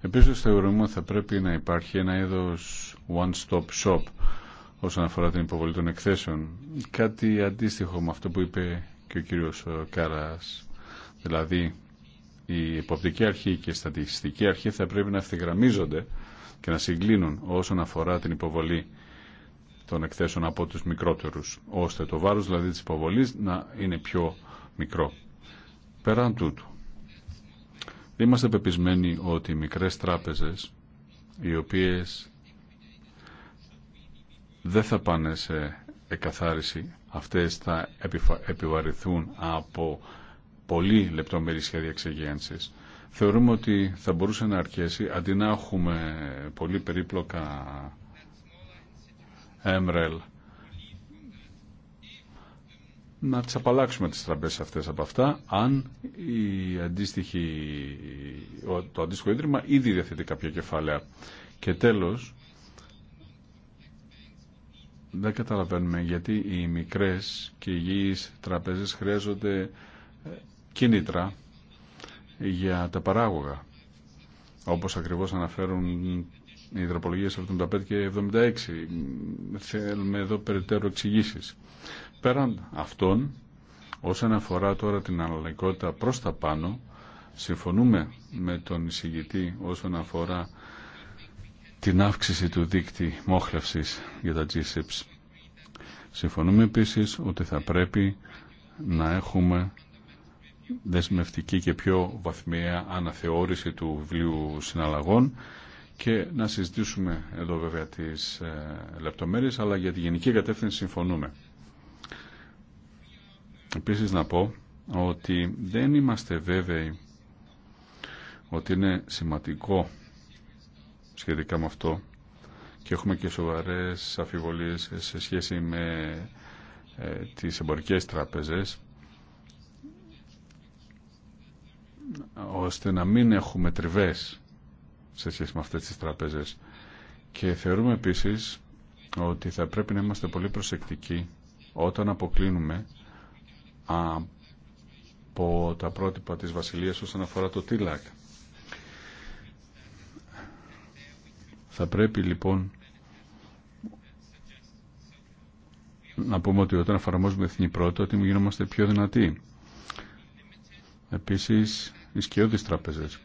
Επίσης θεωρούμε ότι θα πρέπει να υπάρχει ένα είδος one-stop shop όσον αφορά την υποβολή των εκθέσεων. Κάτι αντίστοιχο με αυτό που είπε και ο κύριος Κάρας. Δηλαδή η υποπτική αρχή και η στατιστική αρχή θα πρέπει να ευθυγραμμίζονται και να συγκλίνουν όσον αφορά την υποβολή των εκθέσεων από τους μικρότερους, ώστε το βάρος δηλαδή της υποβολής να είναι πιο μικρό. Πέραν τούτου, είμαστε πεπισμένοι ότι οι μικρές τράπεζες, οι οποίες δεν θα πάνε σε εκαθάριση, αυτές θα επιβαρηθούν από πολύ λεπτομερή σχέδια εξεγένσης. Θεωρούμε ότι θα μπορούσε να αρκέσει αντί να έχουμε πολύ περίπλοκα έμρελ να τις απαλλάξουμε τις τραπέζες αυτές από αυτά αν η αντίστοιχη, το αντίστοιχο ίδρυμα ήδη διαθέτει κάποια κεφάλαια. Και τέλος, δεν καταλαβαίνουμε γιατί οι μικρές και υγιείς τραπέζες χρειάζονται κίνητρα για τα παράγωγα, όπως ακριβώς αναφέρουν οι υδροπολογίες 75 και 76. Θέλουμε εδώ περιττέρω εξηγήσει. Πέραν αυτών, όσον αφορά τώρα την αναλογικότητα προς τα πάνω, συμφωνούμε με τον εισηγητή όσον αφορά την αύξηση του δίκτυ μόχλευσης για τα G-SIPS. Συμφωνούμε επίσης ότι θα πρέπει να έχουμε δεσμευτική και πιο βαθμιαία αναθεώρηση του βιβλίου συναλλαγών και να συζητήσουμε εδώ βέβαια τις ε, λεπτομέρειες αλλά για τη γενική κατεύθυνση συμφωνούμε. Επίσης να πω ότι δεν είμαστε βέβαιοι ότι είναι σημαντικό σχετικά με αυτό και έχουμε και σοβαρές αφιβολίες σε σχέση με ε, τις εμπορικές τράπεζες ώστε να μην έχουμε τριβές σε σχέση με αυτές τις τραπέζες. Και θεωρούμε επίσης ότι θα πρέπει να είμαστε πολύ προσεκτικοί όταν αποκλίνουμε από τα πρότυπα της Βασιλείας όσον αφορά το τίλακ. Θα πρέπει λοιπόν να πούμε ότι όταν εφαρμόζουμε εθνή πρώτα ότι γινόμαστε πιο δυνατοί. Επίσης της τραπεζές.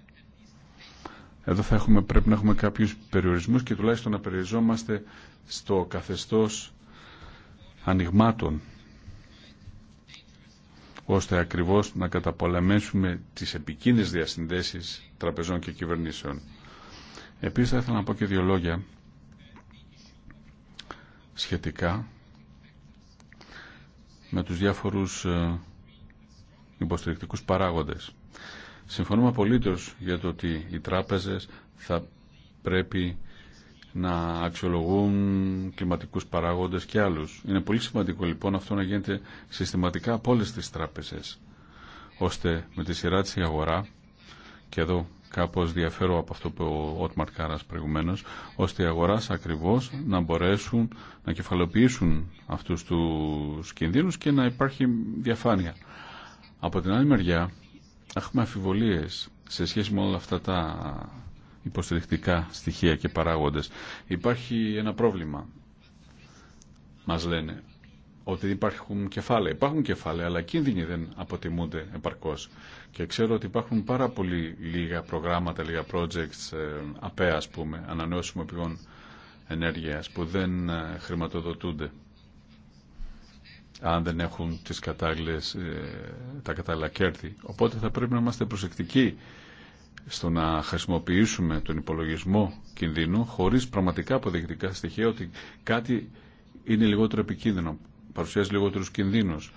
Εδώ θα έχουμε, πρέπει να έχουμε κάποιους περιορισμούς και τουλάχιστον να περιοριζόμαστε στο καθεστώς ανοιγμάτων ώστε ακριβώς να καταπολεμήσουμε τις επικίνδυνες διασυνδέσεις τραπεζών και κυβερνήσεων. Επίσης θα ήθελα να πω και δύο λόγια σχετικά με τους διάφορους ε, υποστηρικτικούς παράγοντες. Συμφωνούμε απολύτως για το ότι οι τράπεζες θα πρέπει να αξιολογούν κλιματικούς παράγοντες και άλλους. Είναι πολύ σημαντικό λοιπόν αυτό να γίνεται συστηματικά από όλες τις τράπεζες, ώστε με τη σειρά της η αγορά, και εδώ κάπως διαφέρω από αυτό που ο Ότμαρ Κάρας προηγουμένως, ώστε οι αγοράς ακριβώς να μπορέσουν να κεφαλοποιήσουν αυτούς του κινδύνους και να υπάρχει διαφάνεια. Από την άλλη μεριά, έχουμε αφιβολίες σε σχέση με όλα αυτά τα υποστηρικτικά στοιχεία και παράγοντες. Υπάρχει ένα πρόβλημα. Μας λένε ότι υπάρχουν κεφάλαια. Υπάρχουν κεφάλαια, αλλά κίνδυνοι δεν αποτιμούνται επαρκώς. Και ξέρω ότι υπάρχουν πάρα πολύ λίγα προγράμματα, λίγα projects, ε, ΑΠΕ ας πούμε, ανανεώσιμων πηγών ενέργειας, που δεν ε, χρηματοδοτούνται αν δεν έχουν τις κατάλληλες, ε, τα κατάλληλα κέρδη. Οπότε θα πρέπει να είμαστε προσεκτικοί στο να χρησιμοποιήσουμε τον υπολογισμό κινδύνου χωρίς πραγματικά αποδεικτικά στοιχεία ότι κάτι είναι λιγότερο επικίνδυνο, παρουσιάζει λιγότερους κινδύνους.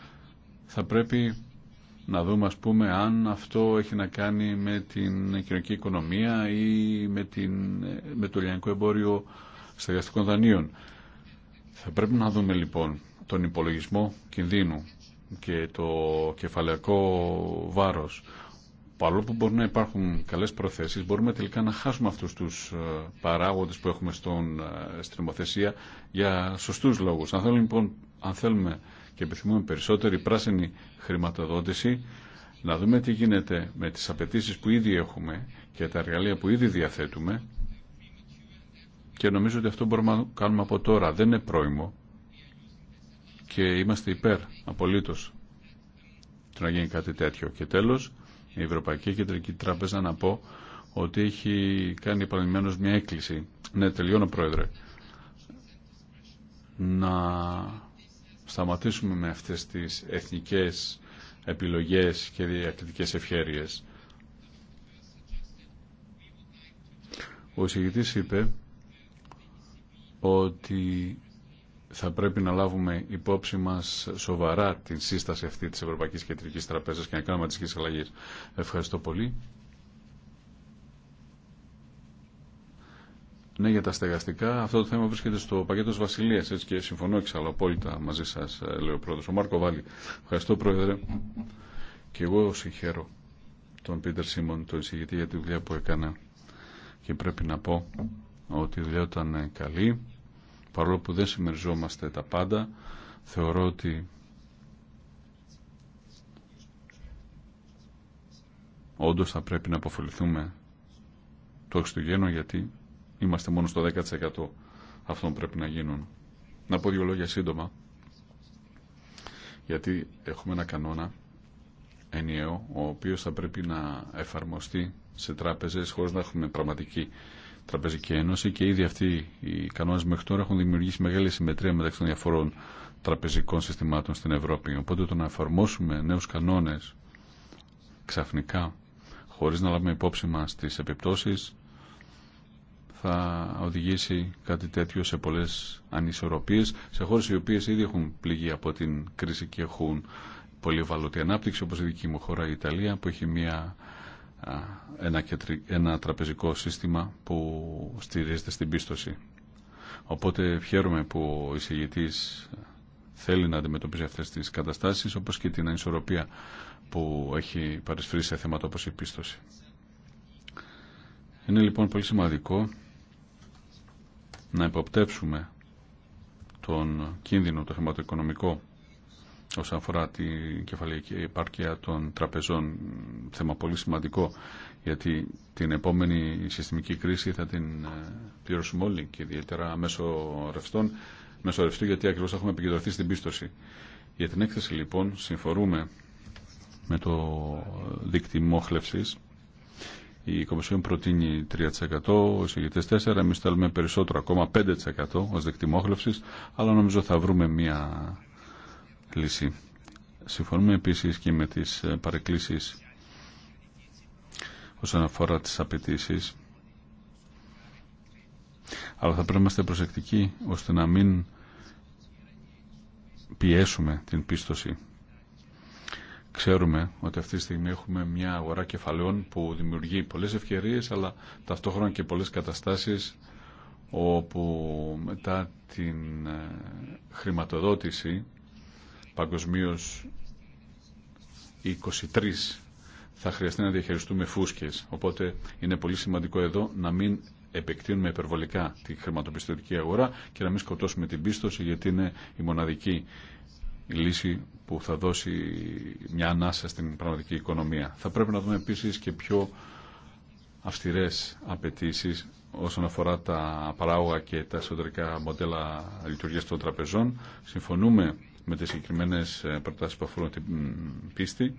Θα πρέπει να δούμε ας πούμε αν αυτό έχει να κάνει με την κοινωνική οικονομία ή με, την, με το λιανικό εμπόριο στεγαστικών δανείων. Θα πρέπει να δούμε λοιπόν τον υπολογισμό κινδύνου και το κεφαλαϊκό βάρος. Παρόλο που μπορεί να υπάρχουν καλές προθέσεις, μπορούμε τελικά να χάσουμε αυτούς τους ε, παράγοντες που έχουμε στον, ε, στην νομοθεσία για σωστούς λόγους. Αν θέλουμε, λοιπόν, αν θέλουμε και επιθυμούμε περισσότερη πράσινη χρηματοδότηση, να δούμε τι γίνεται με τις απαιτήσει που ήδη έχουμε και τα εργαλεία που ήδη διαθέτουμε και νομίζω ότι αυτό μπορούμε να κάνουμε από τώρα. Δεν είναι πρόημο και είμαστε υπέρ απολύτως του να γίνει κάτι τέτοιο. Και τέλος, η Ευρωπαϊκή Κεντρική Τράπεζα να πω ότι έχει κάνει επανειλημμένω μια έκκληση. Ναι, τελειώνω πρόεδρε. Να σταματήσουμε με αυτές τις εθνικές επιλογές και διακριτικές ευχέρειες. Ο εισηγητής είπε ότι θα πρέπει να λάβουμε υπόψη μα σοβαρά την σύσταση αυτή τη Ευρωπαϊκή Κεντρική Τραπέζα και να κάνουμε τις αλλαγέ. Ευχαριστώ πολύ. Ναι, για τα στεγαστικά, αυτό το θέμα βρίσκεται στο πακέτο τη Βασιλεία. Έτσι και συμφωνώ εξάλλου απόλυτα μαζί σα, λέει ο πρόεδρο. Ο Μάρκο Βάλλη. Ευχαριστώ, πρόεδρε. Και εγώ συγχαίρω τον Πίτερ Σίμον, τον εισηγητή, για τη δουλειά που έκανα. Και πρέπει να πω ότι η δουλειά ήταν καλή Παρόλο που δεν συμμεριζόμαστε τα πάντα, θεωρώ ότι όντως θα πρέπει να αποφεληθούμε το Χριστουγέννο γιατί είμαστε μόνο στο 10% αυτών πρέπει να γίνουν. Να πω δύο λόγια σύντομα γιατί έχουμε ένα κανόνα ενιαίο ο οποίος θα πρέπει να εφαρμοστεί σε τράπεζες χωρίς να έχουμε πραγματική Τραπεζική Ένωση και ήδη αυτοί οι κανόνε μέχρι τώρα έχουν δημιουργήσει μεγάλη συμμετρία μεταξύ των διαφορών τραπεζικών συστημάτων στην Ευρώπη. Οπότε το να εφαρμόσουμε νέου κανόνε ξαφνικά χωρί να λάβουμε υπόψη μα τι επιπτώσει, θα οδηγήσει κάτι τέτοιο σε πολλέ ανισορροπίε σε χώρε οι οποίε ήδη έχουν πληγεί από την κρίση και έχουν πολύ ευαλωτή ανάπτυξη Όπω η δική μου χώρα η Ιταλία που έχει μια ένα, ένα τραπεζικό σύστημα που στηρίζεται στην πίστοση. Οπότε χαίρομαι που ο εισηγητής θέλει να αντιμετωπίσει αυτές τις καταστάσεις όπως και την ανισορροπία που έχει παρεσφρήσει σε θέματα όπως η πίστοση. Είναι λοιπόν πολύ σημαντικό να υποπτέψουμε τον κίνδυνο το χρηματοοικονομικό όσον αφορά την κεφαλαϊκή επάρκεια των τραπεζών. Θέμα πολύ σημαντικό γιατί την επόμενη συστημική κρίση θα την ε, πληρώσουμε όλοι και ιδιαίτερα μέσω ρευστών, μέσω ρευστού γιατί ακριβώς έχουμε επικεντρωθεί στην πίστοση. Για την έκθεση λοιπόν συμφορούμε με το δίκτυο μόχλευσης η Κομισιόν προτείνει 3%, ο εισηγητές 4%, εμείς θέλουμε περισσότερο ακόμα 5% ως δεκτημόχλευσης, αλλά νομίζω θα βρούμε μια λύση. Συμφωνούμε επίσης και με τις ε, παρεκκλήσεις όσον αφορά τις απαιτήσει. Αλλά θα πρέπει να είμαστε προσεκτικοί ώστε να μην πιέσουμε την πίστοση. Ξέρουμε ότι αυτή τη στιγμή έχουμε μια αγορά κεφαλαίων που δημιουργεί πολλές ευκαιρίες αλλά ταυτόχρονα και πολλές καταστάσεις όπου μετά την ε, χρηματοδότηση παγκοσμίω 23 θα χρειαστεί να διαχειριστούμε φούσκες. Οπότε είναι πολύ σημαντικό εδώ να μην επεκτείνουμε υπερβολικά τη χρηματοπιστωτική αγορά και να μην σκοτώσουμε την πίστοση γιατί είναι η μοναδική λύση που θα δώσει μια ανάσα στην πραγματική οικονομία. Θα πρέπει να δούμε επίσης και πιο αυστηρές απαιτήσει όσον αφορά τα παράγωγα και τα εσωτερικά μοντέλα λειτουργίας των τραπεζών. Συμφωνούμε με τις συγκεκριμένε ε, προτάσεις που αφορούν την πίστη,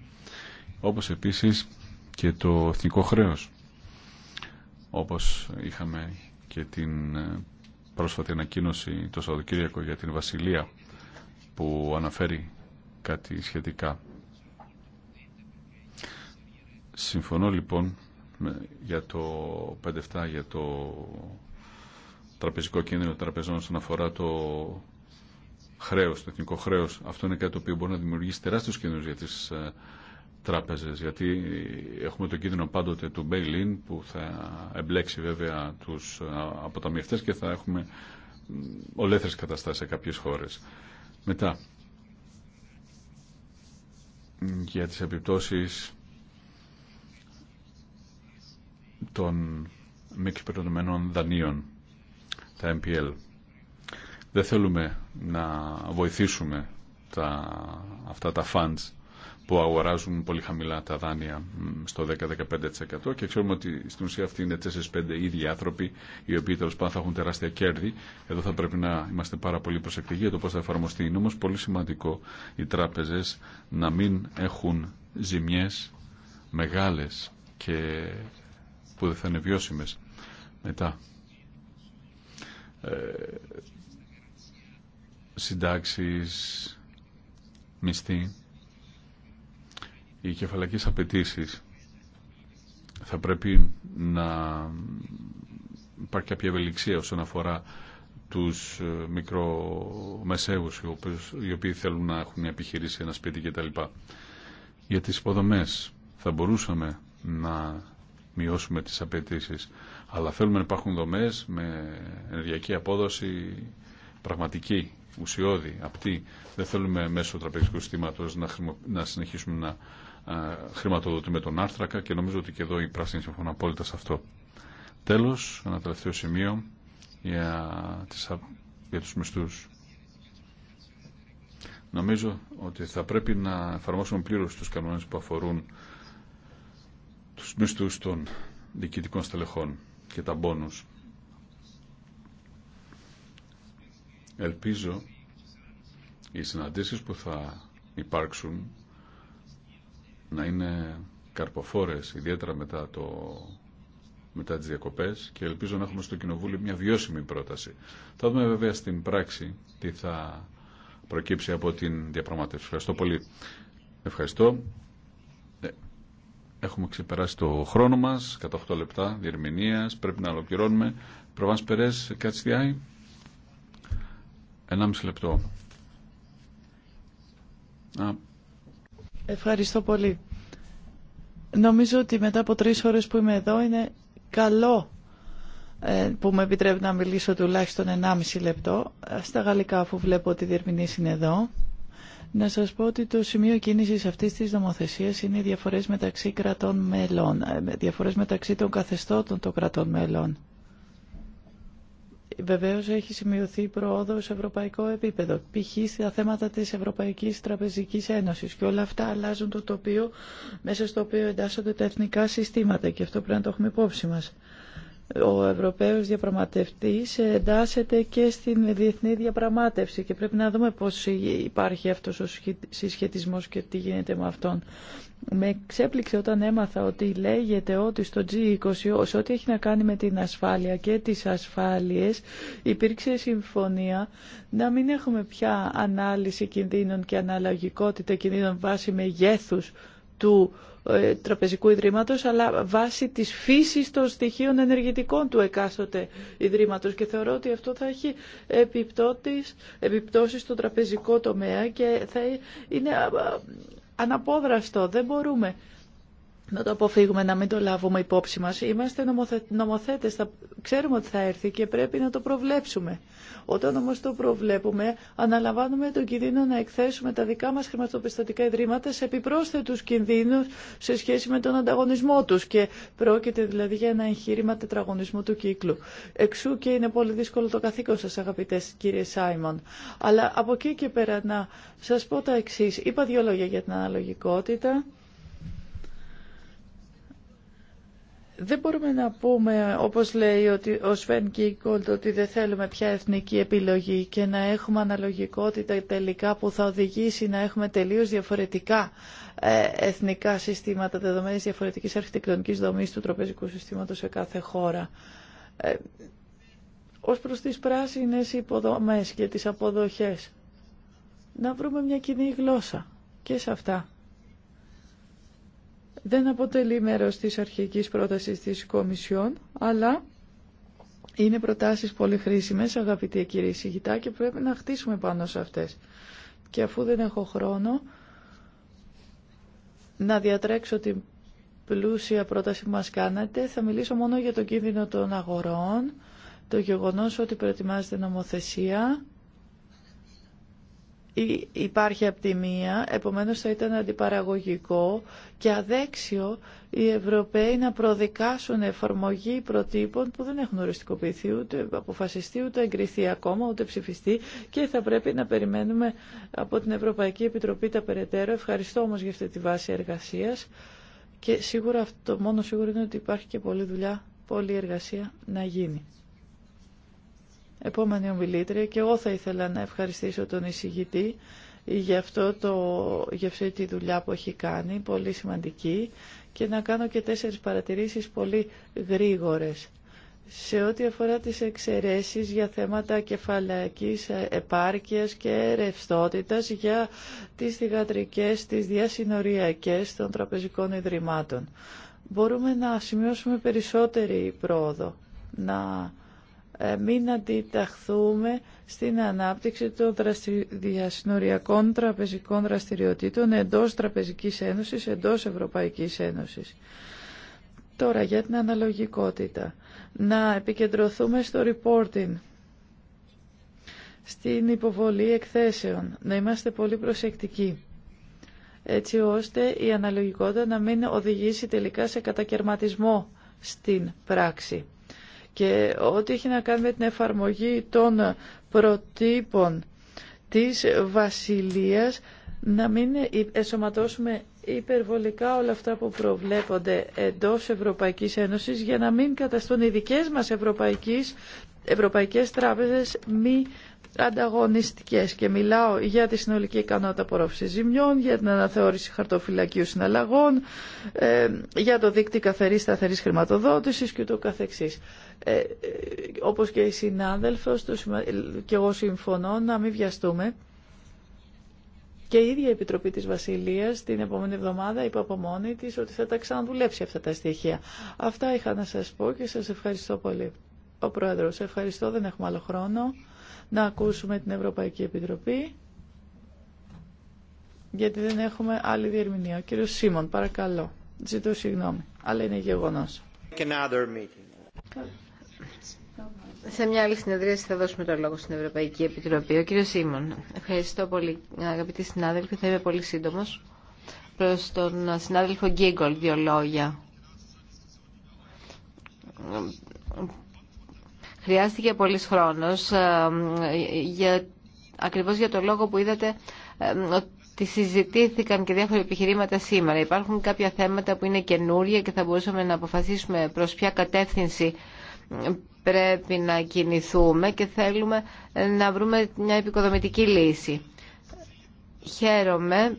όπως επίσης και το εθνικό χρέος, όπως είχαμε και την ε, πρόσφατη ανακοίνωση το Σαββατοκύριακο για την Βασιλεία που αναφέρει κάτι σχετικά. Συμφωνώ λοιπόν για το 5-7 για το τραπεζικό κίνδυνο τραπεζών όσον αφορά το χρέος, το εθνικό χρέος. Αυτό είναι κάτι το οποίο μπορεί να δημιουργήσει τεράστιους κίνδυνους για τις ε, τράπεζες, γιατί έχουμε τον κίνδυνο πάντοτε του bail που θα εμπλέξει βέβαια τους ε, αποταμιευτές και θα έχουμε ολέθρες καταστάσεις σε κάποιες χώρες. Μετά, για τις επιπτώσεις των μη εξυπηρετωμένων δανείων, τα MPL. Δεν θέλουμε να βοηθήσουμε τα, αυτά τα funds που αγοράζουν πολύ χαμηλά τα δάνεια στο 10-15% και ξέρουμε ότι στην ουσία αυτοί είναι 4-5 ίδιοι άνθρωποι οι οποίοι τέλο πάντων θα έχουν τεράστια κέρδη. Εδώ θα πρέπει να είμαστε πάρα πολύ προσεκτικοί για το πώ θα εφαρμοστεί. Είναι όμω πολύ σημαντικό οι τράπεζε να μην έχουν ζημιέ μεγάλε και που δεν θα είναι βιώσιμε μετά. Ε, συντάξεις, μισθή, οι κεφαλακές απαιτήσει. Θα πρέπει να υπάρχει κάποια ευελιξία όσον αφορά τους ε, μικρομεσαίους οι οποίοι θέλουν να έχουν μια επιχειρήση, ένα σπίτι κτλ. Για τις υποδομές θα μπορούσαμε να μειώσουμε τις απαιτήσει, αλλά θέλουμε να υπάρχουν δομές με ενεργειακή απόδοση πραγματική ουσιώδη, απτή. Δεν θέλουμε μέσω τραπεζικού συστήματο να, να συνεχίσουμε να χρηματοδοτούμε τον άρθρακα και νομίζω ότι και εδώ οι πράσινοι συμφωνούν απόλυτα σε αυτό. Τέλος, ένα τελευταίο σημείο για, τις, για τους μισθούς. Νομίζω ότι θα πρέπει να εφαρμόσουμε πλήρως τους κανόνε που αφορούν τους μισθού των διοικητικών στελεχών και τα μπόνους. Ελπίζω οι συναντήσεις που θα υπάρξουν να είναι καρποφόρες, ιδιαίτερα μετά, το, μετά τις διακοπές και ελπίζω να έχουμε στο Κοινοβούλιο μια βιώσιμη πρόταση. Θα δούμε βέβαια στην πράξη τι θα προκύψει από την διαπραγμάτευση. Ευχαριστώ πολύ. Ευχαριστώ. Ε, έχουμε ξεπεράσει το χρόνο μας, κατά 8 λεπτά διερμηνίας, πρέπει να ολοκληρώνουμε. Προβάνς Περές, Κάτσι 1,5 λεπτό. Ευχαριστώ πολύ. Νομίζω ότι μετά από τρεις ώρες που είμαι εδώ είναι καλό ε, που με επιτρέπει να μιλήσω τουλάχιστον 1,5 λεπτό. Ε, στα γαλλικά αφού βλέπω ότι η διερμηνής είναι εδώ. Να σας πω ότι το σημείο κίνησης αυτής της νομοθεσίας είναι οι διαφορές μεταξύ κρατών μελών, ε, διαφορές μεταξύ των καθεστώτων των κρατών μελών. Βεβαίω έχει σημειωθεί πρόοδο σε ευρωπαϊκό επίπεδο, π.χ. στα θέματα της Ευρωπαϊκής Τραπεζικής Ένωση. και όλα αυτά αλλάζουν το τοπίο μέσα στο οποίο εντάσσονται τα εθνικά συστήματα και αυτό πρέπει να το έχουμε υπόψη μα ο Ευρωπαίος διαπραγματευτής εντάσσεται και στην διεθνή διαπραγμάτευση και πρέπει να δούμε πώς υπάρχει αυτός ο συσχετισμός και τι γίνεται με αυτόν. Με ξέπληξε όταν έμαθα ότι λέγεται ότι στο G20 σε ό,τι έχει να κάνει με την ασφάλεια και τις ασφάλειες υπήρξε συμφωνία να μην έχουμε πια ανάλυση κινδύνων και αναλογικότητα κινδύνων βάσει μεγέθους του ε, τραπεζικού Ιδρύματος, αλλά βάσει της φύσης των στοιχείων ενεργητικών του εκάστοτε Ιδρύματος. Και θεωρώ ότι αυτό θα έχει επιπτώσεις στο τραπεζικό τομέα και θα είναι αναπόδραστο. Δεν μπορούμε να το αποφύγουμε, να μην το λάβουμε υπόψη μας. Είμαστε νομοθέτες, θα... ξέρουμε ότι θα έρθει και πρέπει να το προβλέψουμε. Όταν όμω το προβλέπουμε, αναλαμβάνουμε τον κινδύνο να εκθέσουμε τα δικά μας χρηματοπιστωτικά ιδρύματα σε επιπρόσθετους κινδύνους σε σχέση με τον ανταγωνισμό τους και πρόκειται δηλαδή για ένα εγχείρημα τετραγωνισμού του κύκλου. Εξού και είναι πολύ δύσκολο το καθήκον σας αγαπητές κύριε Σάιμον. Αλλά από εκεί και πέρα να σας πω τα εξή. Είπα δύο λόγια για την αναλογικότητα. Δεν μπορούμε να πούμε, όπως λέει ότι ο Σφεν Κίγκολτ, ότι δεν θέλουμε πια εθνική επιλογή και να έχουμε αναλογικότητα τελικά που θα οδηγήσει να έχουμε τελείως διαφορετικά ε, εθνικά συστήματα δεδομένης διαφορετικής αρχιτεκτονικής δομής του τροπεζικού συστήματος σε κάθε χώρα. Ε, ως προς τις πράσινες υποδομές και τις αποδοχές, να βρούμε μια κοινή γλώσσα και σε αυτά δεν αποτελεί μέρος της αρχικής πρότασης της Κομισιόν, αλλά είναι προτάσεις πολύ χρήσιμες, αγαπητοί κύριοι συγητά, και πρέπει να χτίσουμε πάνω σε αυτές. Και αφού δεν έχω χρόνο, να διατρέξω την πλούσια πρόταση που μας κάνατε, θα μιλήσω μόνο για τον κίνδυνο των αγορών, το γεγονός ότι προετοιμάζεται νομοθεσία, υπάρχει από τη μία, επομένως θα ήταν αντιπαραγωγικό και αδέξιο οι Ευρωπαίοι να προδικάσουν εφαρμογή προτύπων που δεν έχουν οριστικοποιηθεί, ούτε αποφασιστεί, ούτε εγκριθεί ακόμα, ούτε ψηφιστεί και θα πρέπει να περιμένουμε από την Ευρωπαϊκή Επιτροπή τα περαιτέρω. Ευχαριστώ όμως για αυτή τη βάση εργασίας και σίγουρα αυτό μόνο σίγουρο είναι ότι υπάρχει και πολλή δουλειά, πολλή εργασία να γίνει. Επόμενη ομιλήτρια και εγώ θα ήθελα να ευχαριστήσω τον εισηγητή για, αυτό το, για αυτή τη δουλειά που έχει κάνει, πολύ σημαντική, και να κάνω και τέσσερις παρατηρήσεις πολύ γρήγορες. Σε ό,τι αφορά τις εξαιρέσεις για θέματα κεφαλαϊκής επάρκειας και ρευστότητας για τις θηγατρικές, τις διασυνοριακές των τραπεζικών ιδρυμάτων. Μπορούμε να σημειώσουμε περισσότερη πρόοδο, να ε, μην αντιταχθούμε στην ανάπτυξη των διασυνοριακών τραπεζικών δραστηριοτήτων εντός Τραπεζικής Ένωσης, εντός Ευρωπαϊκής Ένωσης. Τώρα για την αναλογικότητα. Να επικεντρωθούμε στο reporting, στην υποβολή εκθέσεων, να είμαστε πολύ προσεκτικοί έτσι ώστε η αναλογικότητα να μην οδηγήσει τελικά σε κατακαιρματισμό στην πράξη και ό,τι έχει να κάνει με την εφαρμογή των προτύπων της Βασιλείας να μην εσωματώσουμε υπερβολικά όλα αυτά που προβλέπονται εντός Ευρωπαϊκής Ένωσης για να μην καταστούν οι δικές μας ευρωπαϊκές, ευρωπαϊκές τράπεζες μη Ανταγωνιστικέ και μιλάω για τη συνολική ικανότητα απορρόφηση ζημιών, για την αναθεώρηση χαρτοφυλακίου συναλλαγών, ε, για το δίκτυο καθαρή σταθερή χρηματοδότηση και το ε, ε, όπως και οι συνάδελφος, ε, και εγώ συμφωνώ να μην βιαστούμε. Και η ίδια η Επιτροπή της Βασιλείας την επόμενη εβδομάδα είπε από μόνη της ότι θα τα ξαναδουλέψει αυτά τα στοιχεία. Αυτά είχα να σας πω και σας ευχαριστώ πολύ. Ο Πρόεδρος, ευχαριστώ, δεν έχουμε άλλο χρόνο να ακούσουμε την Ευρωπαϊκή Επιτροπή γιατί δεν έχουμε άλλη διερμηνία. Ο κύριος Σίμων, παρακαλώ. Ζητώ συγγνώμη, αλλά είναι γεγονός. Σε μια άλλη συνεδρία θα δώσουμε το λόγο στην Ευρωπαϊκή Επιτροπή. Ο κύριος Σίμων, ευχαριστώ πολύ αγαπητοί συνάδελφοι, θα είμαι πολύ σύντομος. Προς τον συνάδελφο Γκίγκολ δύο λόγια Χρειάστηκε πολύς χρόνος ε, για, ακριβώς για το λόγο που είδατε ε, ότι συζητήθηκαν και διάφορα επιχειρήματα σήμερα. Υπάρχουν κάποια θέματα που είναι καινούρια και θα μπορούσαμε να αποφασίσουμε προς ποια κατεύθυνση ε, πρέπει να κινηθούμε και θέλουμε να βρούμε μια επικοδομητική λύση. Χαίρομαι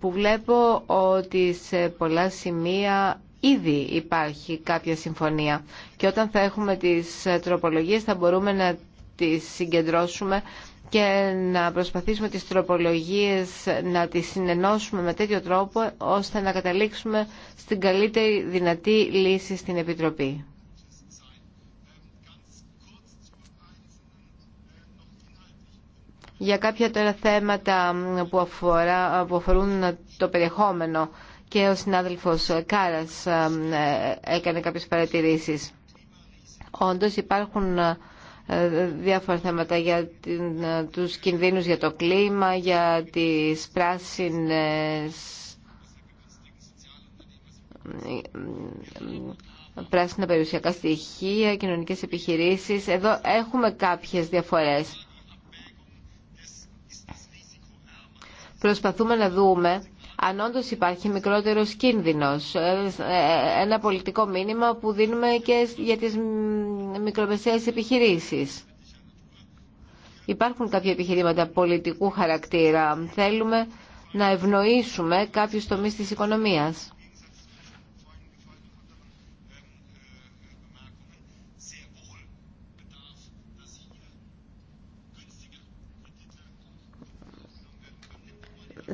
που βλέπω ότι σε πολλά σημεία Ήδη υπάρχει κάποια συμφωνία και όταν θα έχουμε τις τροπολογίες θα μπορούμε να τις συγκεντρώσουμε και να προσπαθήσουμε τις τροπολογίες να τις συνενώσουμε με τέτοιο τρόπο ώστε να καταλήξουμε στην καλύτερη δυνατή λύση στην Επιτροπή. Για κάποια τώρα θέματα που, αφορά, που αφορούν το περιεχόμενο και ο συνάδελφος Κάρας ε, ε, έκανε κάποιες παρατηρήσεις. Όντως υπάρχουν ε, διάφορα θέματα για την, τους κινδύνους για το κλίμα, για τις πράσινες πράσινα περιουσιακά στοιχεία, κοινωνικές επιχειρήσεις. Εδώ έχουμε κάποιες διαφορές. Προσπαθούμε να δούμε αν όντω υπάρχει μικρότερος κίνδυνος. Ε, ε, ένα πολιτικό μήνυμα που δίνουμε και για τις μικρομεσαίες επιχειρήσεις. Υπάρχουν κάποια επιχειρήματα πολιτικού χαρακτήρα. Θέλουμε να ευνοήσουμε κάποιους τομείς της οικονομίας.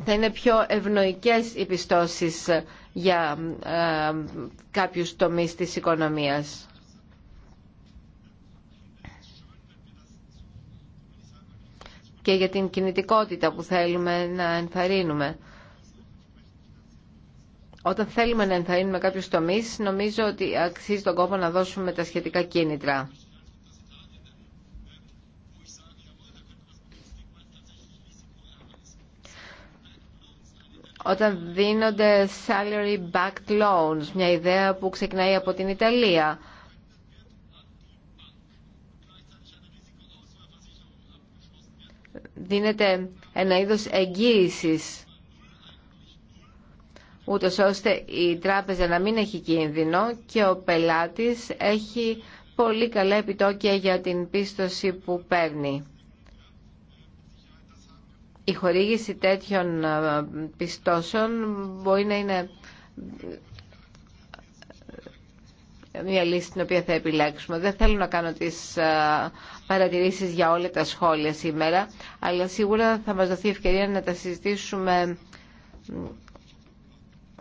θα είναι πιο ευνοϊκές οι πιστώσεις για ε, κάποιους τομείς της οικονομίας. και για την κινητικότητα που θέλουμε να ενθαρρύνουμε. Όταν θέλουμε να ενθαρρύνουμε κάποιους τομείς, νομίζω ότι αξίζει τον κόπο να δώσουμε τα σχετικά κίνητρα. όταν δίνονται salary backed loans, μια ιδέα που ξεκινάει από την Ιταλία. Δίνεται ένα είδος εγγύησης, ούτως ώστε η τράπεζα να μην έχει κίνδυνο και ο πελάτης έχει πολύ καλά επιτόκια για την πίστοση που παίρνει. Η χορήγηση τέτοιων ε, πιστώσεων μπορεί να είναι μια λύση την οποία θα επιλέξουμε. Δεν θέλω να κάνω τις ε, παρατηρήσεις για όλα τα σχόλια σήμερα, αλλά σίγουρα θα μας δοθεί ευκαιρία να τα συζητήσουμε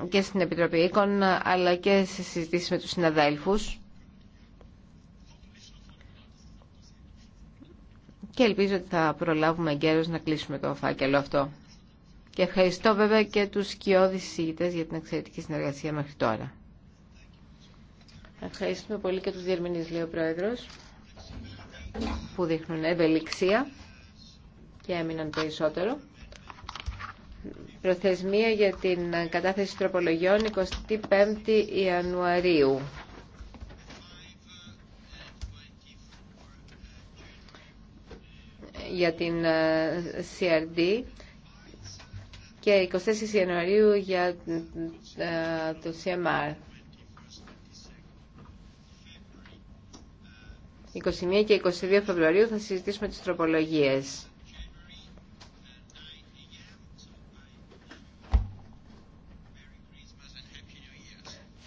και στην Επιτροπή Οίκων, αλλά και σε συζητήσεις με τους συναδέλφους. και ελπίζω ότι θα προλάβουμε εγκαίρως να κλείσουμε το φάκελο αυτό. Και ευχαριστώ βέβαια και τους σκιώδεις συζητητές για την εξαιρετική συνεργασία μέχρι τώρα. Ευχαριστούμε πολύ και τους διερμηνείς, λέει ο που δείχνουν ευελιξία και έμειναν περισσότερο. Προθεσμία για την κατάθεση τροπολογιών 25 Ιανουαρίου. για την ε, CRD και 24 Ιανουαρίου για ε, το CMR. 21 και 22 Φεβρουαρίου θα συζητήσουμε τις τροπολογίες.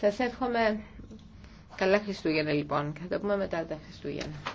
Σας εύχομαι καλά Χριστούγεννα λοιπόν και θα τα πούμε μετά τα Χριστούγεννα.